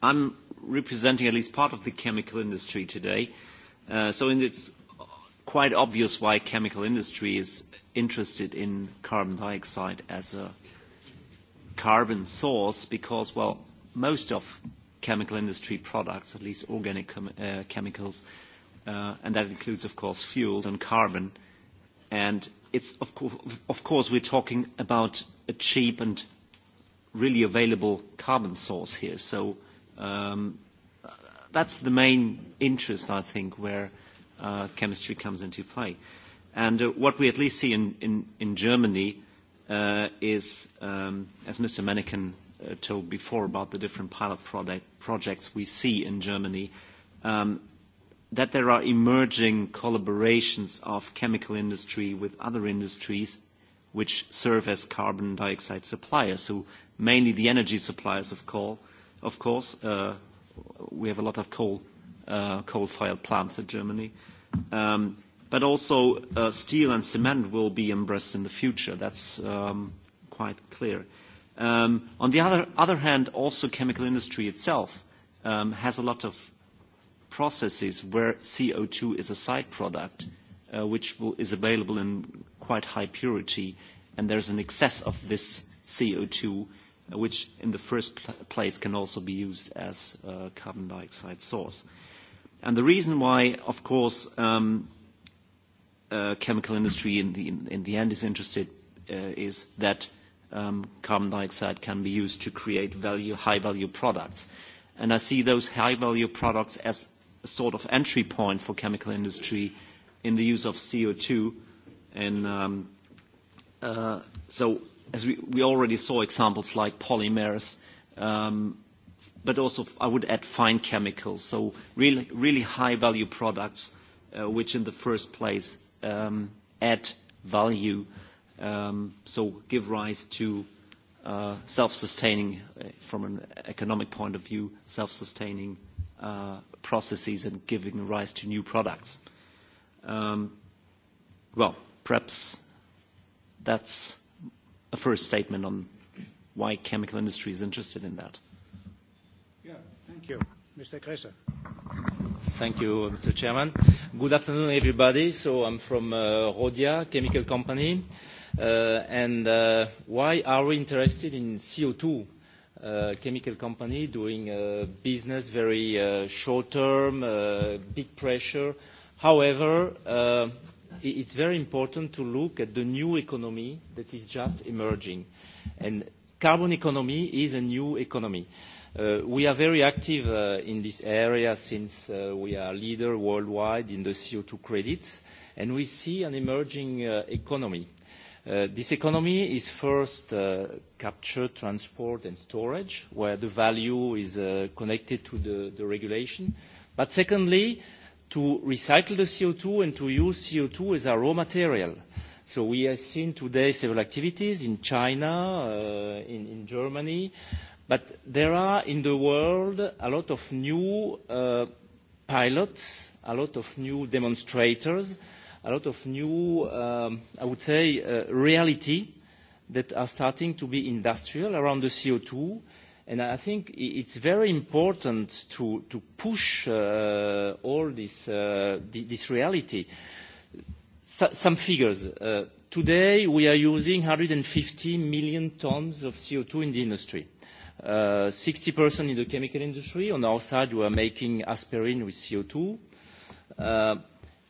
I'm representing at least part of the chemical industry today. Uh so It's quite obvious why chemical industry is interested in carbon dioxide as a carbon source because, well, most of chemical industry products, at least organic chem uh, chemicals, uh, and that includes, of course, fuels and carbon. And it's, of, co of course, we're talking about a cheap and really available carbon source here. So um, that's the main interest, I think, where uh, chemistry comes into play. And uh, what we at least see in, in, in Germany – is, as Mr. Manniken told before about the different pilot projects we see in Germany, that there are emerging collaborations of chemical industry with other industries which serve as carbon dioxide suppliers, so mainly the energy suppliers of coal. Of course, we have a lot of coal-fired plants in Germany. Um but also uh, steel and cement will be embraced in the future. That's um, quite clear. Um, on the other, other hand, also chemical industry itself um, has a lot of processes where CO2 is a side product, uh, which will, is available in quite high purity, and there's an excess of this CO2, which in the first pl- place can also be used as a carbon dioxide source. And the reason why, of course, um, chemical industry in the, in, in the end is interested uh, is that um, carbon dioxide can be used to create value, high-value products. And I see those high-value products as a sort of entry point for chemical industry in the use of CO2. And um, uh, so as we, we already saw examples like polymers, um, but also I would add fine chemicals, so really, really high-value products uh, which in the first place um, add value, um, so give rise to uh, self-sustaining, from an economic point of view, self-sustaining uh, processes and giving rise to new products. Um, well, perhaps that's a first statement on why chemical industry is interested in that. Yeah, thank you. Mr. Kresser. Thank you, Mr. Chairman. Good afternoon, everybody. So I'm from Rhodia Chemical Company. and why are we interested in CO2? chemical company doing business very short term, big pressure. However, it's very important to look at the new economy that is just emerging. And carbon economy is a new economy. We are very active in this area since we are leader worldwide in the CO2 credits, and we see an emerging economy. This economy is first capture, transport, and storage, where the value is connected to the regulation. But secondly, to recycle the CO2 and to use CO2 as a raw material. So we have seen today several activities in China, in Germany, But there are in the world a lot of new uh, pilots, a lot of new demonstrators, a lot of new, um, I would say, uh, reality that are starting to be industrial around the CO2. And I think it's very important to, to push uh, all this, uh, this reality. some figures. Uh, today, we are using 150 million tons of CO2 in the industry Uh, 60% in the chemical industry. On our side, we are making aspirin with CO2.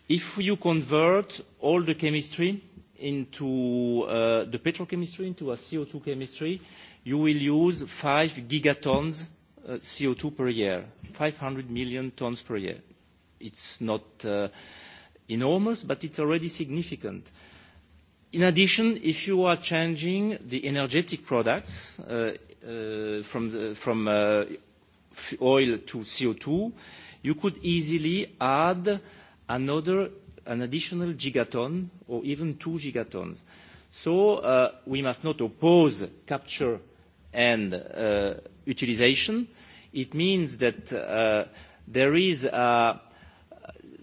if you convert all the chemistry into uh, the petrochemistry into a CO2 chemistry, you will use 5 gigatons uh, CO2 per year, 500 million tons per year. It's not uh, enormous, but it's already significant. In addition, if you are changing the energetic products, uh, from oil to CO2, you could easily add another, an additional gigaton or even two gigatons. So we must not oppose capture and utilization. It means that there is a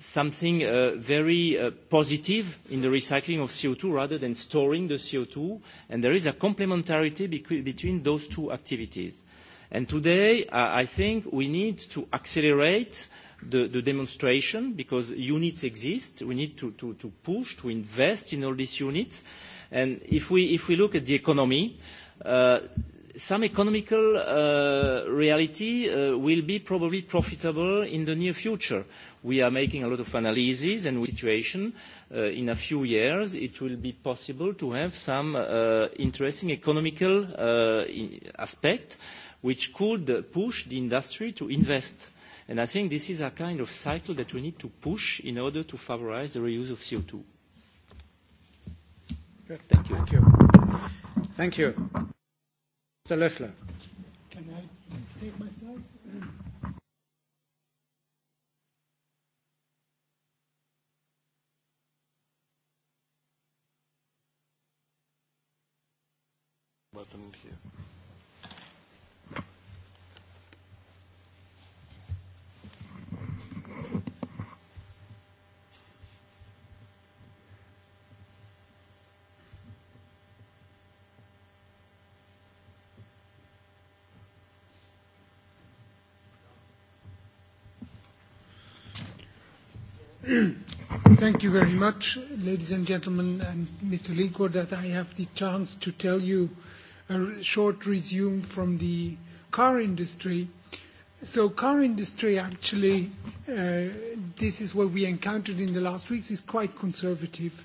something uh, very uh, positive in the recycling of CO2 rather than storing the CO2, and there is a complementarity between those two activities. And today, uh, I think we need to accelerate the, the demonstration because units exist. We need to, to, to push, to invest in all these units. And if we, if we look at the economy, uh, some economical uh, reality uh, will be probably profitable in the near future We are making a lot of analysis and situation. uh, in a few years, it will be possible to have some uh, interesting economical uh, aspect which could push the industry to invest. And I think this is a kind of cycle that we need to push in order to favorize the reuse of CO2. Good. Thank you. Thank you. Thank you. Mr. Leffler. Can I take my slides? button here. Thank you very much, ladies and gentlemen, and Mr. Linkor, that I have the chance to tell you a short resume from the car industry. So car industry actually, uh, this is what we encountered in the last weeks, is quite conservative.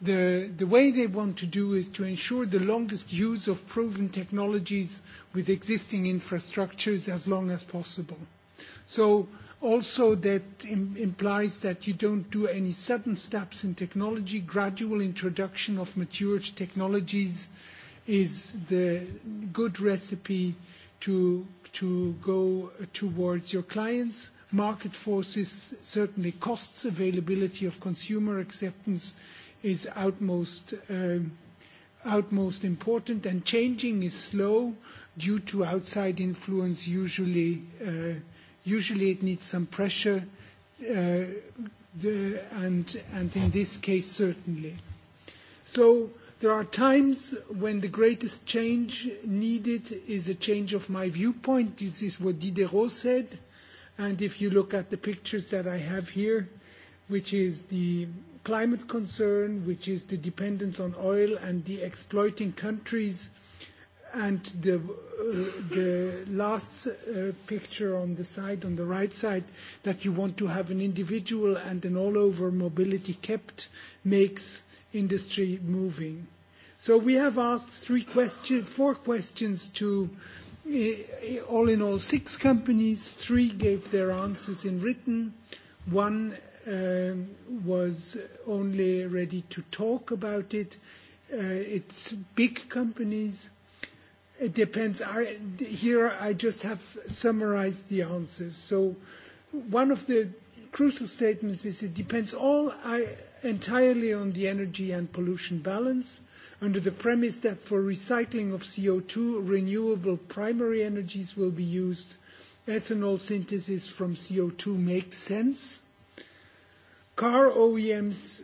The, the way they want to do is to ensure the longest use of proven technologies with existing infrastructures as long as possible. So also that im implies that you don't do any sudden steps in technology, gradual introduction of mature technologies, is the good recipe to to go towards your clients. Market forces, certainly costs, availability of consumer acceptance is outmost outmost important, and changing is slow due to outside influence. Usually, usually it needs some pressure, and in this case, certainly. So There are times when the greatest change needed is a change of my viewpoint. This is what Diderot said. And if you look at the pictures that I have here, which is the climate concern, which is the dependence on oil and the exploiting countries, and the, the last uh, picture on the side, on the right side, that you want to have an individual and an all-over mobility kept, makes industry moving. So we have asked three question, four questions to uh all in all six companies. Three gave their answers in written. One was only ready to talk about it. Uh It's big companies. It depends. I Here, I just have summarized the answers. So one of the crucial statements is it depends all I entirely on the energy and pollution balance under the premise that for recycling of co two renewable primary energies will be used. Ethanol synthesis from co two makes sense. Car OEMs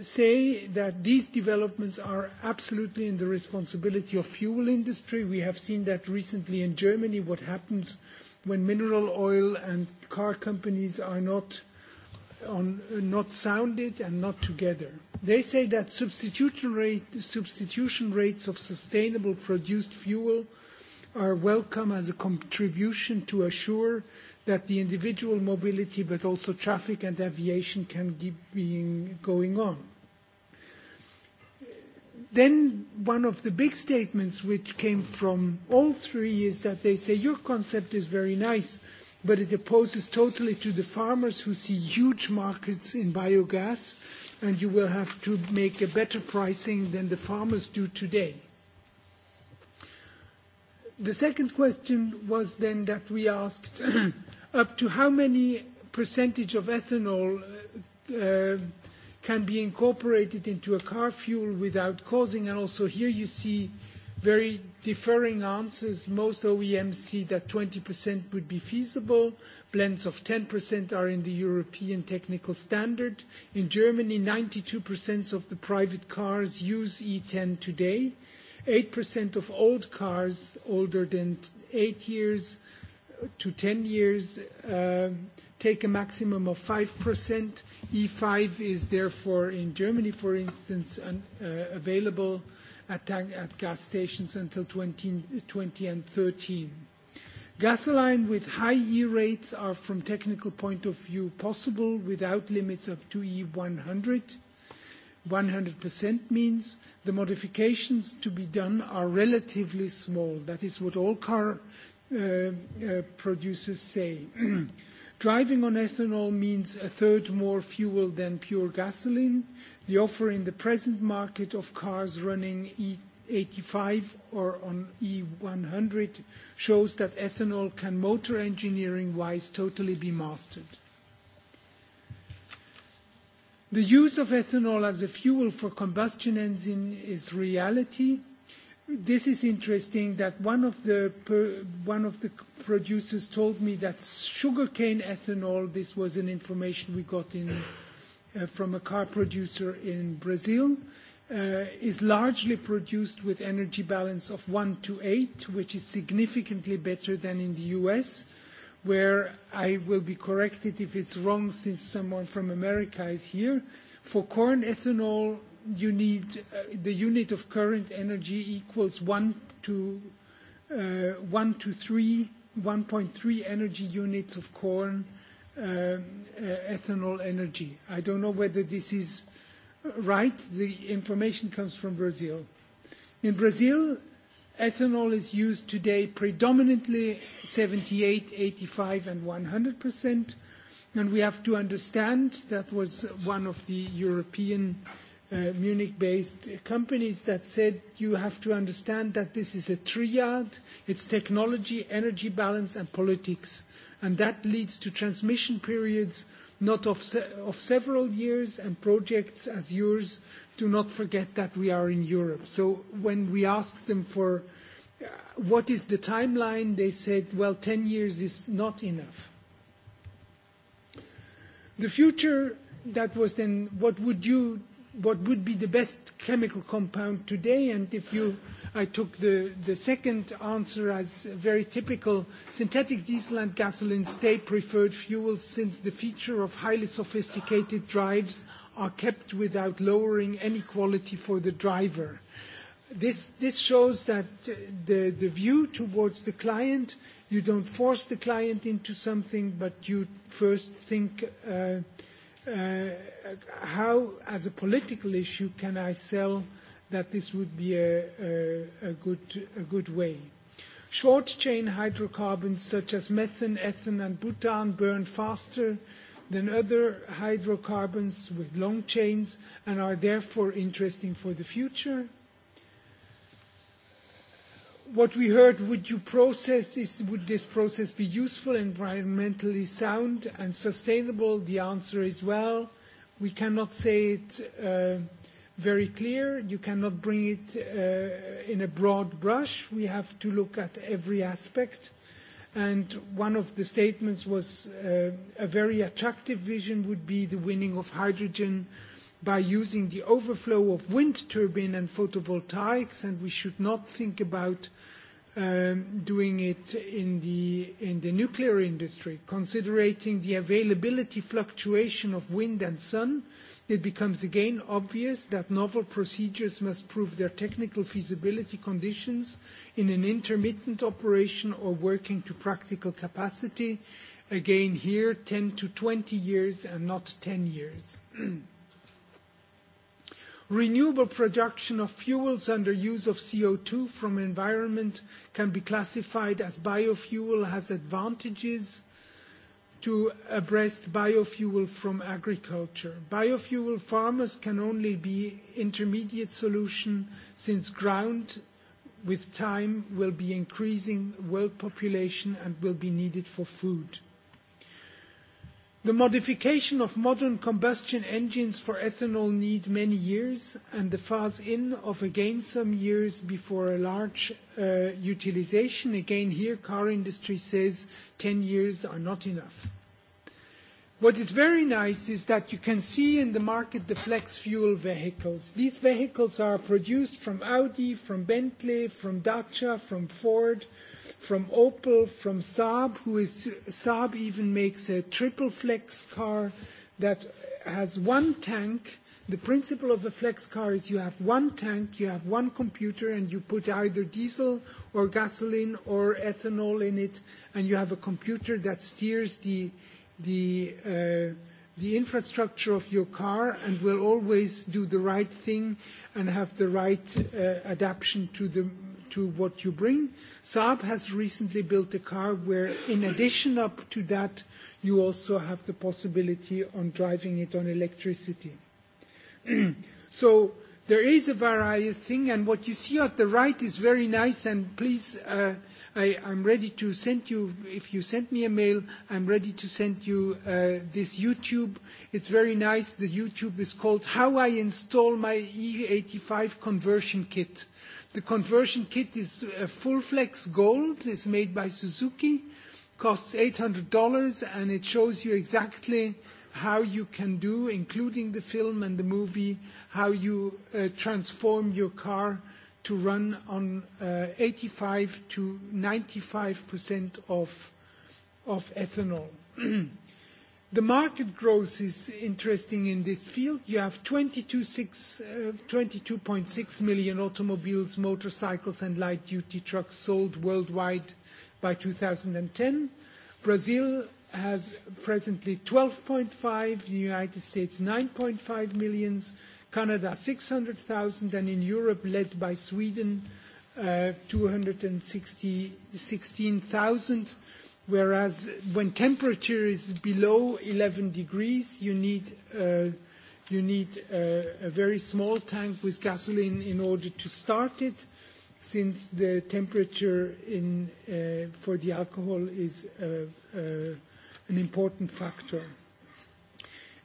say that these developments are absolutely in the responsibility of fuel industry. We have seen that recently in Germany, what happens when mineral oil and car companies are not uh, on not sounded and not together. They say that substitution, rate, substitution rates of sustainable produced fuel are welcome as a contribution to assure that the individual mobility, but also traffic and aviation, can keep being going on. Then one of the big statements which came from all three is that they say your concept is very nice, but it opposes totally to the farmers who see huge markets in biogas, and you will have to make a better pricing than the farmers do today. The second question was then that we asked up to how many percentage of ethanol uh, can be incorporated into a car fuel without causing, and also here you see very differing answers. Most OEMs see that 20% would be feasible. Blends of 10% are in the European technical standard. In Germany, 92% of the private cars use E10 today. 8% of old cars older than eight years to 10 years take a maximum of 5%. E5 is therefore in Germany, for instance, available at gas stations until 2020 and 2013. Gasoline with high E rates are, from technical point of view, possible without limits up to E100. 100% means the modifications to be done are relatively small. That is what all car producers say. Driving on ethanol means a third more fuel than pure gasoline. The offer in the present market of cars running E85 or on E100 shows that ethanol can motor engineering-wise totally be mastered. The use of ethanol as a fuel for combustion engine is reality, this is interesting that one of the one of the producers told me that sugarcane ethanol. This was an information we got in uh, from a car producer in Brazil. Uh, is largely produced with energy balance of 1 to 8, which is significantly better than in the US, where I will be corrected if it's wrong since someone from America is here. For corn ethanol, you need uh, the unit of current energy equals one to uh, one to three, 1.3 energy units of corn um uh, ethanol energy. I don't know whether this is right. The information comes from Brazil. In Brazil, ethanol is used today predominantly 78, 85, and 100 percent. And we have to understand that was one of the European Munich-based companies that said you have to understand that this is a triad. It's technology, energy balance, and politics. And that leads to transmission periods not of, se- of several years and projects as yours do not forget that we are in Europe. So when we asked them for uh, what is the timeline, they said, well, 10 years is not enough. The future, that was then, what would you what would be the best chemical compound today. And if you, I took the, the second answer as very typical. Synthetic diesel and gasoline stay preferred fuels since the feature of highly sophisticated drives are kept without lowering any quality for the driver. This, this shows that the, the view towards the client, you don't force the client into something, but you first think uh, uh, how, as a political issue, can I sell that this would be a, a, a, good, a good way? Short chain hydrocarbons such as methane, ethane, and butane burn faster than other hydrocarbons with long chains and are therefore interesting for the future. What we heard, would you process is, would this process be useful, environmentally sound and sustainable? The answer is well. We cannot say it uh, very clear. You cannot bring it uh, in a broad brush. We have to look at every aspect. And one of the statements was uh, a very attractive vision would be the winning of hydrogen by using the overflow of wind turbine and photovoltaics, and we should not think about uh, um, doing it in the, in the nuclear industry, considering the availability fluctuation of wind and sun, it becomes again obvious that novel procedures must prove their technical feasibility conditions in an intermittent operation or working to practical capacity, again here 10 to 20 years and not 10 years. Renewable production of fuels under use of co two from environment can be classified as biofuel has advantages to abreast biofuel from agriculture. Biofuel farmers can only be intermediate solution since ground with time will be increasing world population and will be needed for food. The modification of modern combustion engines for ethanol need many years, and the phase-in of again some years before a large utilisation. utilization. Again, here car industry says 10 years are not enough. What is very nice is that you can see in the market the flex fuel vehicles. These vehicles are produced from Audi, from Bentley, from Dacia, from Ford, from Opel, from Saab, who is Saab even makes a triple flex car that has one tank. The principle of the flex car is you have one tank, you have one computer, and you put either diesel or gasoline or ethanol in it, and you have a computer that steers the the uh, the infrastructure of your car and will always do the right thing and have the right uh, adaptation to the to what you bring. Saab has recently built a car where, in addition up to that, you also have the possibility on driving it on electricity. so there is a variety thing, and what you see at the right is very nice. And please, uh, I, I'm ready to send you. If you send me a mail, I'm ready to send you uh, this YouTube. It's very nice. The YouTube is called "How I Install My E85 Conversion Kit." The conversion kit is a full flex gold. It's made by Suzuki, costs $800, and it shows you exactly how you can do, including the film and the movie, how you uh, transform your car to run on uh, 85 to 95% of, of ethanol. The market growth is interesting in this field. You have 22.6 million automobiles, motorcycles, and light-duty trucks sold worldwide by 2010. Brazil has presently 12.5, the United States 9.5 million, Canada 600,000, and in Europe, led by Sweden, 216,000 whereas when temperature is below 11 degrees, you need uh, you need a, a very small tank with gasoline in order to start it, since the temperature in, uh, for the alcohol is uh, uh, an important factor.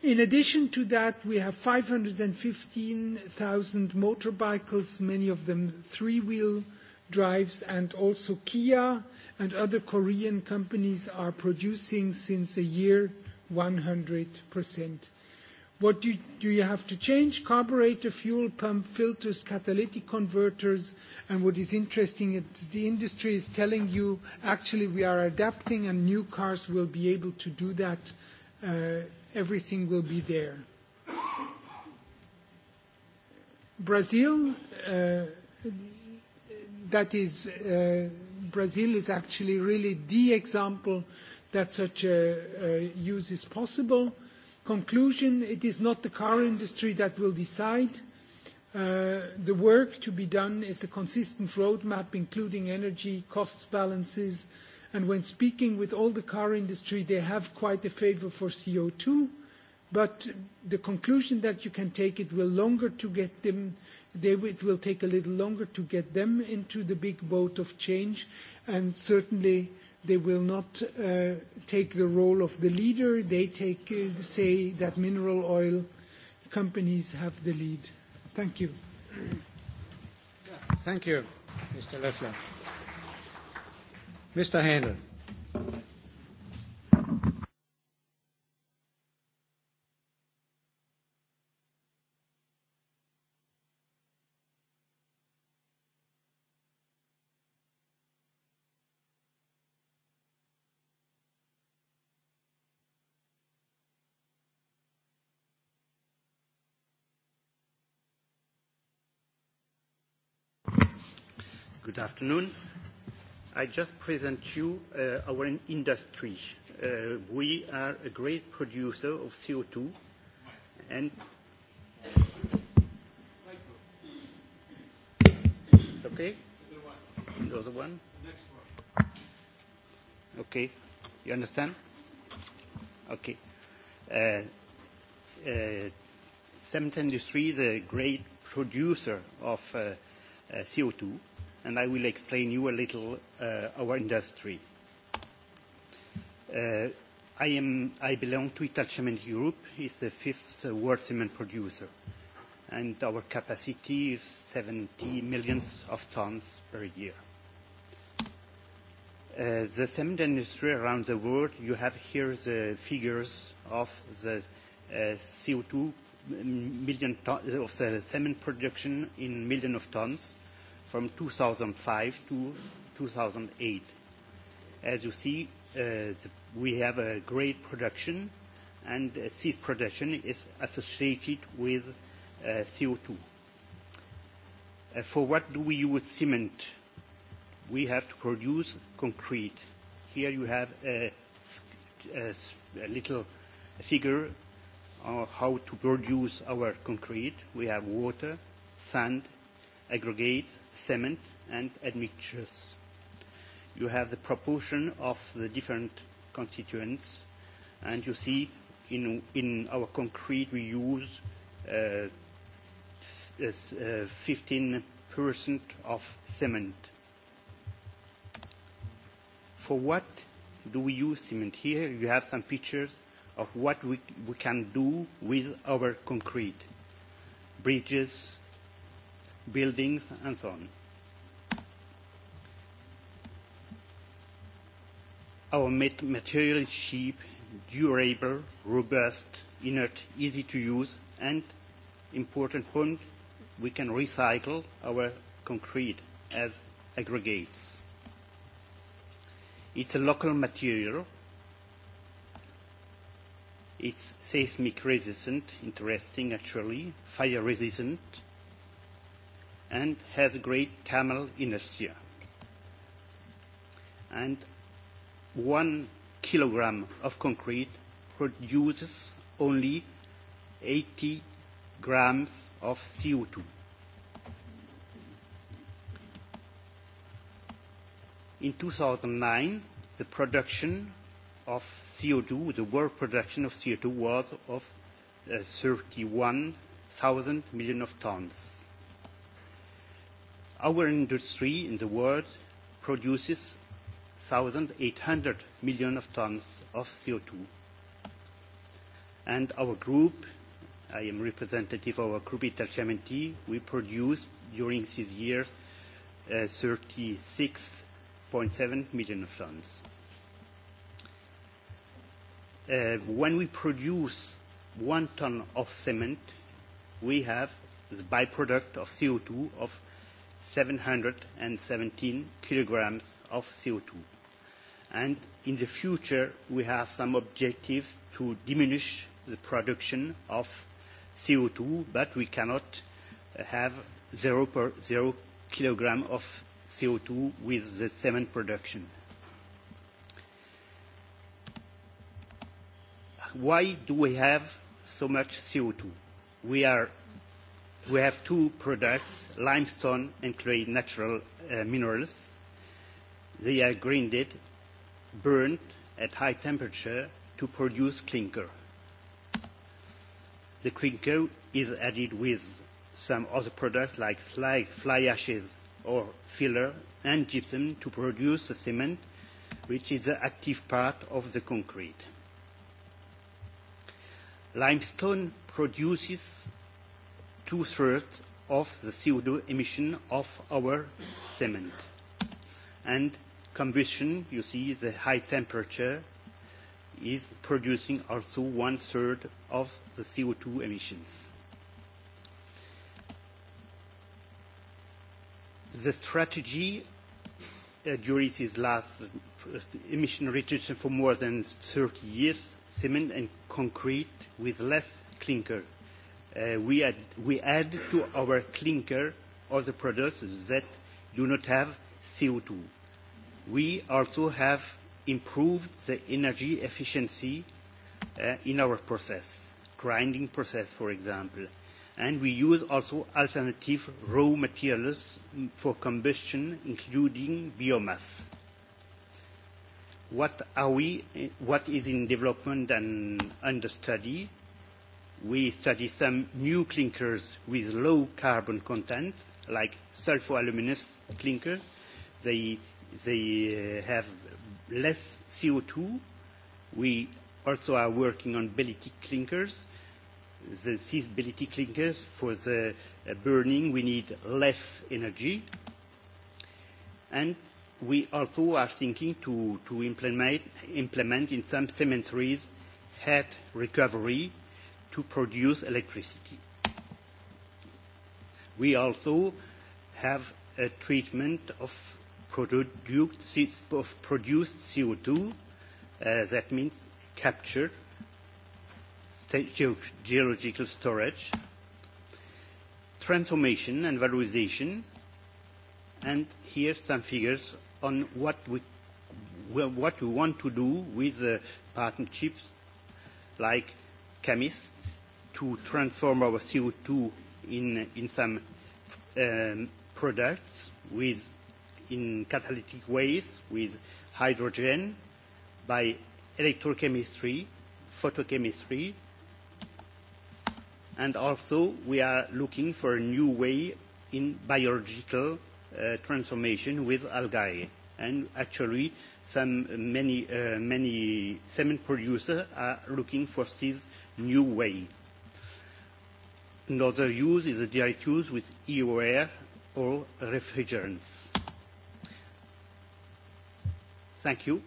In addition to that, we have 515,000 motorbikes, many of them three-wheel drives, and also Kia, and other Korean companies are producing since a year 100%. What do you have to change? Carburetor, fuel pump, filters, catalytic converters. and What is interesting is the industry is telling you, "Actually, we are adapting, and new cars will be able to do that. Everything will be there." Brazil, that is Brazil is actually really the example that such a use is possible. Conclusion, it is not the car industry that will decide. The work to be done is a consistent roadmap, including energy, costs balances, and when speaking with all the car industry, they have quite a favor for co two, but the conclusion that you can take, it will longer to get them they, it will take a little longer to get them into the big boat of change, and certainly they will not uh, take the role of the leader. They take, uh, say that mineral oil companies have the lead. Thank you. Thank you, Mr. Leffler. Mr. Handel. afternoon. I just present you our industry. we are a great producer of CO2 and okay? The other one? Next one. Okay. You understand? Okay. cement industry is a great producer of uh, CO2 and I will explain you a little uh, our industry. Uh, I, am, I belong to Italcement Europe. It's the fifth world cement producer. And our capacity is 70 millions of tons per year. Uh, the cement industry around the world, you have here the figures of the uh, CO2 million ton, of the cement production in million of tons from 2005 to 2008. As you see, we have a great production, and seed production is associated with CO2. For what do we use cement? We have to produce concrete. Here you have a little figure on how to produce our concrete. We have water, sand, aggregate, cement, and admixtures. You have the proportion of the different constituents, and you see in, in our concrete we use uh, 15% of cement. For what do we use cement here? You have some pictures of what we, we can do with our concrete. Bridges, buildings, and so on. Our material is cheap, durable, robust, inert, easy to use, and important point, we can recycle our concrete as aggregates. It's a local material. It's seismic resistant, interesting actually, fire resistant, and has a great Tamil inertia. And one kilogram of concrete produces only 80 grams of CO2. In 2009, the production of CO2, the world production of CO2 was of uh, 31,000 million of tons Our industry in the world produces 1,800 million of tons of CO2. And our group, I am representative of our group Italcementi, we produced during this year uh, 36.7 million of tons. Uh, when we produce one ton of cement, we have the byproduct of CO2 of 717 kilograms of CO2. And in the future, we have some objectives to diminish the production of CO2, but we cannot have zero per zero kilogram of CO2 with the cement production. Why do we have so much CO2? We are we have two products, limestone and clay natural uh, minerals. They are grinded, burned at high temperature to produce clinker. The clinker is added with some other products like fly, fly ashes or filler and gypsum to produce the cement, which is the active part of the concrete. Limestone produces two-thirds of the CO2 emission of our cement. And combustion, you see the high temperature is producing also one-third of the CO2 emissions. The strategy during this last emission reduction for more than 30 years, cement and concrete with less clinker we, add, we add to our clinker other products that do not have co two. We also have improved the energy efficiency in our process, grinding process, for example. And we use also alternative raw materials for combustion, including biomass. What are we, what is in development and under study? We study some new clinkers with low carbon content, like sulfo-aluminous clinker. They, they have less CO2. We also are working on belitic clinkers. The, these belitic clinkers, for the burning, we need less energy. And we also are thinking to, to implement, implement in some cemeteries head recovery to produce electricity. We also have a treatment of produced of produced CO2, that means capture, geological storage, transformation and valorization, and here some figures on what we what we want to do with partnerships like chemists to transform our CO2 in, in some um, products with, in catalytic ways with hydrogen by electrochemistry, photochemistry, and also we are looking for a new way in biological uh, transformation with algae. And actually, some many uh, many cement producers are looking for these new way. Another use is a direct use with EOR or refrigerants. Thank you.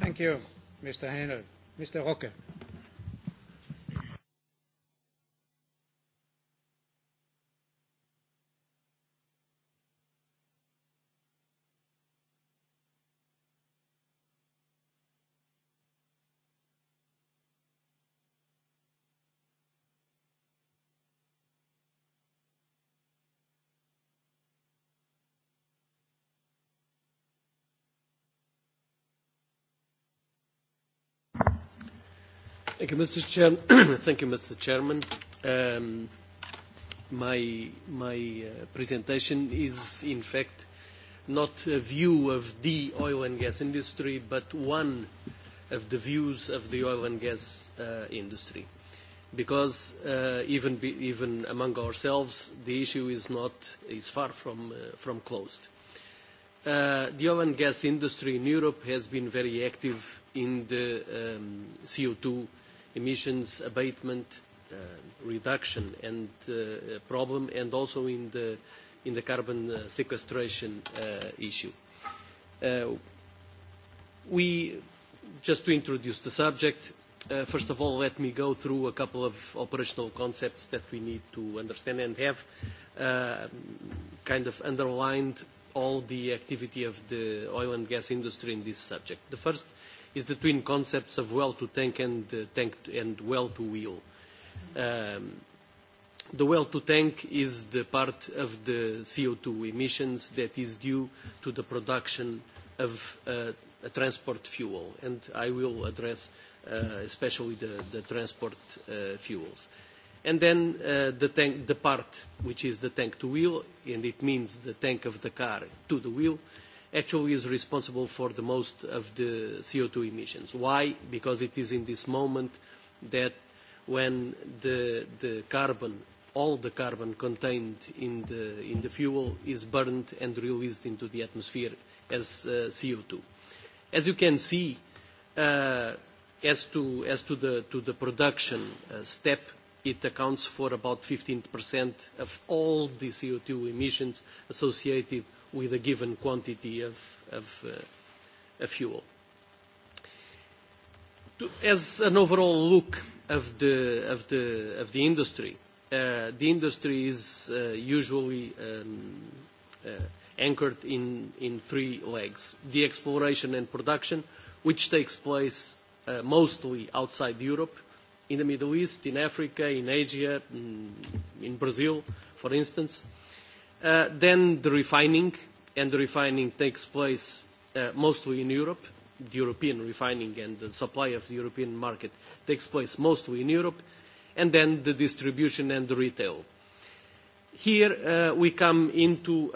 Thank you, Mr. Heinold. Mr. Rocke. Thank you, Mr. Chair. Thank you, Mr. Chairman. Um, my my uh, presentation is, in fact, not a view of the oil and gas industry, but one of the views of the oil and gas uh, industry. Because uh, even, be, even among ourselves, the issue is, not, is far from, uh, from closed. Uh, the oil and gas industry in Europe has been very active in the um, CO2 emissions abatement reduction and problem and also in the in the carbon sequestration issue. We just to introduce the subject, first of all, let me go through a couple of operational concepts that we need to understand and have kind of underlined all the activity of the oil and gas industry in this subject. The first is the twin concepts of well to tank and, uh, tank and well to wheel. Um, the well to tank is the part of the CO2 emissions that is due to the production of uh, a transport fuel, and I will address uh, especially the, the transport uh, fuels. And then uh, the, tank, the part which is the tank to wheel, and it means the tank of the car to the wheel, uh, actually is responsible for the most of the CO2 emissions. Why? Because it is in this moment that when the, the carbon, all the carbon contained in the, in the fuel is burned and released into the atmosphere as uh, CO2. As you can see, uh, as to, as to, the, to the production uh, step, it accounts for about 15% of all the CO2 emissions associated with a given quantity of fuel. As an overall look of the industry, the industry is usually anchored in three legs: the exploration and production, which takes place mostly outside Europe, in the Middle East, in Africa, in Asia, in Brazil, for instance. Then the refining, and the refining takes place mostly in Europe. The European refining and the supply of the European market takes place mostly in Europe, and then the distribution and the retail. Here, we come into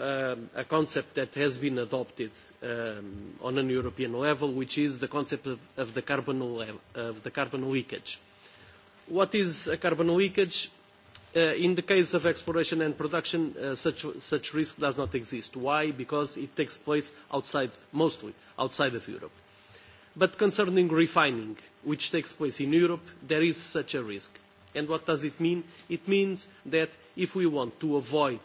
a concept that has been adopted on a European level, which is the concept of the carbon leakage What is carbon leakage? in the case of exploration and production, such, risk does not exist. Why? Because it takes place outside, mostly outside of Europe. But concerning refining, which takes place in Europe, there is such a risk. And what does it mean? It means that if we want to avoid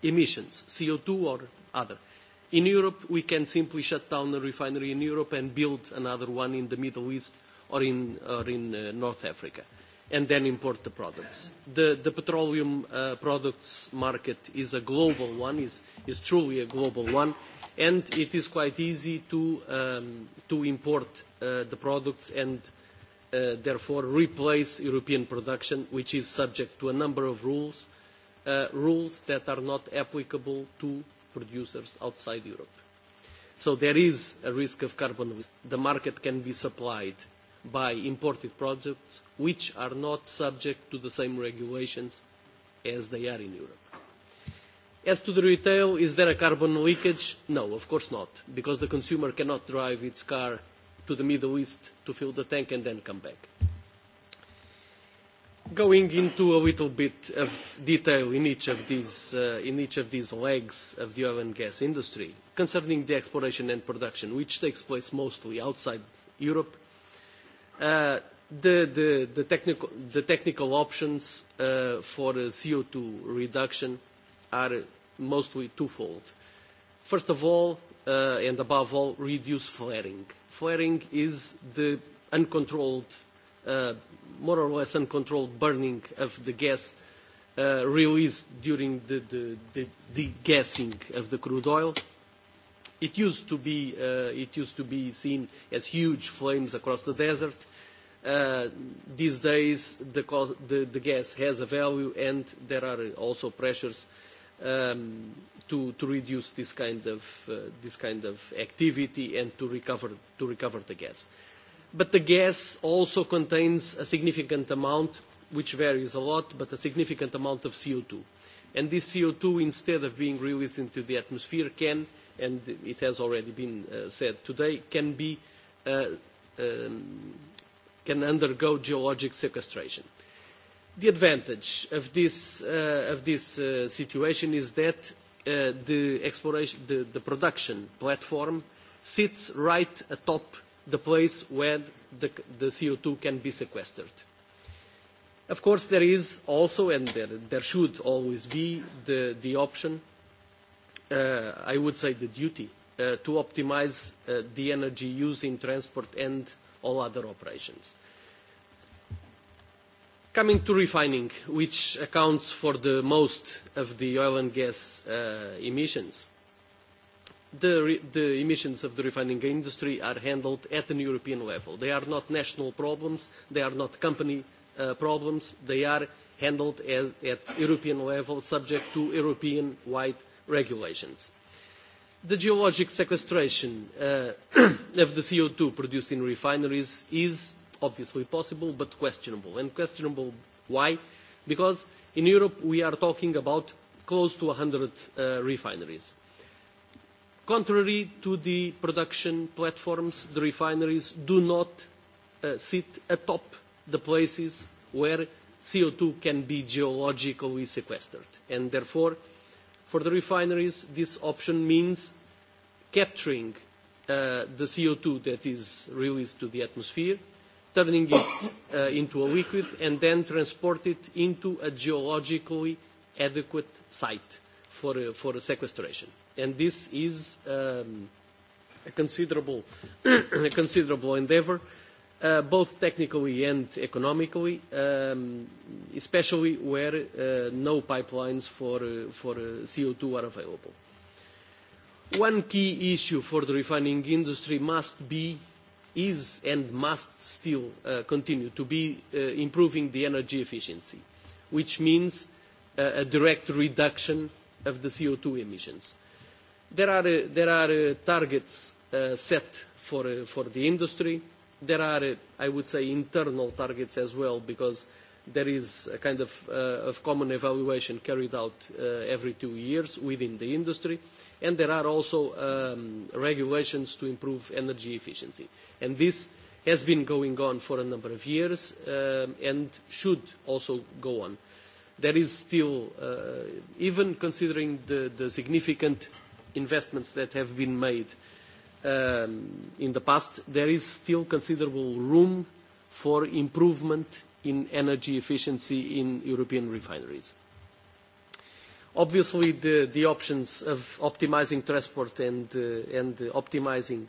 emissions, co two or other, in Europe, we can simply shut down a refinery in Europe and build another one in the Middle East or in, or in uh, North Africa, and then import the products. The, the petroleum uh, products market is a global one, is, is truly a global one, and it is quite easy to, um, to import uh, the products and uh, therefore replace European production, which is subject to a number of rules, uh, rules that are not applicable to producers outside Europe. So there is a risk of carbon. The market can be supplied by imported products which are not subject to the same regulations as they are in Europe. As to the retail, is there a carbon leakage? No, of course not, because the consumer cannot drive its car to the Middle East to fill the tank and then come back. Going into a little bit of detail in each of these, uh, in each of these legs of the oil and gas industry, concerning the exploration and production, which takes place mostly outside Europe, the, technical, options for co two reduction are mostly twofold. First of all, and above all, reduce flaring. Flaring is the uncontrolled, more or less uncontrolled burning of the gas released during the, the, the, the gassing of the crude oil It used to be, uh, it used to be seen as huge flames across the desert. Uh, these days, the, cost, the, the gas has a value, and there are also pressures um, to, to reduce this kind of uh, this kind of activity and to recover to recover the gas. But the gas also contains a significant amount, which varies a lot, but a significant amount of CO2. And this CO2, instead of being released into the atmosphere, can uh, and it has already been said today, can be can undergo geologic sequestration. The advantage of this of this situation is that the exploration the, the production platform sits right atop the place where the, the CO2 can be sequestered. Of course, there is also, and there, there should always be, the, the option I would say, the duty to optimise the energy used in transport and all other operations. Coming to refining, which accounts for the most of the oil and gas emissions, the emissions of the refining industry are handled at an European level. They are not national problems, they are not company problems, they are handled at European level, subject to European-wide regulations. The geologic sequestration of the co two produced in refineries is obviously possible but questionable. And questionable why? Because in Europe we are talking about close to one hundred refineries. Contrary to the production platforms, the refineries do not sit atop the places where co two can be geologically sequestered. And therefore, For the refineries, this option means capturing the co two that is released to the atmosphere, turning it into a liquid, and then transport it into a geologically adequate site for, for sequestration. And this is a considerable, a considerable endeavor both technically and economically, especially where no pipelines for CO2 are available. One key issue for the refining industry must be, is, and must still continue to be improving the energy efficiency, which means a direct reduction of the CO2 emissions. There are targets set for the industry There are, I would say, internal targets as well because there is a kind of, common evaluation carried out every two years within the industry. And there are also regulations to improve energy efficiency. And this has been going on for a number of years and should also go on. There is still, even considering the, significant investments that have been made uh, in the past, there is still considerable room for improvement in energy efficiency in European refineries. Obviously, the options of optimising transport and optimising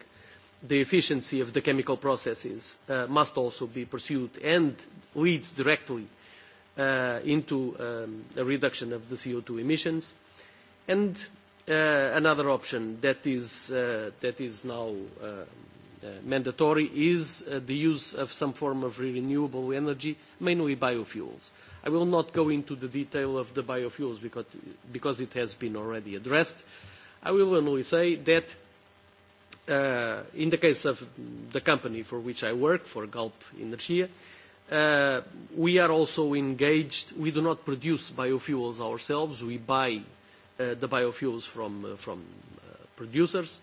the efficiency of the chemical processes must also be pursued and leads directly into a reduction of the co two emissions. And another option that is, now mandatory is the use of some form of renewable energy, mainly biofuels. I will not go into the detail of the biofuels because, it has been already addressed. I will only say that in the case of the company for which I work, for Galp Energia, we are also engaged. We do not produce biofuels ourselves. We buy the biofuels from, from producers.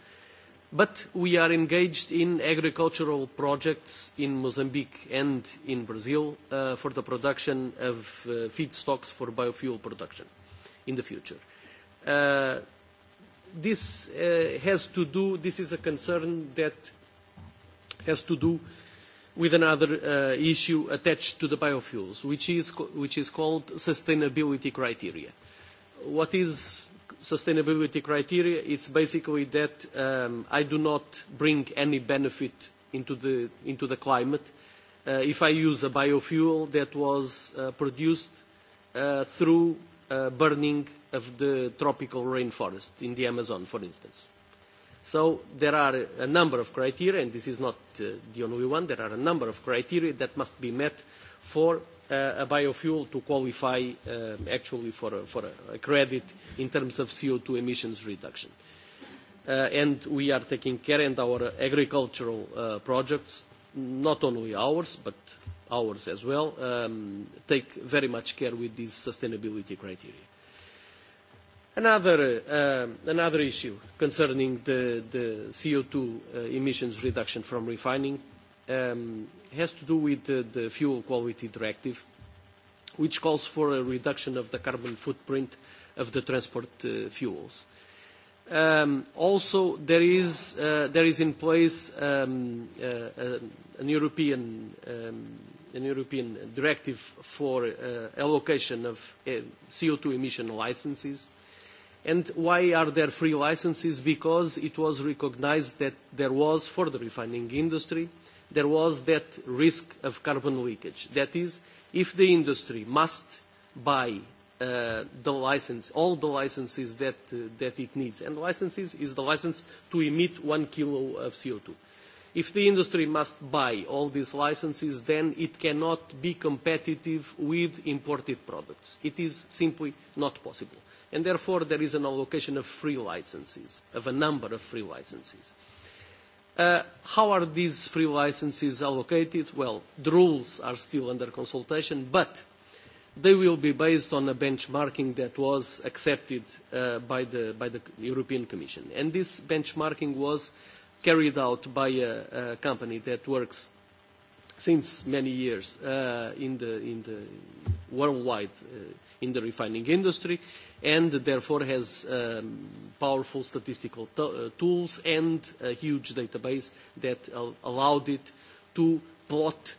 But we are engaged in agricultural projects in Mozambique and in Brazil for the production of feedstocks for biofuel production in the future. this has to do, this is a concern that has to do with another issue attached to the biofuels, which is, which is called sustainability criteria what is sustainability criteria? It's basically that I do not bring any benefit into the, into the climate. if I use a biofuel that was produced through burning of the tropical rainforest in the Amazon, for instance. So there are a number of criteria, and this is not the only one, there are a number of criteria that must be met for a biofuel to qualify actually for a credit in terms of co two emissions reduction. And we are taking care in our agricultural projects, not only ours, but ours as well, take very much care with these sustainability criteria. Another issue concerning the co two emissions reduction from refining has to do with the Fuel Quality Directive, which calls for a reduction of the carbon footprint of the transport fuels. also, there is, in place an, European, directive for allocation of co two emission licences. And why are there free licences? Because it was recognised that there was, for the refining industry, uh, there was that risk of carbon leakage. That is, if the industry must buy the license, all the licenses that, that it needs, and licenses is the license to emit one kilo of co two. If the industry must buy all these licenses, then it cannot be competitive with imported products. It is simply not possible. And therefore, there is an allocation of free licenses, of a number of free licenses. Uh, how are these free licences allocated? Well, the rules are still under consultation, but they will be based on a benchmarking that was accepted by, the, European Commission. And this benchmarking was carried out by a, company that works since many years uh, in the, in the worldwide uh, in the refining industry and therefore has um, powerful statistical t uh, tools and a huge database that al allowed it to plot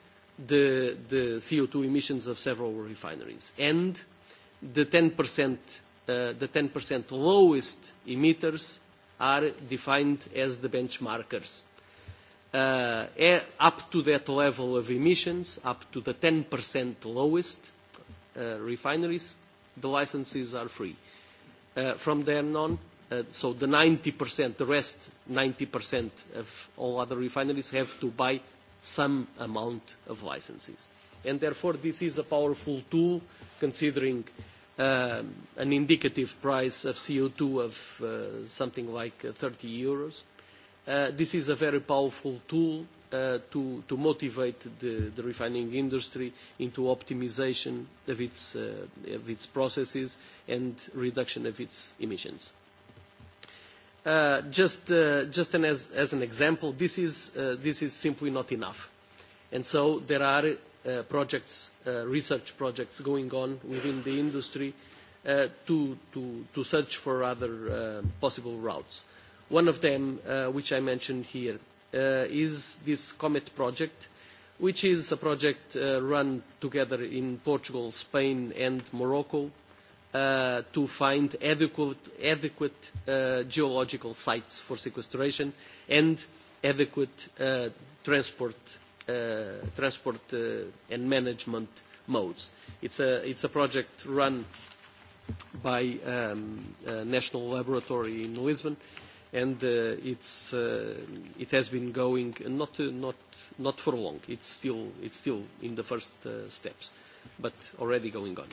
the, the CO2 emissions of several refineries. And the 10%, uh, the 10 lowest emitters are defined as the benchmarkers uh, up to that level of emissions, up to the 10% lowest uh, refineries, the licenses are free. Uh, from then on, uh, so the 90%, the rest 90% of all other refineries have to buy some amount of licenses. And therefore, this is a powerful tool considering an indicative price of CO2 of uh, something like 30 euros this is a very powerful tool to, to motivate the, the refining industry into optimization of its, of its processes and reduction of its emissions. just just an, as, as an example, this is, this is simply not enough. And so there are projects, research projects going on within the industry to, to, to search for other possible routes One of them, which I mentioned here, is this COMET project, which is a project run together in Portugal, Spain, and Morocco to find adequate, geological sites for sequestration and adequate transport, and management modes. It's a, a project run by a national laboratory in Lisbon, and it's, it has been going not, not, not for long. It's still, it's still in the first steps, but already going on.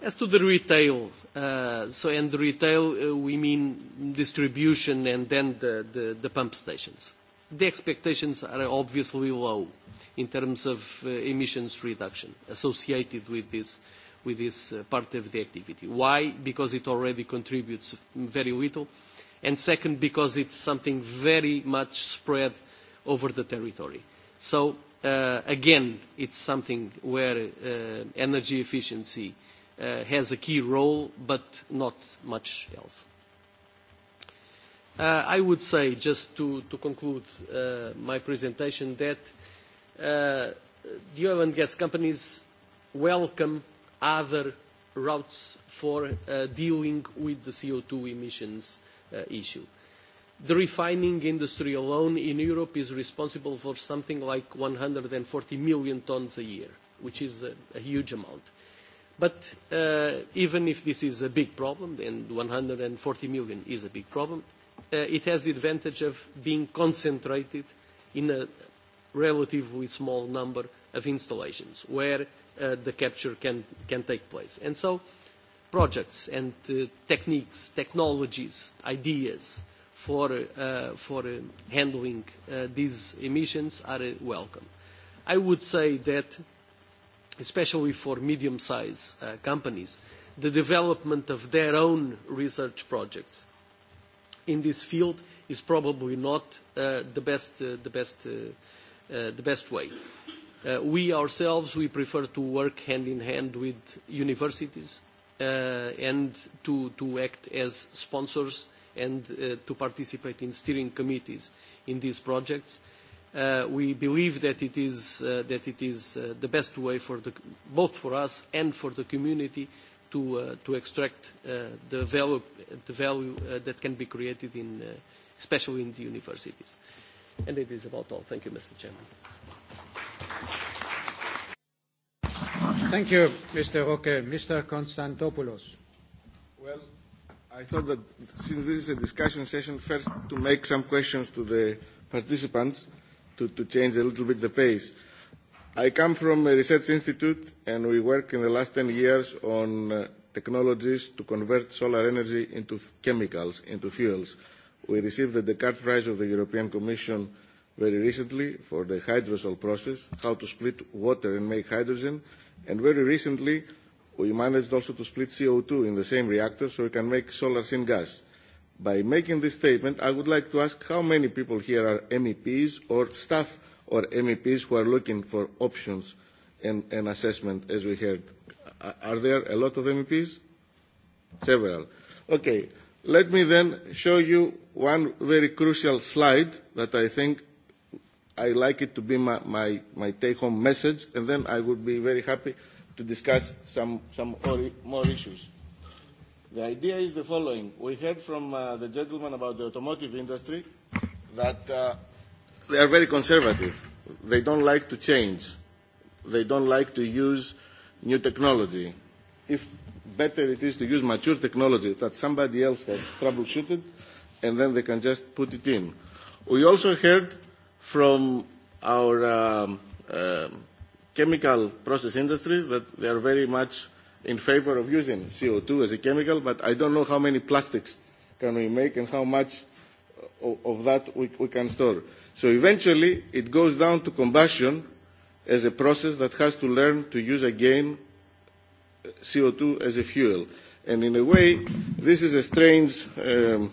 As to the retail, so and the retail, we mean distribution and then the, the, the pump stations. The expectations are obviously low in terms of emissions reduction associated with this with this part of the activity. Why? Because it already contributes very little and second because it's something very much spread over the territory. So uh, again, it's something where uh, energy efficiency uh, has a key role, but not much else. Uh, I would say, just to, to conclude uh, my presentation, that uh, the oil and gas companies welcome other routes for uh, dealing with the CO2 emissions uh, issue. The refining industry alone in Europe is responsible for something like one hundred and forty million tonnes a year, which is a huge amount. But even if this is a big problem, and one hundred and forty million is a big problem, it has the advantage of being concentrated in a relatively small number of installations where the capture can take place. And so projects and techniques, technologies, ideas for, handling these emissions are welcome. I would say that, especially for medium-sized companies, the development of their own research projects in this field is probably not the, best, way. we ourselves, we prefer to work hand in hand with universities, and to, act as sponsors and to participate in steering committees in these projects. we believe that it is, the best way for the, both for us and for the community to, extract the value, the value that can be created, in, especially in the universities. And it is about all. Thank you, Mr. Chairman. Thank you, Mr. Roque. Mr. Konstantopoulos. Well, I thought that since this is a discussion session, first to make some questions to the participants to, to change a little bit the pace. I come from a research institute and we work in the last 10 years on technologies to convert solar energy into chemicals, into fuels. We received the Descartes Prize of the European Commission very recently for the hydrosol process, how to split water and make hydrogen, and very recently we managed also to split CO2 in the same reactor so we can make solar syngas. By making this statement, I would like to ask how many people here are MEPs or staff or MEPs who are looking for options and, and assessment, as we heard. Are there a lot of MEPs? Several. Okay, let me then show you one very crucial slide that I think I like it to be my, my, my take-home message, and then I would be very happy to discuss some, some more issues. The idea is the following. We heard from uh, the gentleman about the automotive industry that uh, they are very conservative. They don't like to change. They don't like to use new technology. If better it is to use mature technology that somebody else has troubleshooted, and then they can just put it in. We also heard from our um, uh, chemical process industries that they are very much in favor of using CO2 as a chemical, but I don't know how many plastics can we make and how much of that we, we can store. So eventually it goes down to combustion as a process that has to learn to use again CO2 as a fuel. And in a way, this is a strange, um,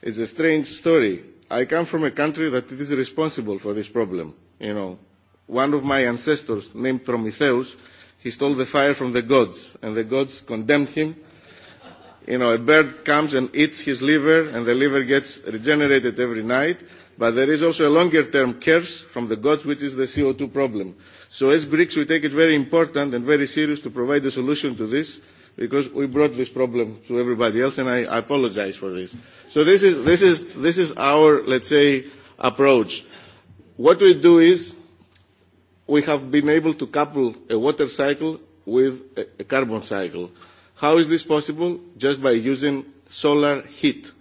it's a strange story I come from a country that is responsible for this problem. You know, one of my ancestors, named Prometheus, he stole the fire from the gods, and the gods condemned him. You know, a bird comes and eats his liver, and the liver gets regenerated every night. But there is also a longer-term curse from the gods, which is the CO2 problem. So as Greeks, we take it very important and very serious to provide a solution to this because we brought this problem to everybody else, and I, I apologize for this. So this is, this, is, this is our, let's say, approach. What we do is we have been able to couple a water cycle with a, a carbon cycle. How is this possible? Just by using solar heat.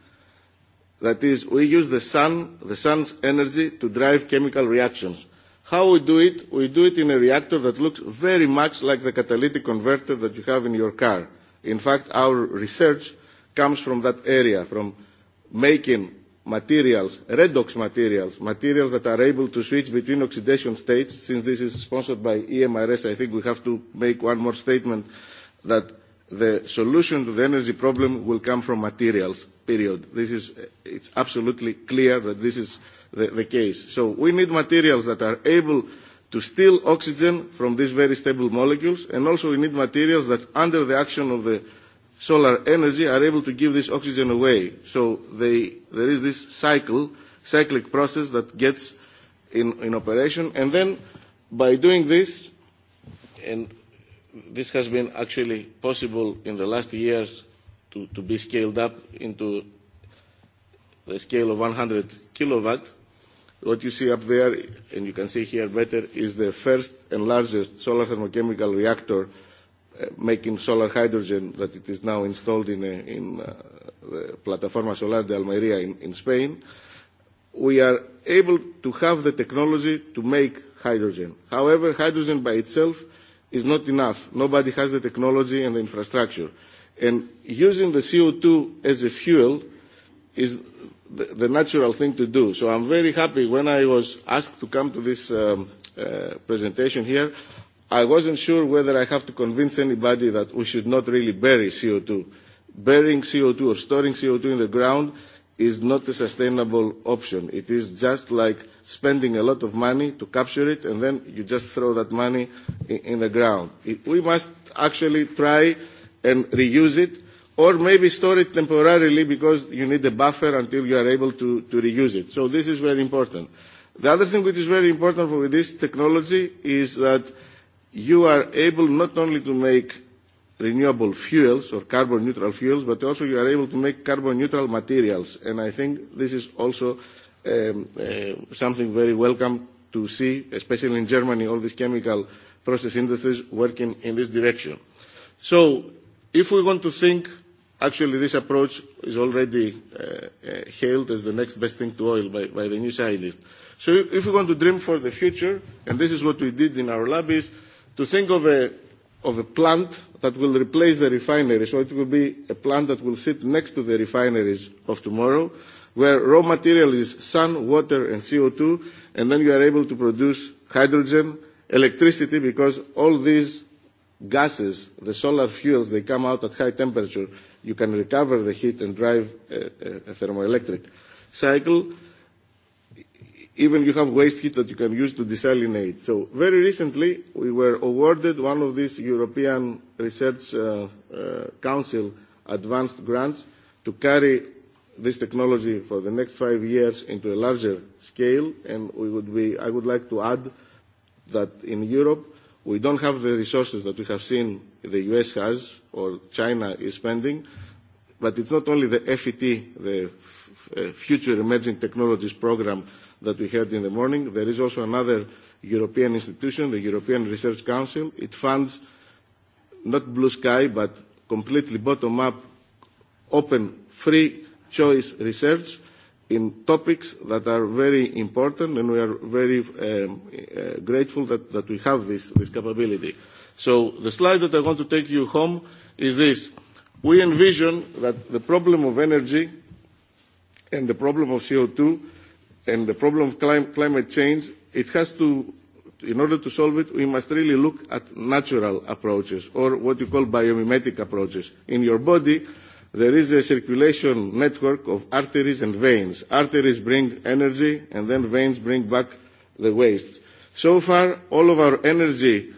That is, we use the sun, the sun's energy to drive chemical reactions How we do it? We do it in a reactor that looks very much like the catalytic converter that you have in your car. In fact, our research comes from that area, from making materials, redox materials, materials that are able to switch between oxidation states. Since this is sponsored by EMRS, I think we have to make one more statement that the solution to the energy problem will come from materials, period. This is, it's absolutely clear that this is the, the case. So we need materials that are able to steal oxygen from these very stable molecules, and also we need materials that, under the action of the solar energy, are able to give this oxygen away. So they, there is this cycle, cyclic process that gets in, in operation, and then by doing this, and this has been actually possible in the last years to, to be scaled up into the scale of 100 kilowatt, What you see up there, and you can see here better, is the first and largest solar thermochemical reactor making solar hydrogen that it is now installed in, a, in uh, the Plataforma Solar de Almería in, in Spain. We are able to have the technology to make hydrogen. However, hydrogen by itself is not enough. Nobody has the technology and the infrastructure. And using the CO2 as a fuel is the, the natural thing to do. So I'm very happy when I was asked to come to this um, uh, presentation here. I wasn't sure whether I have to convince anybody that we should not really bury CO2. Burying CO2 or storing CO2 in the ground is not a sustainable option. It is just like spending a lot of money to capture it and then you just throw that money in, in the ground. It, we must actually try and reuse it or maybe store it temporarily because you need a buffer until you are able to, to reuse it. So this is very important. The other thing which is very important for this technology is that you are able not only to make renewable fuels or carbon neutral fuels, but also you are able to make carbon neutral materials. And I think this is also um, uh, something very welcome to see, especially in Germany, all these chemical process industries working in this direction. So if we want to think Actually, this approach is already uh, uh, hailed as the next best thing to oil by, by the new scientists. So if we want to dream for the future, and this is what we did in our lab, is to think of a, of a plant that will replace the refinery. So it will be a plant that will sit next to the refineries of tomorrow, where raw material is sun, water, and CO2, and then you are able to produce hydrogen, electricity, because all these gases, the solar fuels, they come out at high temperature you can recover the heat and drive a, a thermoelectric cycle. Even you have waste heat that you can use to desalinate. So very recently, we were awarded one of these European Research uh, uh, Council advanced grants to carry this technology for the next five years into a larger scale. And we would be, I would like to add that in Europe, we don't have the resources that we have seen the US has or China is spending, but it's not only the FET, the Future Emerging Technologies Programme that we heard in the morning. There is also another European institution, the European Research Council. It funds not blue sky, but completely bottom-up, open, free choice research in topics that are very important, and we are very um, uh, grateful that, that we have this, this capability. So the slide that I want to take you home is this. We envision that the problem of energy and the problem of CO2 and the problem of clim- climate change, it has to, in order to solve it, we must really look at natural approaches or what you call biomimetic approaches. In your body, there is a circulation network of arteries and veins. Arteries bring energy and then veins bring back the waste. So far, all of our energy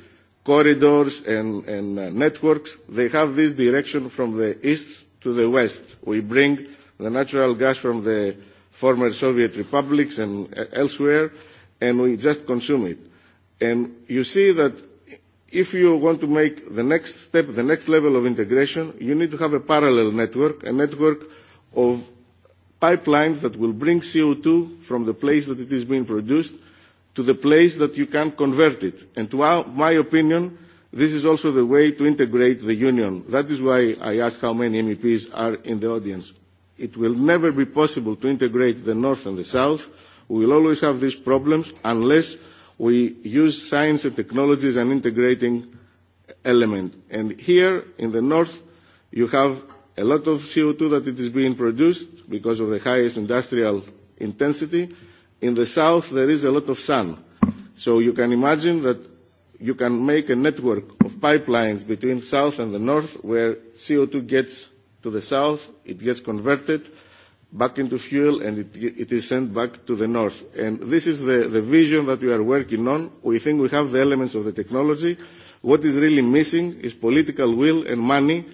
corridors and, and networks. They have this direction from the east to the west. We bring the natural gas from the former Soviet republics and elsewhere, and we just consume it. And you see that if you want to make the next step, the next level of integration, you need to have a parallel network, a network of pipelines that will bring CO2 from the place that it is being produced – to the place that you can convert it. And to our, my opinion, this is also the way to integrate the union. That is why I ask how many MEPs are in the audience. It will never be possible to integrate the North and the South. We will always have these problems unless we use science and technology as an integrating element. And here in the North, you have a lot of CO2 that it is being produced because of the highest industrial intensity In the south, there is a lot of sun. So you can imagine that you can make a network of pipelines between south and the north where CO2 gets to the south, it gets converted back into fuel and it, it is sent back to the north. And this is the, the vision that we are working on. We think we have the elements of the technology. What is really missing is political will and money.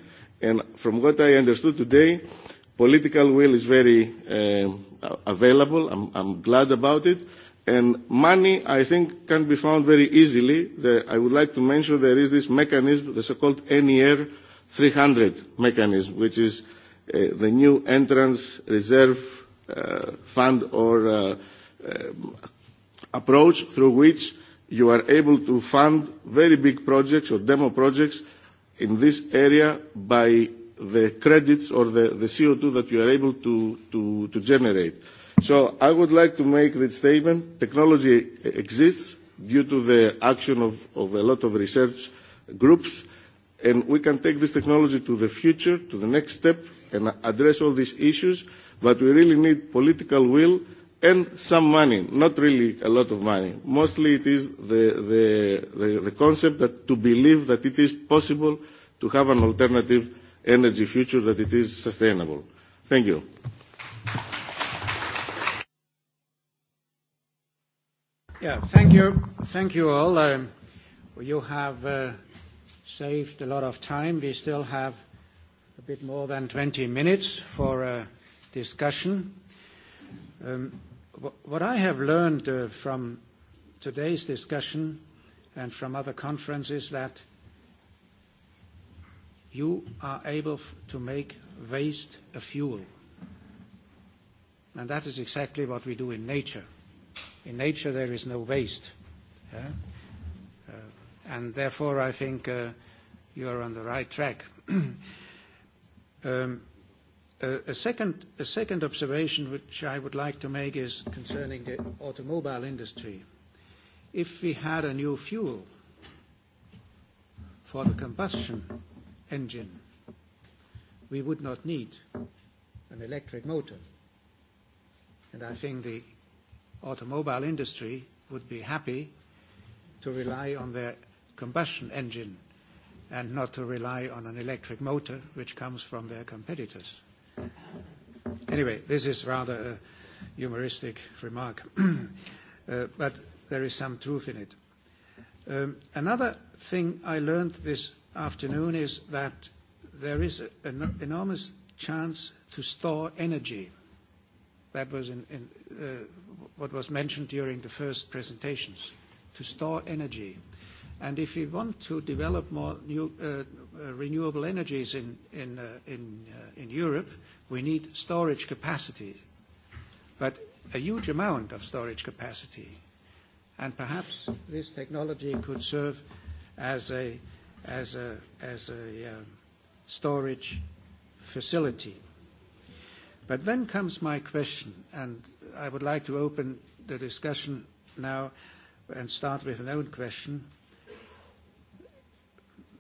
And from what I understood today, political will is very, um, available. I'm, I'm glad about it. And money, I think, can be found very easily. The, I would like to mention there is this mechanism, the so-called NER 300 mechanism, which is uh, the new entrance reserve uh, fund or uh, um, approach through which you are able to fund very big projects or demo projects in this area by the credits or the, the CO2 that you are able to, to, to generate. So I would like to make this statement. Technology exists due to the action of, of a lot of research groups, and we can take this technology to the future, to the next step, and address all these issues. But we really need political will and some money, not really a lot of money. Mostly it is the, the, the, the concept that to believe that it is possible to have an alternative energy future that it is sustainable. Thank you. Yeah, thank you. Thank you all. Um, you have uh, saved a lot of time. We still have a bit more than 20 minutes for a discussion. Um, what I have learned uh, from today's discussion and from other conferences that you are able to make waste a fuel. And that is exactly what we do in nature. In nature, there is no waste. Yeah? Uh, and therefore, I think uh, you are on the right track. um, a, a, second, a second observation which I would like to make is concerning the automobile industry. If we had a new fuel for the combustion engine. We would not need an electric motor. And I think the automobile industry would be happy to rely on their combustion engine and not to rely on an electric motor which comes from their competitors. Anyway, this is rather a humoristic remark, but there is some truth in it. Another thing I learned this afternoon is that there is an enormous chance to store energy. That was in, in, uh, what was mentioned during the first presentations, to store energy. And if we want to develop more new, uh, renewable energies in, in, uh, in, uh, in Europe, we need storage capacity, but a huge amount of storage capacity. And perhaps this technology could serve as a as a, as a uh, storage facility. But then comes my question, and I would like to open the discussion now and start with an own question.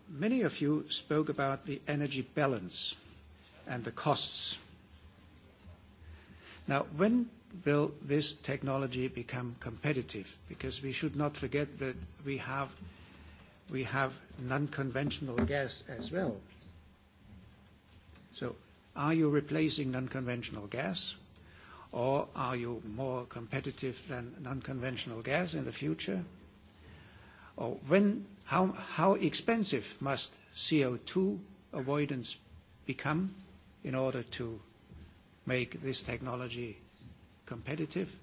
Many of you spoke about the energy balance and the costs. Now, when will this technology become competitive? Because we should not forget that we have we have non-conventional gas as well. So are you replacing non-conventional gas, or are you more competitive than non-conventional gas in the future? Or when, how, how expensive must CO2 avoidance become in order to make this technology competitive?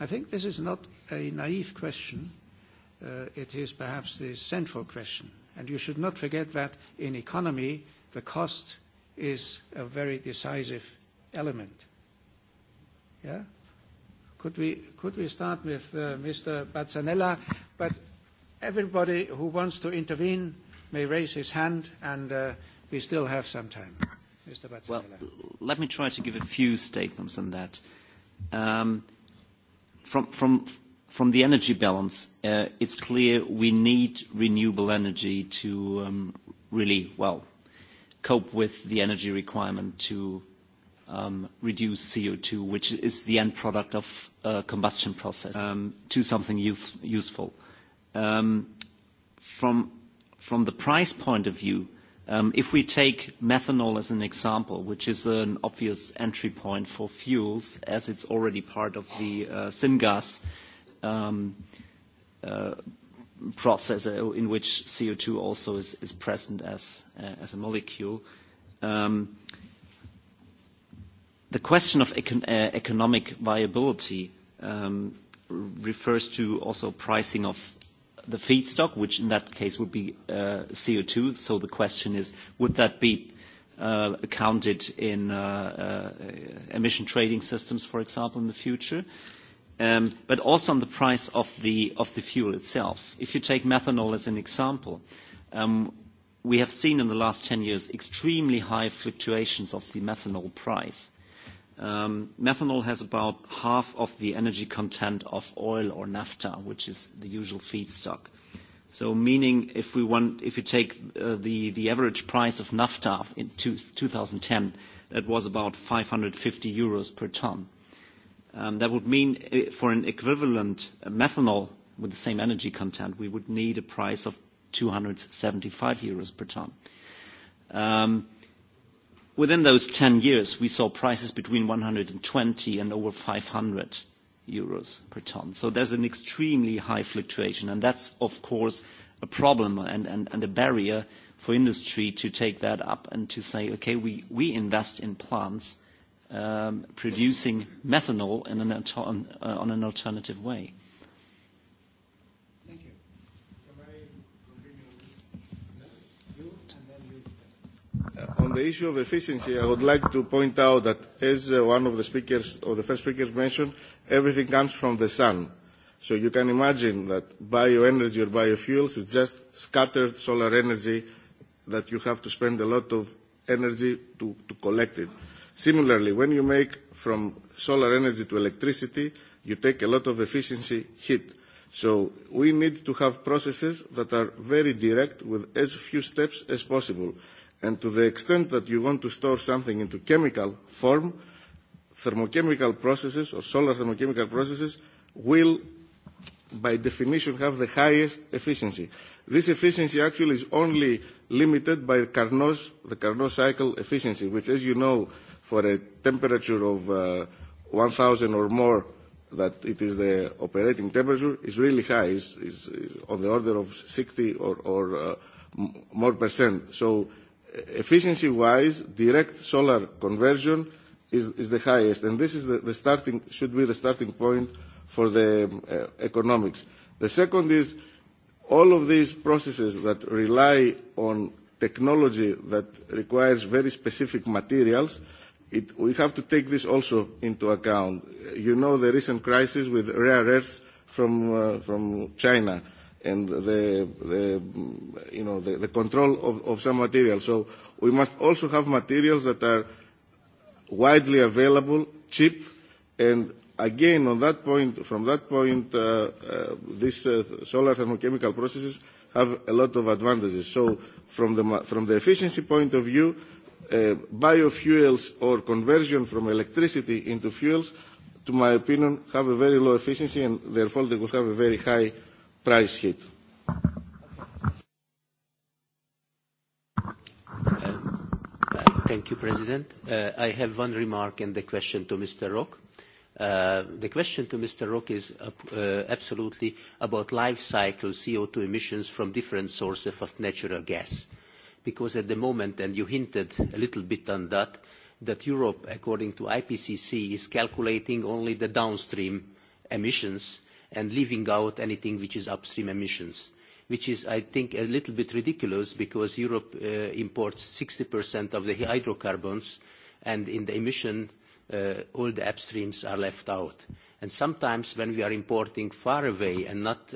I think this is not a naive question uh, it is perhaps the central question. And you should not forget that in economy, the cost is a very decisive element. Yeah? Could we, could we start with uh, Mr. Bazzanella? But everybody who wants to intervene may raise his hand, and uh, we still have some time. Mr. Bazzanella. Well, let me try to give a few statements on that. Um, from, from, from the energy balance, it's clear we need renewable energy to really, well, cope with the energy requirement to reduce CO2, which is the end product of a combustion process, to something useful. from, from the price point of view, if we take methanol as an example, which is an obvious entry point for fuels, as it's already part of the syngas, process in which CO2 also is, is present as, as a molecule. Um, the question of econ uh, economic viability um, refers to also pricing of the feedstock, which in that case would be uh, CO2. So the question is, would that be uh, accounted in uh, uh, emission trading systems, for example, in the future? Uh, but also on the price of the fuel itself. If you take methanol as an example, we have seen in the last 10 years extremely high fluctuations of the methanol price. Methanol has about half of the energy content of oil or naphtha, which is the usual feedstock. So meaning if we want, if you take the average price of naphtha in 2010, that was about 550 euros per tonne that would mean for an equivalent methanol with the same energy content, we would need a price of 275 euros per ton. Within those 10 years, we saw prices between 120 and over 500 euros per ton. So there's an extremely high fluctuation, and that's, of course, a problem and a barrier for industry to take that up and to say, "Okay, we invest in plants um, producing methanol in an, on, uh, on an alternative way. On the issue of efficiency, I would like to point out that, as one of the speakers, or the first speakers mentioned, everything comes from the sun. So you can imagine that bioenergy or biofuels is just scattered solar energy that you have to spend a lot of energy to, to collect it. Similarly, when you make from solar energy to electricity, you take a lot of efficiency hit. So we need to have processes that are very direct with as few steps as possible. And to the extent that you want to store something into chemical form, thermochemical processes or solar thermochemical processes will by definition have the highest efficiency. This efficiency actually is only limited by Carnot's, the Carnot cycle efficiency, which as you know for a temperature of uh, 1,000 or more that it is the operating temperature is really high, is, is, is on the order of 60 or, or uh, more percent. So efficiency-wise, direct solar conversion is, is the highest, and this is the, the starting, should be the starting point for the uh, economics. The second is all of these processes that rely on technology that requires very specific materials – It, we have to take this also into account. You know the recent crisis with rare earths from, uh, from China and the, the, you know, the, the control of, of some materials. So we must also have materials that are widely available, cheap, and again, on that point, from that point, uh, uh, these uh, solar thermochemical processes have a lot of advantages. So from the, from the efficiency point of view, biofuels or conversion from electricity into fuels, to my opinion, have a very low efficiency and therefore they will have a very high price hit. Thank you, President. I have one remark and the question to Mr. Rock. the question to Mr. Rock is absolutely about life cycle CO2 emissions from different sources of natural gas because at the moment, and you hinted a little bit on that, that Europe, according to IPCC, is calculating only the downstream emissions and leaving out anything which is upstream emissions, which is, I think, a little bit ridiculous because Europe imports 60% of the hydrocarbons, and in the emission, all the upstreams are left out. And sometimes when we are importing far away and not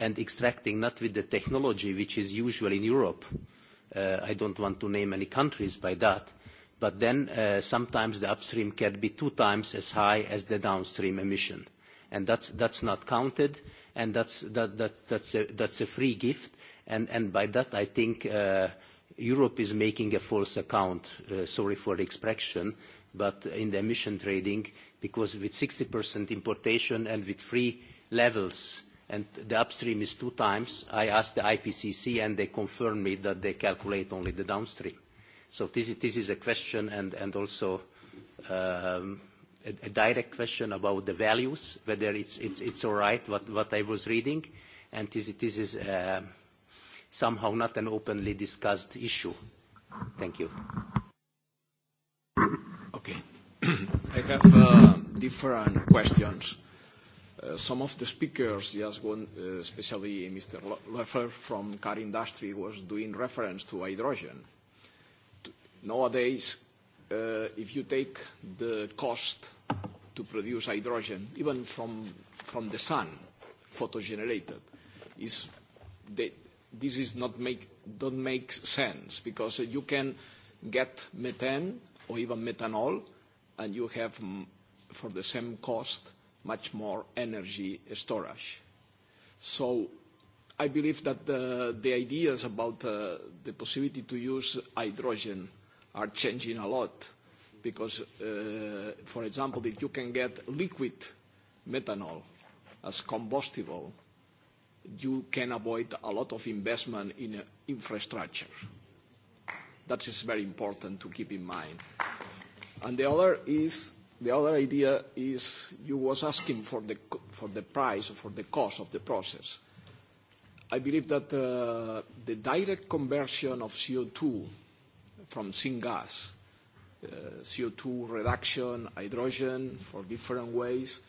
and extracting not with the technology which is usual in Europe, I don't want to name any countries by that, but then sometimes the upstream can be two times as high as the downstream emission. And that's, that's not counted, and that's, that, that, that's, a, that's a free gift. And, and by that, I think uh, Europe is making a false account, uh, sorry for the expression, but in the emission trading, because with 60% importation and with free levels and the upstream is two times. I asked the IPCC, and they confirmed me that they calculate only the downstream. So this is, this is a question and, and also um, a, a direct question about the values, whether it's, it's, it's all right what, what I was reading, and this, this is uh, somehow not an openly discussed issue. Thank you. Okay. I have uh, different questions some of the speakers, yes, one, especially Mr. Leffer from car industry, was doing reference to hydrogen. Nowadays, if you take the cost to produce hydrogen, even from from the sun, photogenerated, is this is not make don't make sense because you can get methane or even methanol, and you have for the same cost much more energy storage. So I believe that the, ideas about the possibility to use hydrogen are changing a lot because, for example, if you can get liquid methanol as combustible, you can avoid a lot of investment in infrastructure. That is very important to keep in mind. And the other is The other idea is you was asking for the, for the price or for the cost of the process. I believe that uh, the direct conversion of CO2 from syngas, uh, CO2 reduction, hydrogen for different ways,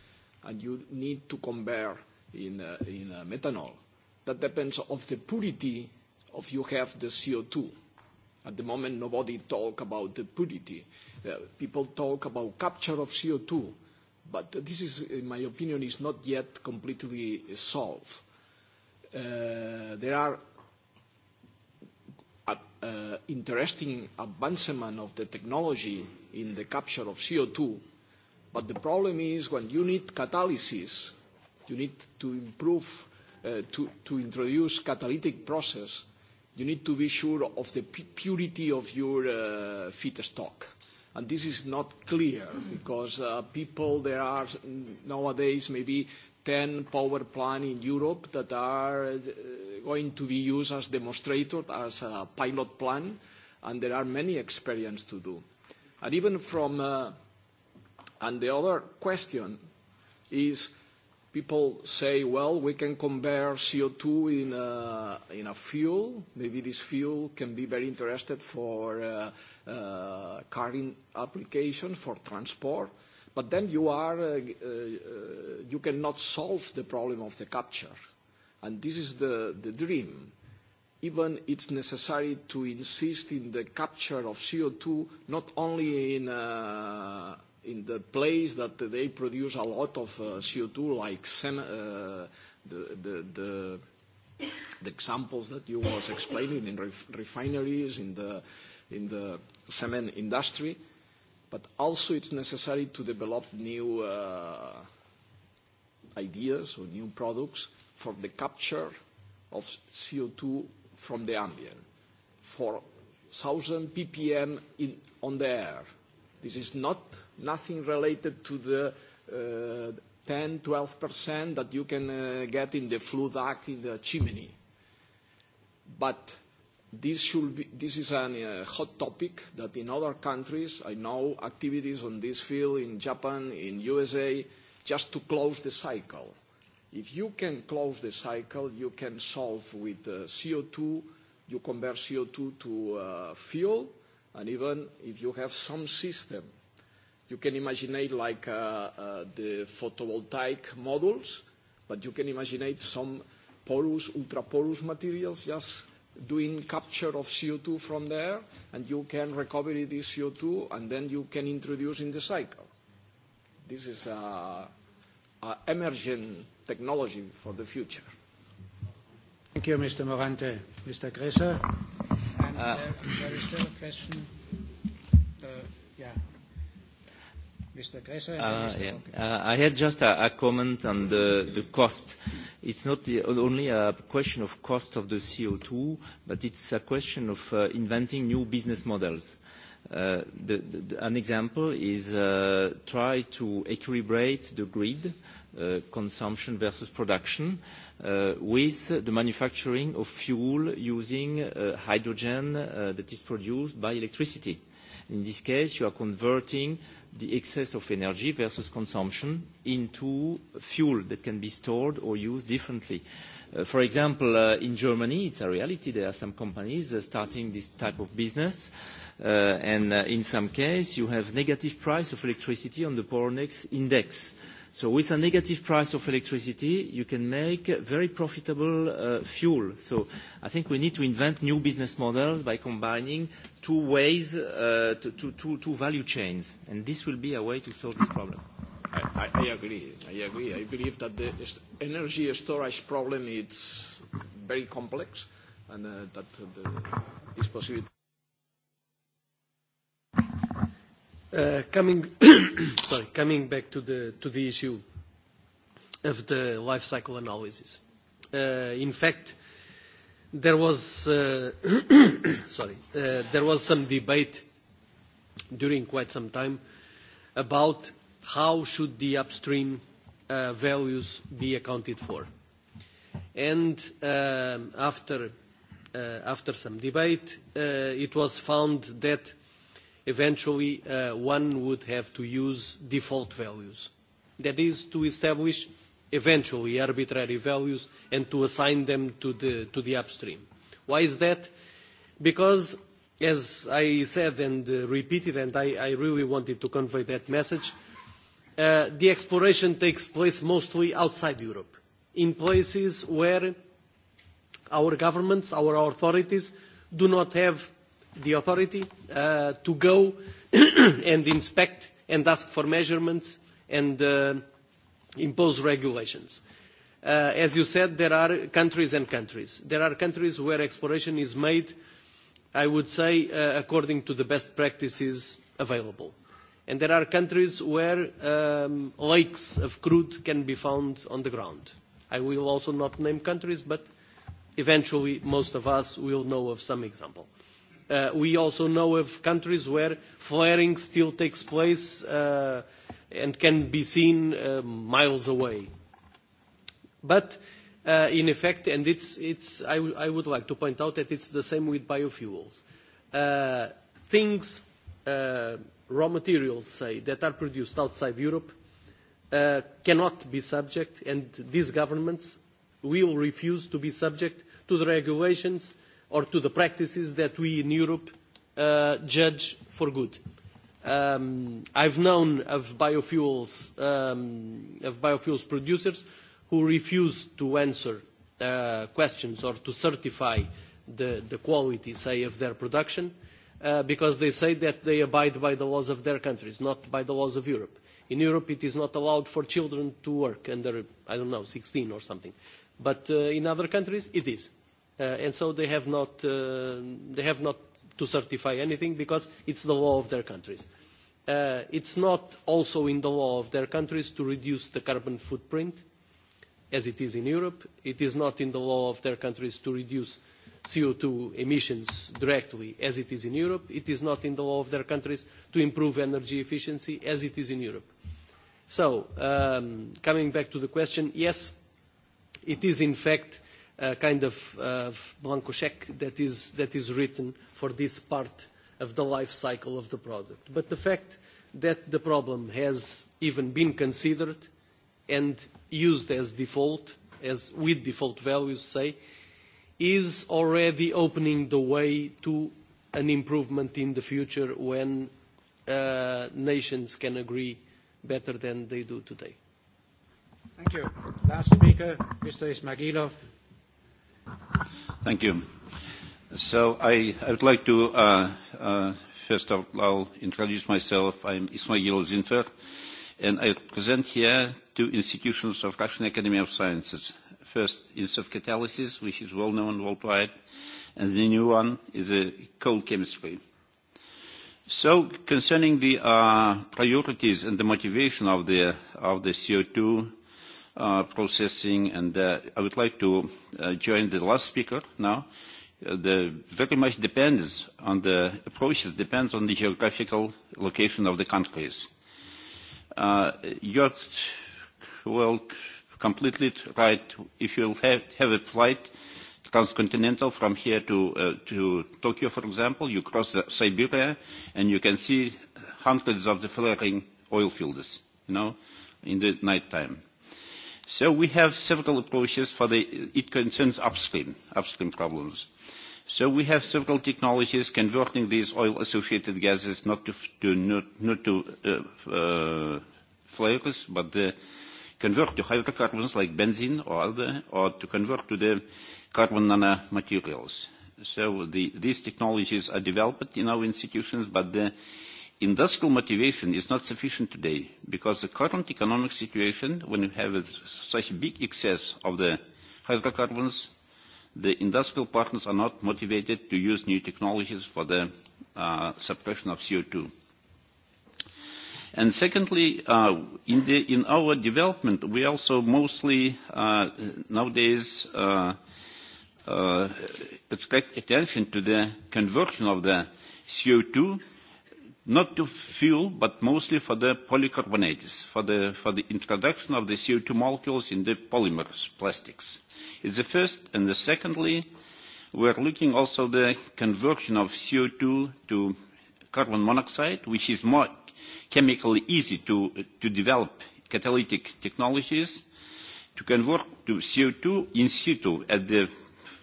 and you need to convert in, uh, in uh, methanol. That depends of the purity of you have the CO2 At the moment, nobody talk about the purity. Uh, people talk about capture of CO2, but this is, in my opinion, is not yet completely solved. Uh, there are uh, uh, interesting advancement of the technology in the capture of CO2, but the problem is when you need catalysis, you need to improve, uh, to, to introduce catalytic process, you need to be sure of the purity of your uh, feedstock. And this is not clear because uh, people, there are nowadays maybe 10 power plants in Europe that are going to be used as demonstrator, as a pilot plant, and there are many experiments to do. And even from, uh, and the other question is, people say, well, we can compare CO2 in a, in a fuel. Maybe this fuel can be very interested for uh, uh, carrying application, for transport. But then you, are, uh, uh, you cannot solve the problem of the capture. And this is the, the dream. Even it's necessary to insist in the capture of CO2 not only in uh, in the place that they produce a lot of uh, CO2, like sem- uh, the, the, the, the examples that you was explaining in ref- refineries, in the, in the cement industry. But also it's necessary to develop new uh, ideas or new products for the capture of CO2 from the ambient for 1,000 ppm in, on the air – This is not nothing related to the 10%-12% that you can get in the flue duct in the chimney. But this should be this is a hot topic that in other countries, I know activities on this field in Japan, in USA, just to close the cycle. If you can close the cycle, you can solve with CO2, you convert CO2 to fuel, And even if you have some system, you can imagine it like uh, uh, the photovoltaic models, but you can imagine some porous, ultra-porous materials just doing capture of CO2 from there, and you can recover this CO2, and then you can introduce in the cycle. This is an emerging technology for the future. Thank you, Mr. Morante. Mr. Gresser? there is still a question. yeah. Mr. Gresser. yeah. I had just a, a comment on the, the cost. It's not the, only a question of cost of the CO2, but it's a question of uh, inventing new business models. Uh, the, the, an example is uh, try to equilibrate the grid consumption versus production, with the manufacturing of fuel using hydrogen that is produced by electricity. In this case, you are converting the excess of energy versus consumption into fuel that can be stored or used differently. For example, in Germany, it's a reality. There are some companies starting this type of business. and In some case, you have negative price of electricity on the Power index So with a negative price of electricity, you can make very profitable fuel. So I think we need to invent new business models by combining two ways, two value chains, and this will be a way to solve this problem. I agree. I agree. I believe that the energy storage problem it's very complex and that this possibility. Coming back to the issue of the life cycle analysis. In fact, there was some debate during quite some time about how should the upstream values be accounted for. And After some debate, it was found that eventually one would have to use default values. That is to establish eventually arbitrary values and to assign them to the, to the upstream. Why is that? Because as I said and repeated, and I, I really wanted to convey that message, the exploration takes place mostly outside Europe, in places where our governments, our authorities do not have the authority to go and inspect and ask for measurements and impose regulations. as you said, there are countries and countries. There are countries where exploration is made, I would say, according to the best practices available. And there are countries where lakes of crude can be found on the ground. I will also not name countries, but eventually most of us will know of some example we also know of countries where flaring still takes place and can be seen miles away. But in effect, and it's, it's, I, w- I would like to point out that it's the same with biofuels. things, raw materials, say, that are produced outside Europe cannot be subject, and these governments will refuse to be subject to the regulations or to the practices that we in Europe uh, judge for good. Um, I've known of biofuels, um, of biofuels producers who refuse to answer uh, questions or to certify the, the quality, say, of their production uh, because they say that they abide by the laws of their countries, not by the laws of Europe. In Europe, it is not allowed for children to work under, I don't know, 16 or something. But uh, in other countries, it is and so they have not to certify anything because it's the law of their countries. It's not also in the law of their countries to reduce the carbon footprint, as it is in Europe. It is not in the law of their countries to reduce co two emissions directly, as it is in Europe. It is not in the law of their countries to improve energy efficiency, as it is in Europe. So, coming back to the question, yes, it is in fact kind of blanco check that is, that is written for this part of the life cycle of the product. But the fact that the problem has even been considered and used as default, as with default values, say, is already opening the way to an improvement in the future when nations can agree better than they do today. Thank you. Last speaker, Mr. Ismagilov. Thank you. So I, I would like to, uh, uh, first of all, introduce myself. I'm Ismail Zinfer, and I present here two institutions of Russian Academy of Sciences. First, Institute of Catalysis, which is well known worldwide, and the new one is uh, cold chemistry. So concerning the uh, priorities and the motivation of the, of the CO2 processing. And I would like to join the last speaker now. The very much depends on the approaches, depends on the geographical location of the countries. You're well completely right. If you have have a flight transcontinental from here to to Tokyo, for example, you cross Siberia and you can see hundreds of the flaring oil fields, you know, in the night time. So we have several approaches for the, it concerns upstream, upstream problems. So we have several technologies converting these oil-associated gases not to, to, not, not to uh, uh, flares but the, convert to hydrocarbons like benzene or other, or to convert to the carbon nanomaterials. So the, these technologies are developed in our institutions, but the industrial motivation is not sufficient today because the current economic situation, when you have such big excess of the hydrocarbons, the industrial partners are not motivated to use new technologies for the uh, suppression of CO2. And secondly, uh, in, the, in our development, we also mostly uh, nowadays uh, uh, attract attention to the conversion of the CO2 not to fuel, but mostly for the polycarbonates, for the, for the introduction of the CO2 molecules in the polymers, plastics. It's the first, and the secondly, we are looking also the conversion of CO2 to carbon monoxide, which is more chemically easy to, to develop catalytic technologies to convert to CO2 in situ at the,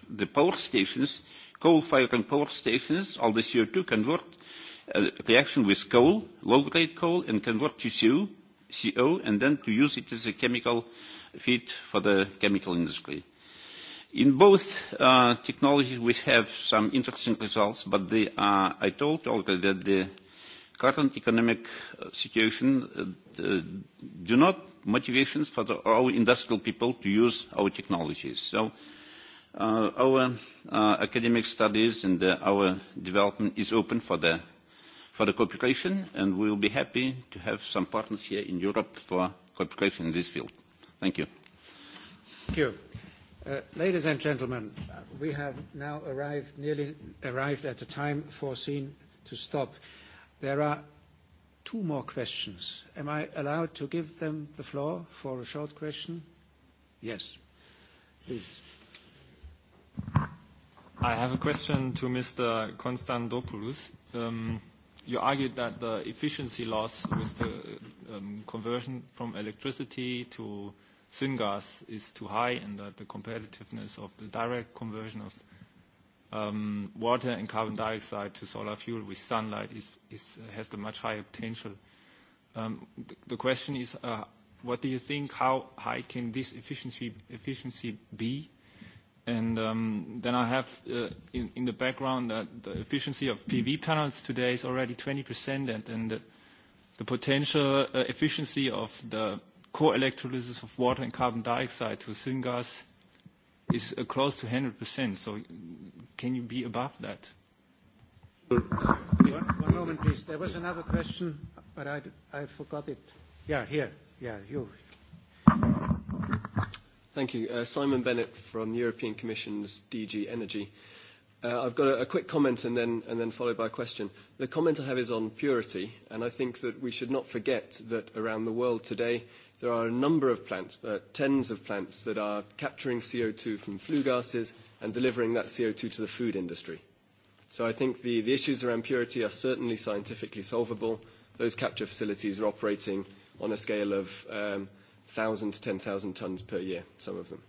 the power stations, coal-firing power stations, all the CO2 convert reaction with coal, low-grade coal, and convert to CO, CO, and then to use it as a chemical feed for the chemical industry. In both uh, technologies, we have some interesting results, but they are, I told already that the current economic situation uh, do not motivations for the, our industrial people to use our technologies. So uh, our uh, academic studies and uh, our development is open for the for the cooperation, and we will be happy to have some partners here in Europe for cooperation in this field. Thank you. Thank you. Uh, Ladies and gentlemen, we have now arrived, nearly arrived at the time foreseen to stop. There are two more questions. Am I allowed to give them the floor for a short question? Yes. Please. I have a question to Mr. Konstantopoulos. Um, you argued that the efficiency loss with the um, conversion from electricity to syngas is too high and that the competitiveness of the direct conversion of um, water and carbon dioxide to solar fuel with sunlight is, is, has the much higher potential. Um, the, the question is, uh, what do you think, how high can this efficiency, efficiency be then I have in, the background that the efficiency of PV panels today is already 20%, and, the, potential efficiency of the core electrolysis of water and carbon dioxide to syngas is close to 100%. So can you be above that? One, moment, please. There was another question, but I, I forgot it. Yeah, here. Yeah, you. Thank you. Uh, Simon Bennett from the European Commission's DG Energy. Uh, I've got a, a quick comment and then, and then followed by a question. The comment I have is on purity, and I think that we should not forget that around the world today there are a number of plants, uh, tens of plants, that are capturing CO2 from flue gases and delivering that CO2 to the food industry. So I think the, the issues around purity are certainly scientifically solvable. Those capture facilities are operating on a scale of um, 1,000 to 10,000 tonnes per year, some of them.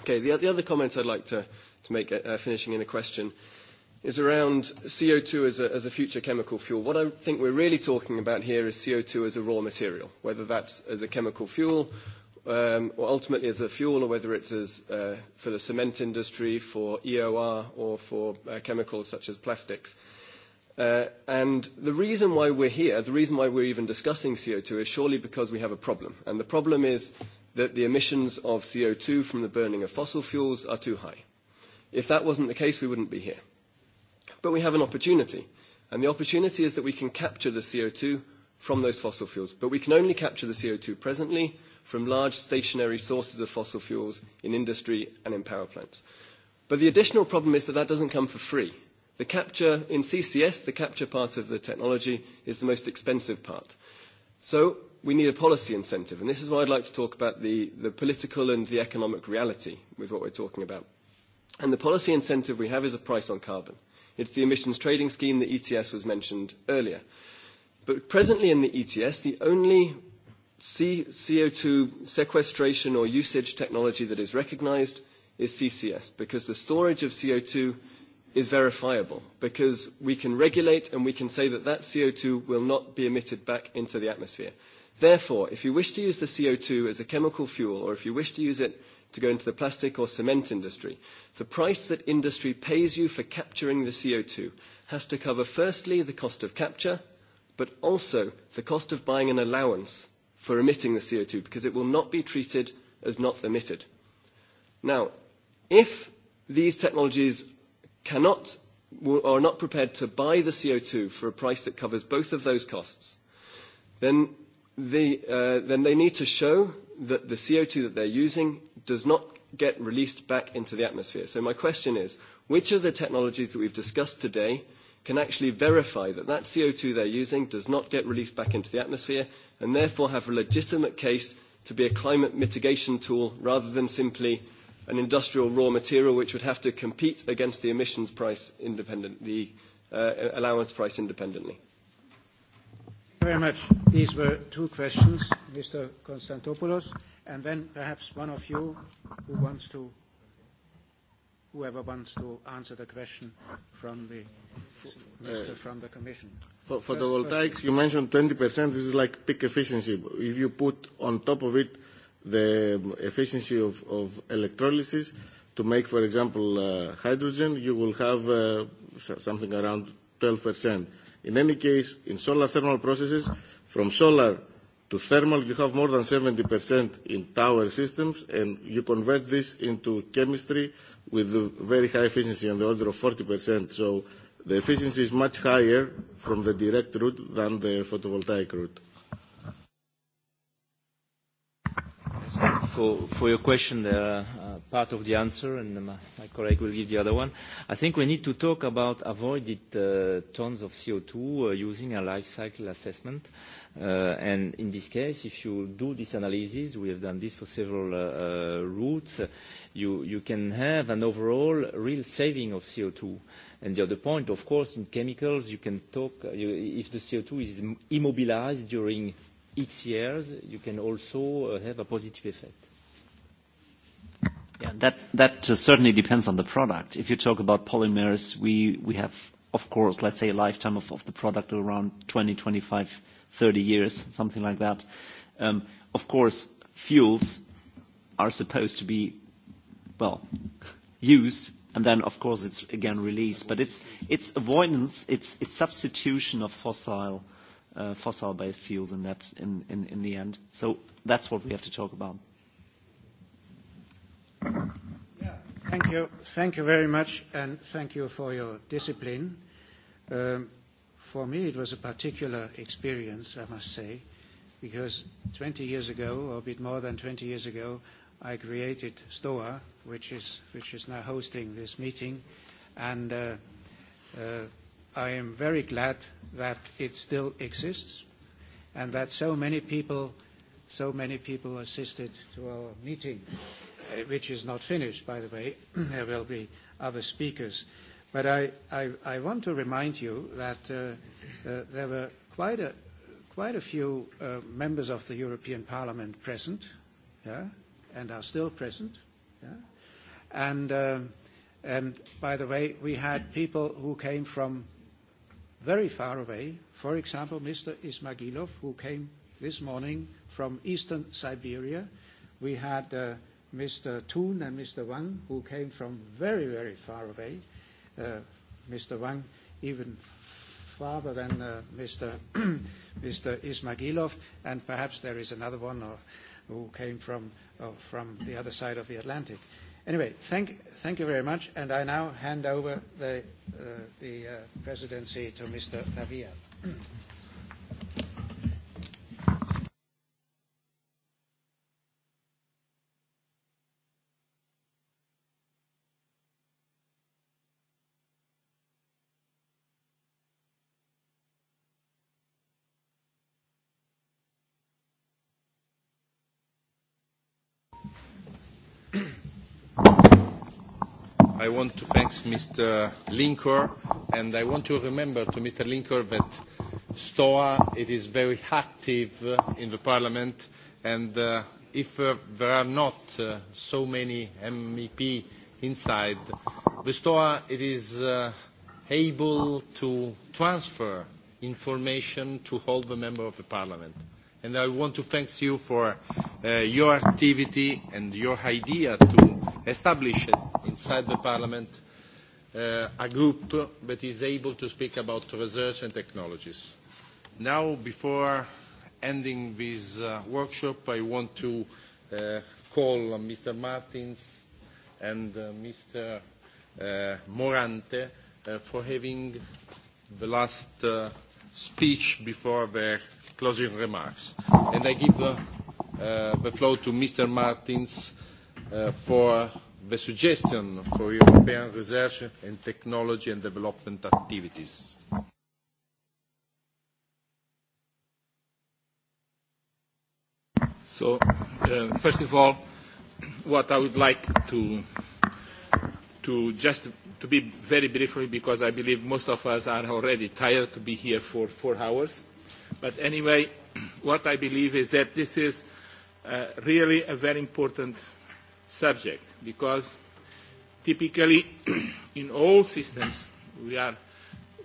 Okay, the, the other comment I'd like to, to make, uh, finishing in a question, is around CO2 as a, as a future chemical fuel. What I think we're really talking about here is CO2 as a raw material, whether that's as a chemical fuel um, or ultimately as a fuel, or whether it's as, uh, for the cement industry, for EOR, or for uh, chemicals such as plastics and the reason why we're here, the reason why we're even discussing CO2 is surely because we have a problem. And the problem is that the emissions of CO2 from the burning of fossil fuels are too high. If that wasn't the case, we wouldn't be here. But we have an opportunity. And the opportunity is that we can capture the CO2 from those fossil fuels. But we can only capture the CO2 presently from large stationary sources of fossil fuels in industry and in power plants. But the additional problem is that that doesn't come for free. The capture in CCS, the capture part of the technology, is the most expensive part. So we need a policy incentive, and this is why I'd like to talk about the, the political and the economic reality with what we're talking about. And the policy incentive we have is a price on carbon. It's the emissions trading scheme, the ETS was mentioned earlier. But presently in the ETS, the only C- CO2 sequestration or usage technology that is recognized is CCS, because the storage of CO2 is verifiable because we can regulate and we can say that that CO2 will not be emitted back into the atmosphere. Therefore, if you wish to use the CO2 as a chemical fuel or if you wish to use it to go into the plastic or cement industry, the price that industry pays you for capturing the CO2 has to cover firstly the cost of capture, but also the cost of buying an allowance for emitting the CO2 because it will not be treated as not emitted. Now, if these technologies cannot or are not prepared to buy the CO2 for a price that covers both of those costs, then, the, uh, then they need to show that the CO2 that they're using does not get released back into the atmosphere. So my question is, which of the technologies that we've discussed today can actually verify that that CO2 they're using does not get released back into the atmosphere and therefore have a legitimate case to be a climate mitigation tool rather than simply an industrial raw material which would have to compete against the emissions price independent, the uh, allowance price independently. Thank you very much. These were two questions, Mr. Konstantopoulos, and then perhaps one of you who wants to, whoever wants to answer the question from the Mr. from the Commission. For photovoltaics, you mentioned 20%. This is like peak efficiency. If you put on top of it the efficiency of, of electrolysis to make, for example, uh, hydrogen, you will have uh, something around 12%. In any case, in solar thermal processes, from solar to thermal, you have more than 70% in tower systems, and you convert this into chemistry with very high efficiency on the order of 40%. So the efficiency is much higher from the direct route than the photovoltaic route. for, for your question, uh, uh, part of the answer, and my, my colleague will give the other one. I think we need to talk about avoided uh, tons of CO2 uh, using a life cycle assessment. Uh, and in this case, if you do this analysis, we have done this for several uh, uh, routes, you, you can have an overall real saving of CO2. And the other point, of course, in chemicals, you can talk, you, if the CO2 is immobilized during X years, you can also have a positive effect. Yeah, that certainly depends on the product. If you talk about polymers, we have, of course, let's say a lifetime of the product around 20, 25, 30 years, something like that. Of course, fuels are supposed to be, well, used, and then, of course, it's again released. But it's avoidance, it's substitution of fossil uh, fossil-based fuels, and that's in, in, in the end. So that's what we have to talk about. Thank you. Thank you very much, and thank you for your discipline. Um, for me, it was a particular experience, I must say, because 20 years ago, or a bit more than 20 years ago, I created STOA, which is, which is now hosting this meeting, and uh, uh, I am very glad that it still exists and that so many people so many people assisted to our meeting, which is not finished, by the way. There will be other speakers. But I I I want to remind you that there were quite a quite a few uh members of the European Parliament present, yeah, and are still present. yeah. And by the way, we had people who came from very far away. For example, Mr. Ismagilov, who came this morning from eastern Siberia. We had uh, Mr. Toon and Mr. Wang, who came from very, very far away. Uh, Mr. Wang even farther than uh, Mr. Mr. Ismagilov, and perhaps there is another one or, who came from, or from the other side of the Atlantic. Anyway, thank thank you very much, and I now hand over the uh the uh presidency to Mr. Lavia. I want to thank Mr. Linker, and I want to remember to Mr. Linker that STOA it is very active in the Parliament, and if there are not so many MEP inside, the STOA it is able to transfer information to all the members of the Parliament. And I want to thank you for your activity and your idea to established inside the Parliament a group that is able to speak about research and technologies. Now, before ending this workshop, I want to call on Mr. Martins and Mr. Morante for having the last speech before their closing remarks. And I give the floor to Mr. Martins for the suggestion for European research and technology and development activities. So, first of all, what I would like to to just to be very briefly, because I believe most of us are already tired to be here for four hours. But anyway, what I believe is that this is uh, really a very important subject because typically in all systems we are,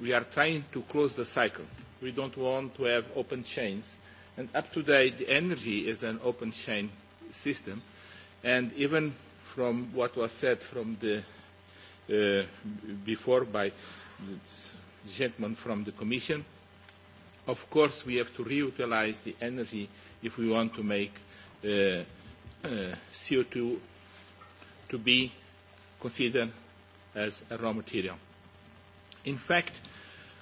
we are trying to close the cycle. We don't want to have open chains. And up to date, the energy is an open chain system. And even from what was said from the uh, before by the gentleman from the Commission, of course we have to reutilize the energy if we want to make uh, uh, CO2 to be considered as a raw material. In fact,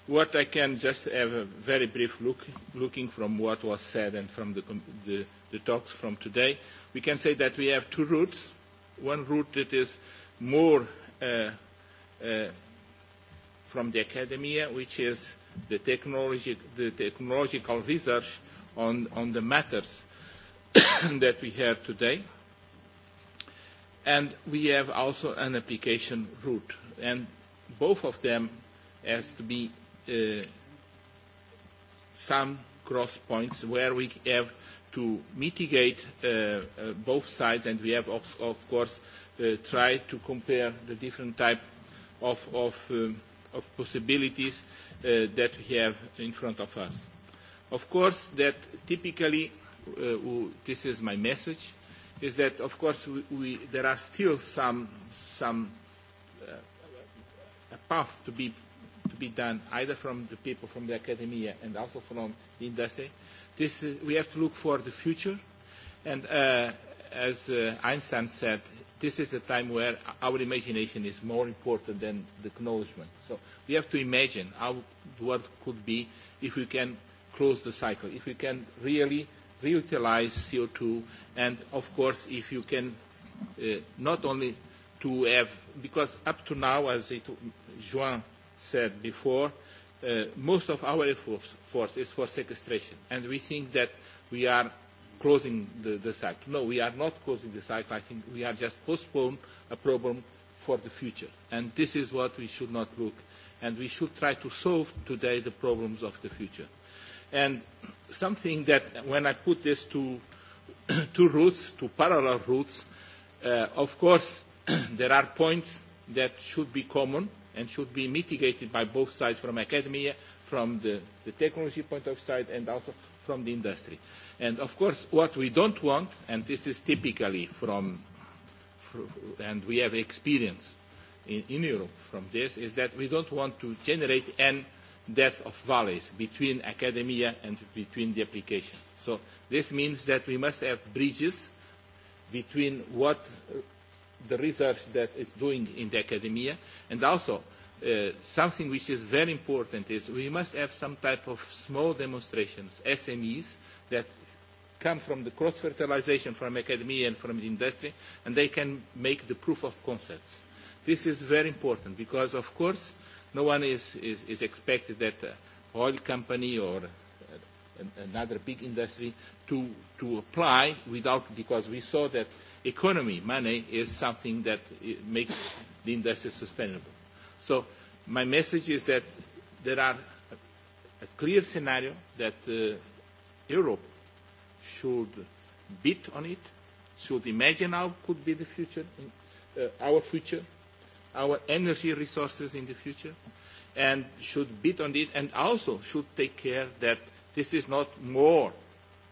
what I can just have a very brief look, looking from what was said and from the, the, the talks from today, we can say that we have two routes. One route that is more uh, uh, from the academia, which is the, technology, the technological research on, on the matters that we have today and we have also an application route. And both of them has to be uh, some cross points where we have to mitigate uh, uh, both sides and we have of, of course uh, tried to compare the different type of, of, um, of possibilities uh, that we have in front of us. Of course that typically, uh, this is my message, is that, of course, we, we, there are still some, some uh, a path to be, to be done, either from the people from the academia and also from the industry. This is, we have to look for the future, and uh, as uh, Einstein said, this is a time where our imagination is more important than the acknowledgement. So we have to imagine how the world could be if we can close the cycle, if we can really – reutilize CO2, and of course, if you can uh, not only to have, because up to now, as it, Joan said before, uh, most of our efforts force is for sequestration, and we think that we are closing the, the cycle. No, we are not closing the cycle. I think we are just postponing a problem for the future. And this is what we should not look. And we should try to solve today the problems of the future. And something that when I put this to two routes, to parallel routes, uh, of course there are points that should be common and should be mitigated by both sides from academia, from the, the technology point of sight and also from the industry. And of course, what we don't want, and this is typically from, and we have experience in, in Europe from this, is that we don't want to generate an death of valleys between academia and between the application. So this means that we must have bridges between what the research that is doing in the academia and also uh, something which is very important is we must have some type of small demonstrations, SMEs, that come from the cross-fertilization from academia and from the industry, and they can make the proof of concepts. This is very important because, of course, no one is, is, is expected that an oil company or another big industry to, to apply without, because we saw that economy, money, is something that makes the industry sustainable. So my message is that there are a clear scenario that uh, Europe should bid on it, should imagine how could be the future, uh, our future, our energy resources in the future and should bid on it and also should take care that this is not more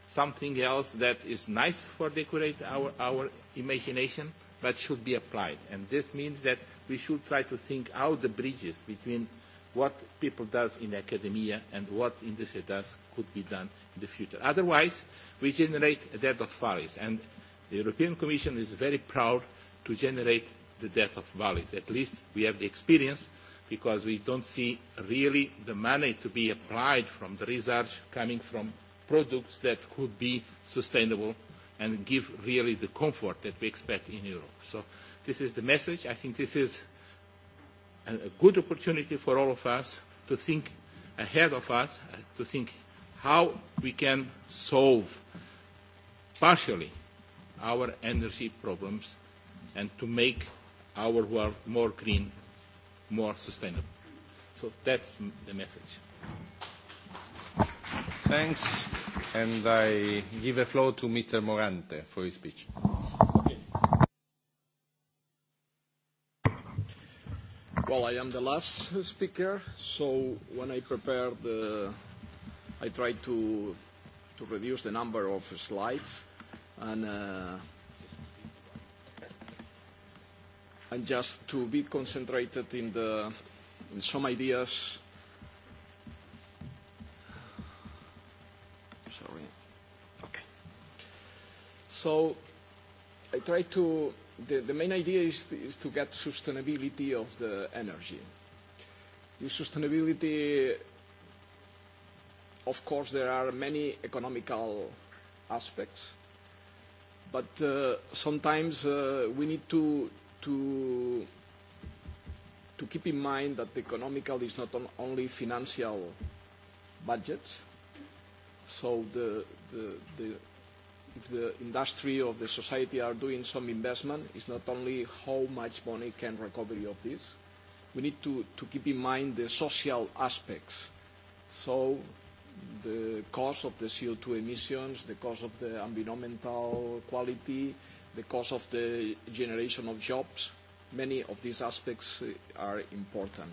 something else that is nice for decorate our, our imagination but should be applied. And this means that we should try to think out the bridges between what people does in academia and what industry does could be done in the future. Otherwise, we generate a dead of fires. And the European Commission is very proud to generate the death of valleys. At least we have the experience because we don't see really the money to be applied from the research coming from products that could be sustainable and give really the comfort that we expect in Europe. So this is the message. I think this is a good opportunity for all of us to think ahead of us, to think how we can solve partially our energy problems and to make our world more green, more sustainable. So that's the message. Thanks. And I give the floor to Mr. Morante for his speech. Well, I am the last speaker, so when I prepared, the I tried to to reduce the number of slides, and uh, and just to be concentrated in, the, in some ideas. Sorry. Okay. So I try to, the, the main idea is, is to get sustainability of the energy. The sustainability, of course, there are many economical aspects, but uh, sometimes uh, we need to, to to keep in mind that the economical is not on only financial budgets. So the, the, the, if the industry or the society are doing some investment, it's not only how much money can recovery of this. We need to, to keep in mind the social aspects. So the cost of the CO2 emissions, the cost of the environmental quality, the cost of the generation of jobs. Many of these aspects are important.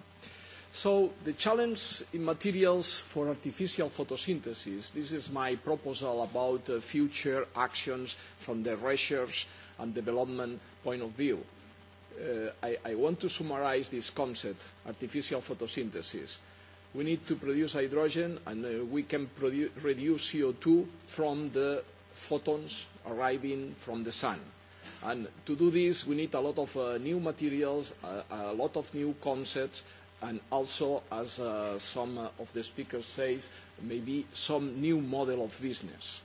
So the challenge in materials for artificial photosynthesis, this is my proposal about uh, future actions from the research and development point of view. Uh, I, I want to summarize this concept, artificial photosynthesis. We need to produce hydrogen and uh, we can reduce CO2 from the photons arriving from the sun. And to do this, we need a lot of uh, new materials, uh, a lot of new concepts, and also, as uh, some of the speakers say, maybe some new model of business.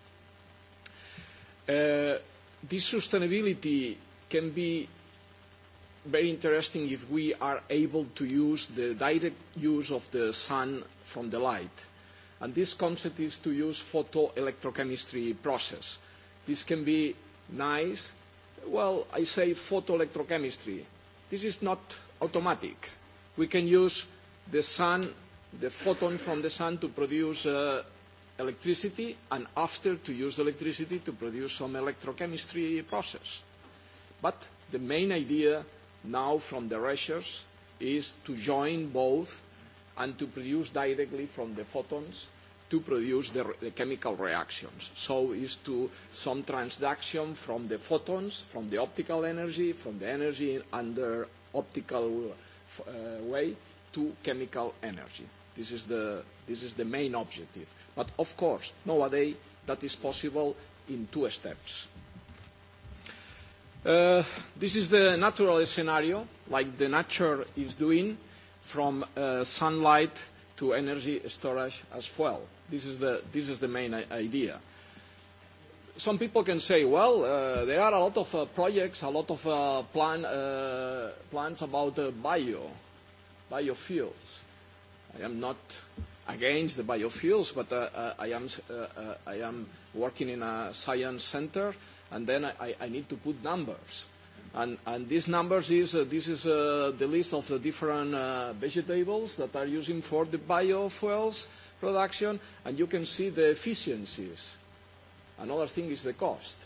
Uh, this sustainability can be very interesting if we are able to use the direct use of the sun from the light. And this concept is to use photoelectrochemistry process This can be nice. Well, I say photoelectrochemistry. This is not automatic. We can use the sun, the photon from the sun to produce uh, electricity and after to use the electricity to produce some electrochemistry process. But the main idea now from the research is to join both and to produce directly from the photons to produce the, the chemical reactions. So is to some transduction from the photons, from the optical energy, from the energy under optical uh, way to chemical energy. This is, the, this is the main objective. But of course, nowadays that is possible in two steps. Uh, this is the natural scenario, like the nature is doing, from uh, sunlight to energy storage as well. This is the, this is the main idea. Some people can say, well, uh, there are a lot of uh, projects, a lot of uh, plan, uh, plans about uh, bio, biofuels. I am not against the biofuels, but uh, uh, I, am, uh, uh, I am working in a science center, and then I, I need to put numbers. And, and these numbers is, uh, this is uh, the list of the different uh, vegetables that are using for the biofuels, production, and you can see the efficiencies. Another thing is the cost.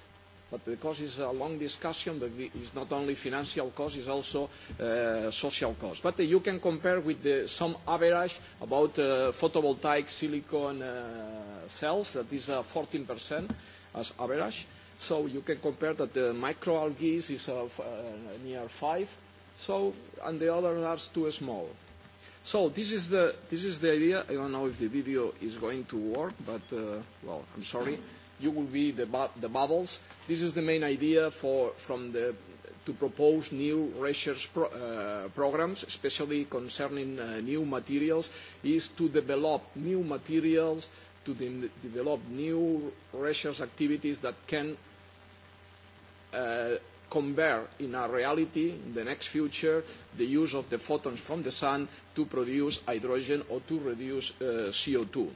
But the cost is a long discussion, but it's not only financial cost, it's also social cost. But you can compare with the, some average about photovoltaic silicon cells, that is fourteen 14% as average. So you can compare that the microalgae is near five so, and the others are too small. So this is the this is the idea. I don't know if the video is going to work, but uh, well, I'm sorry. You will be the bu- the bubbles. This is the main idea for from the to propose new research pro, uh, programs, especially concerning uh, new materials, is to develop new materials, to de- develop new research activities that can uh, convert in our reality, in the next future, the use of the photons from the sun to produce hydrogen or to reduce uh, CO2.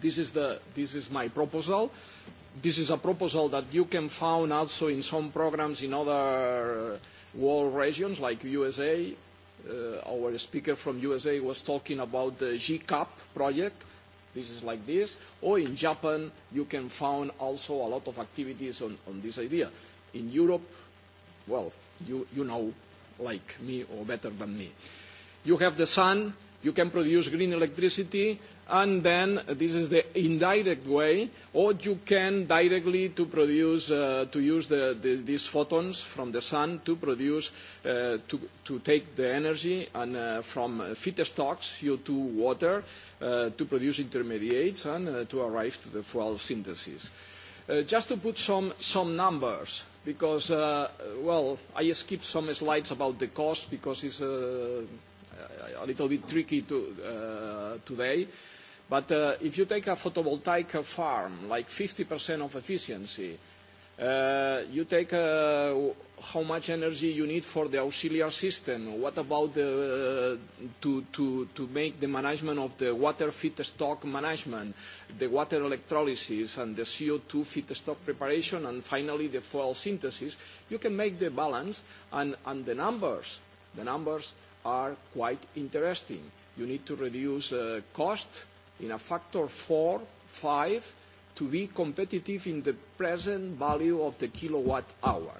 This is, the, this is my proposal. This is a proposal that you can find also in some programs in other world regions like USA. Uh, our speaker from USA was talking about the GCAP project, this is like this, or in Japan you can find also a lot of activities on, on this idea in Europe, well, you, you know like me or better than me. You have the sun, you can produce green electricity, and then this is the indirect way, or you can directly to produce, uh, to use the, the, these photons from the sun to produce, uh, to, to take the energy and, uh, from feedstocks, CO2, water, uh, to produce intermediates and uh, to arrive to the fuel synthesis. Uh, just to put some, some numbers, because, well, I skipped some slides about the cost because it's a little bit tricky today. But if you take a photovoltaic farm, like 50% of efficiency, you take how much energy you need for the auxiliary system. What about the, to, to, to make the management of the water feedstock management, the water electrolysis and the CO2 feedstock preparation, and finally the fuel synthesis? You can make the balance, and, and the numbers, the numbers are quite interesting. You need to reduce uh, cost in a factor four, five to be competitive in the present value of the kilowatt hour.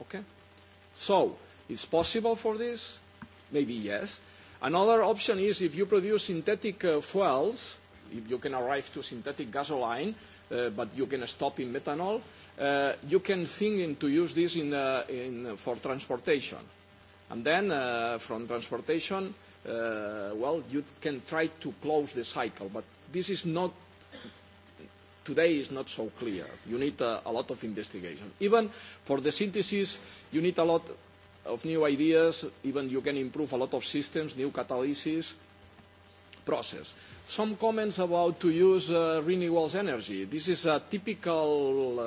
Okay? So, it's possible for this? Maybe yes. Another option is if you produce synthetic uh, fuels, if you can arrive to synthetic gasoline, uh, but you can stop in methanol, uh, you can think in, to use this in, uh, in, for transportation. And then uh, from transportation, uh, well, you can try to close the cycle, but this is not today is not so clear. You need a, a lot of investigation. Even for the synthesis, you need a lot of new ideas. Even you can improve a lot of systems, new catalysis process. Some comments about to use uh, renewables energy. This is a typical uh,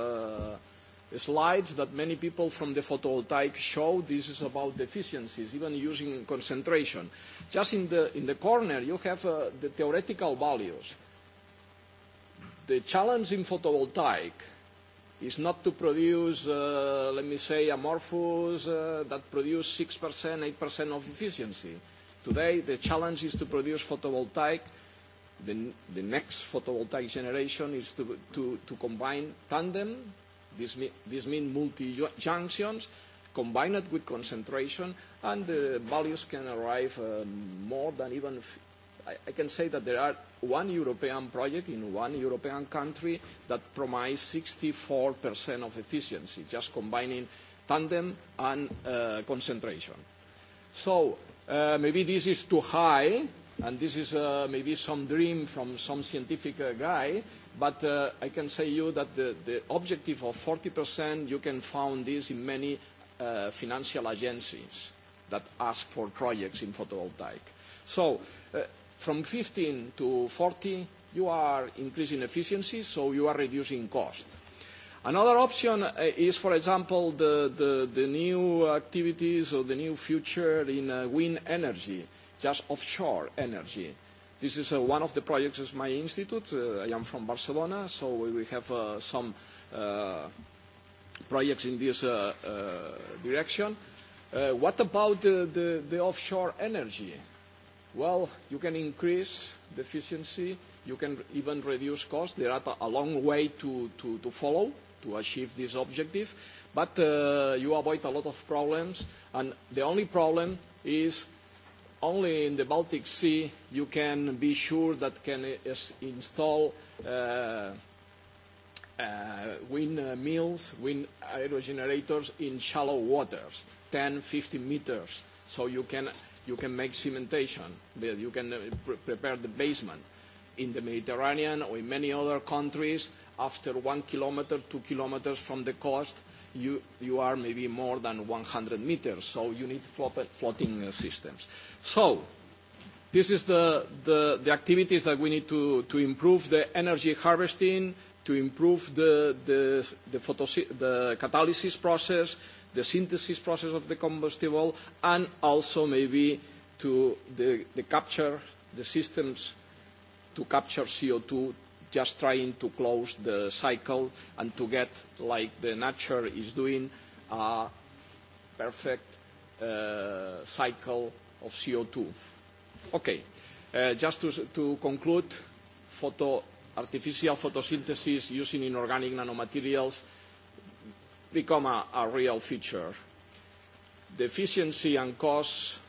slides that many people from the photovoltaic show. This is about deficiencies, even using concentration. Just in the, in the corner, you have uh, the theoretical values the challenge in photovoltaic is not to produce, uh, let me say, amorphous uh, that produce 6%, 8% of efficiency. Today, the challenge is to produce photovoltaic. The, the next photovoltaic generation is to, to, to combine tandem, this, mean this means multi-junctions, combine it with concentration, and the values can arrive uh, more than even I can say that there are one European project in one European country that promised 64% of efficiency, just combining tandem and uh, concentration. So uh, maybe this is too high, and this is uh, maybe some dream from some scientific uh, guy, but uh, I can say you that the, the objective of 40%, you can find this in many uh, financial agencies that ask for projects in photovoltaic. So uh, From 15 to 40, you are increasing efficiency, so you are reducing cost. Another option is, for example, the, the, new activities or the new future in wind energy, just offshore energy. This is one of the projects of my institute. I am from Barcelona, so we have some projects in this direction. What about the offshore energy? Well, you can increase the efficiency, you can even reduce cost. There are a long way to, to, to follow to achieve this objective, but uh, you avoid a lot of problems, and the only problem is only in the Baltic Sea you can be sure that can is install uh, uh, wind mills, wind aerogenerators in shallow waters, 10, 50 meters, so you can you can make cementation, you can pre prepare the basement. In the Mediterranean or in many other countries, after one kilometer, two kilometers from the coast, you, you are maybe more than 100 meters, so you need floating systems. So, this is the, the, the activities that we need to, to improve the energy harvesting, to improve the, the, the, photos the catalysis process, the synthesis process of the combustible, and also maybe to the, the capture, the systems to capture CO2 just trying to close the cycle and to get, like the nature is doing, a perfect uh, cycle of CO2. Okay, uh, just to, to conclude, photo, artificial photosynthesis using inorganic nanomaterials become a, real feature. The efficiency and costs,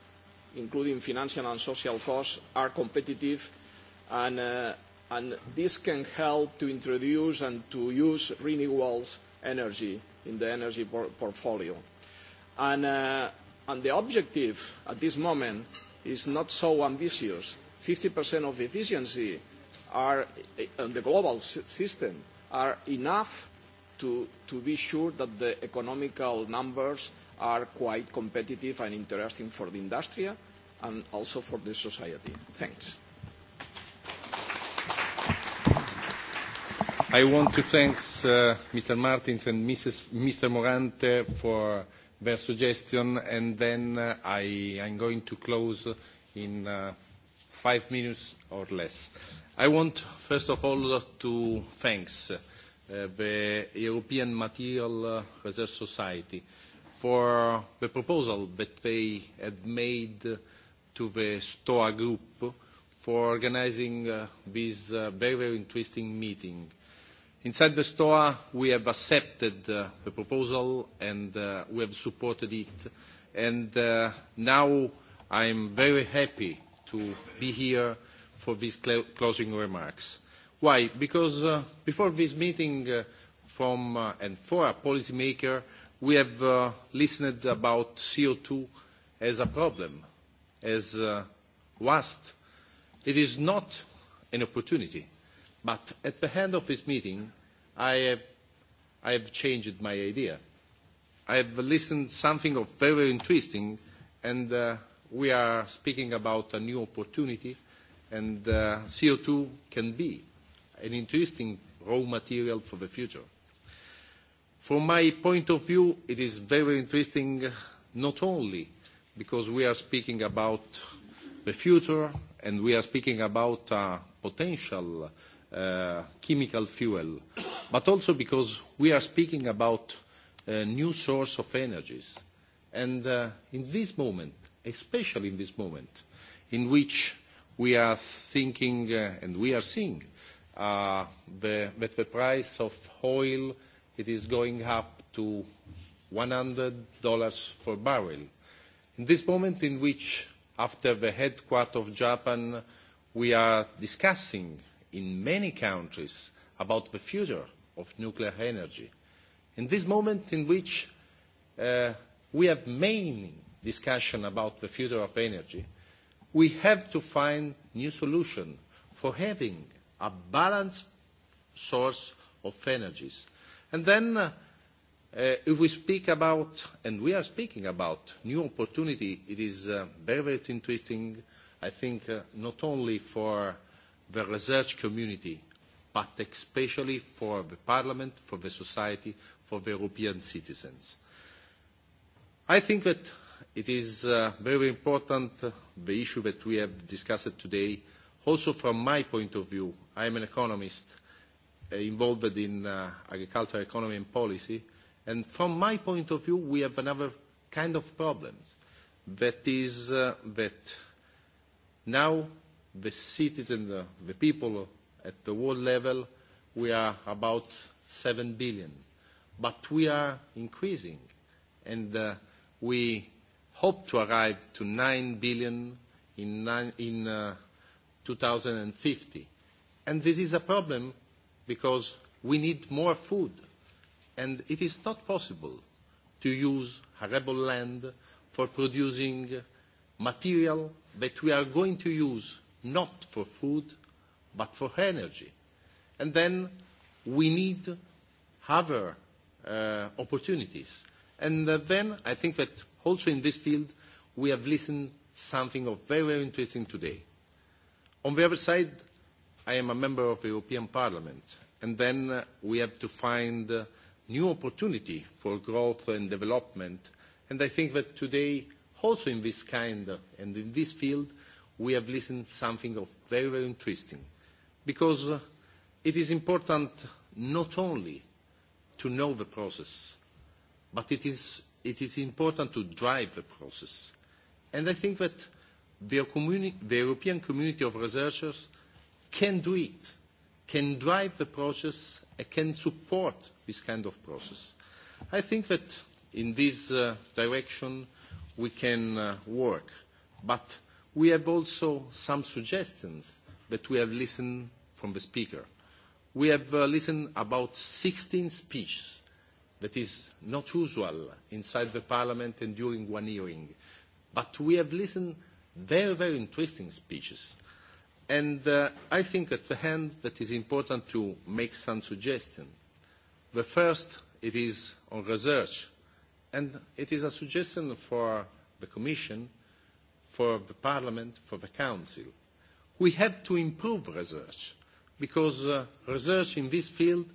including financial and social costs, are competitive and, this can help to introduce and to use renewables energy in the energy portfolio. And, the objective at this moment is not so ambitious. 50% of efficiency are, on the global system are enough to, be sure that the economical numbers are quite competitive and interesting for the industry and also for the society. Thanks. I want to thank Mr. Martins and Mr. Morante for their suggestion, and then I am going to close in five minutes or less. I want, first of all, to thank the European Material Research Society for the proposal that they had made to the STOA group for organising this very, very interesting meeting. Inside the STOA, we have accepted the proposal and we have supported it. And now I am very happy to be here for these closing remarks. Why? Because uh, before this meeting uh, from uh, and for a policymaker, we have uh, listened about CO2 as a problem, as uh, waste. It is not an opportunity. But at the end of this meeting, I have, I have changed my idea. I have listened to something of very interesting, and uh, we are speaking about a new opportunity, and uh, CO2 can be an interesting raw material for the future. From my point of view, it is very interesting not only because we are speaking about the future and we are speaking about uh, potential uh, chemical fuel, but also because we are speaking about a new source of energies. And uh, in this moment, especially in this moment, in which we are thinking uh, and we are seeing the the price of oil, it is going up to $100 per barrel. In this moment in which, after the headquarter of Japan, we are discussing in many countries about the future of nuclear energy, in this moment in which we have main discussion about the future of energy, we have to find new solution for having a balanced source of energies. And then uh, if we speak about, and we are speaking about, new opportunity, it is uh, very, very interesting, I think, uh, not only for the research community, but especially for the parliament, for the society, for the European citizens. I think that it is uh, very important, uh, the issue that we have discussed today, Also from my point of view, I am an economist involved in uh, agricultural economy and policy, and from my point of view, we have another kind of problem. That is uh, that now the citizens, uh, the people at the world level, we are about 7 billion, but we are increasing, and uh, we hope to arrive to 9 billion in, nine, in uh, 2050. And this is a problem because we need more food. And it is not possible to use arable land for producing material that we are going to use not for food but for energy. And then we need other uh, opportunities. And uh, then I think that also in this field we have listened something of very, very interesting today On the other side, I am a member of the European Parliament, and then we have to find new opportunity for growth and development. And I think that today, also in this kind and in this field, we have listened something of very, very interesting, because it is important not only to know the process, but it is, it is important to drive the process. And I think that the European community of researchers can do it, can drive the process, and can support this kind of process. I think that in this direction we can work, but we have also some suggestions that we have listened from the speaker. We have listened about 16 speeches that is not usual inside the parliament and during one hearing, but we have listened Very, very interesting speeches. And uh, I think at the end that is important to make some suggestions. The first, it is on research. And it is a suggestion for the Commission, for the Parliament, for the Council. We have to improve research because uh, research in this field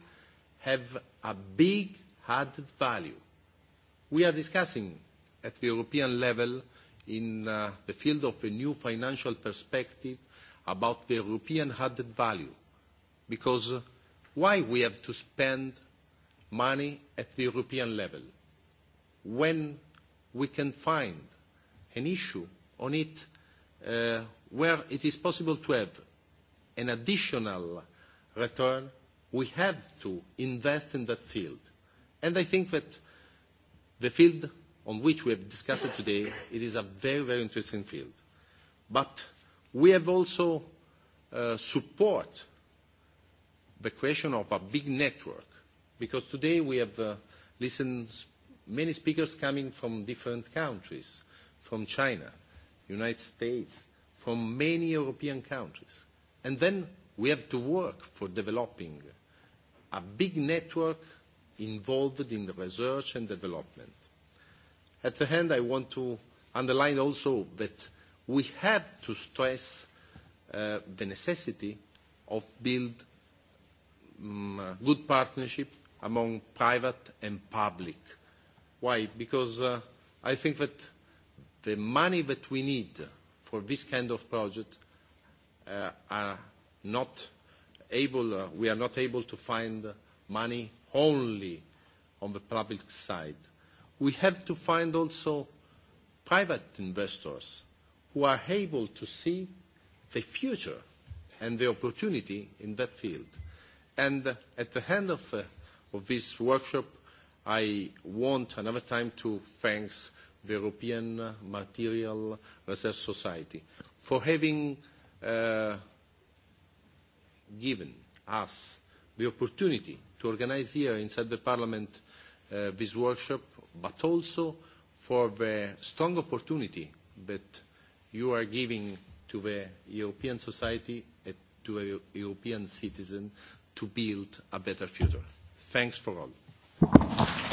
have a big added value. We are discussing at the European level in uh, the field of a new financial perspective about the European added value. Because why we have to spend money at the European level when we can find an issue on it uh, where it is possible to have an additional return, we have to invest in that field. And I think that the field on which we have discussed it today, it is a very, very interesting field. But we have also support the creation of a big network, because today we have listened many speakers coming from different countries, from China, United States, from many European countries. And then we have to work for developing a big network involved in the research and development. At the end, I want to underline also that we have to stress uh, the necessity of build um, good partnership among private and public. Why? Because uh, I think that the money that we need for this kind of project uh, are not able, uh, we are not able to find money only on the public side we have to find also private investors who are able to see the future and the opportunity in that field. And at the end of, uh, of this workshop, I want another time to thank the European Material Research Society for having uh, given us the opportunity to organize here inside the Parliament uh, this workshop but also for the strong opportunity that you are giving to the European society and to the European citizen to build a better future. Thanks for all.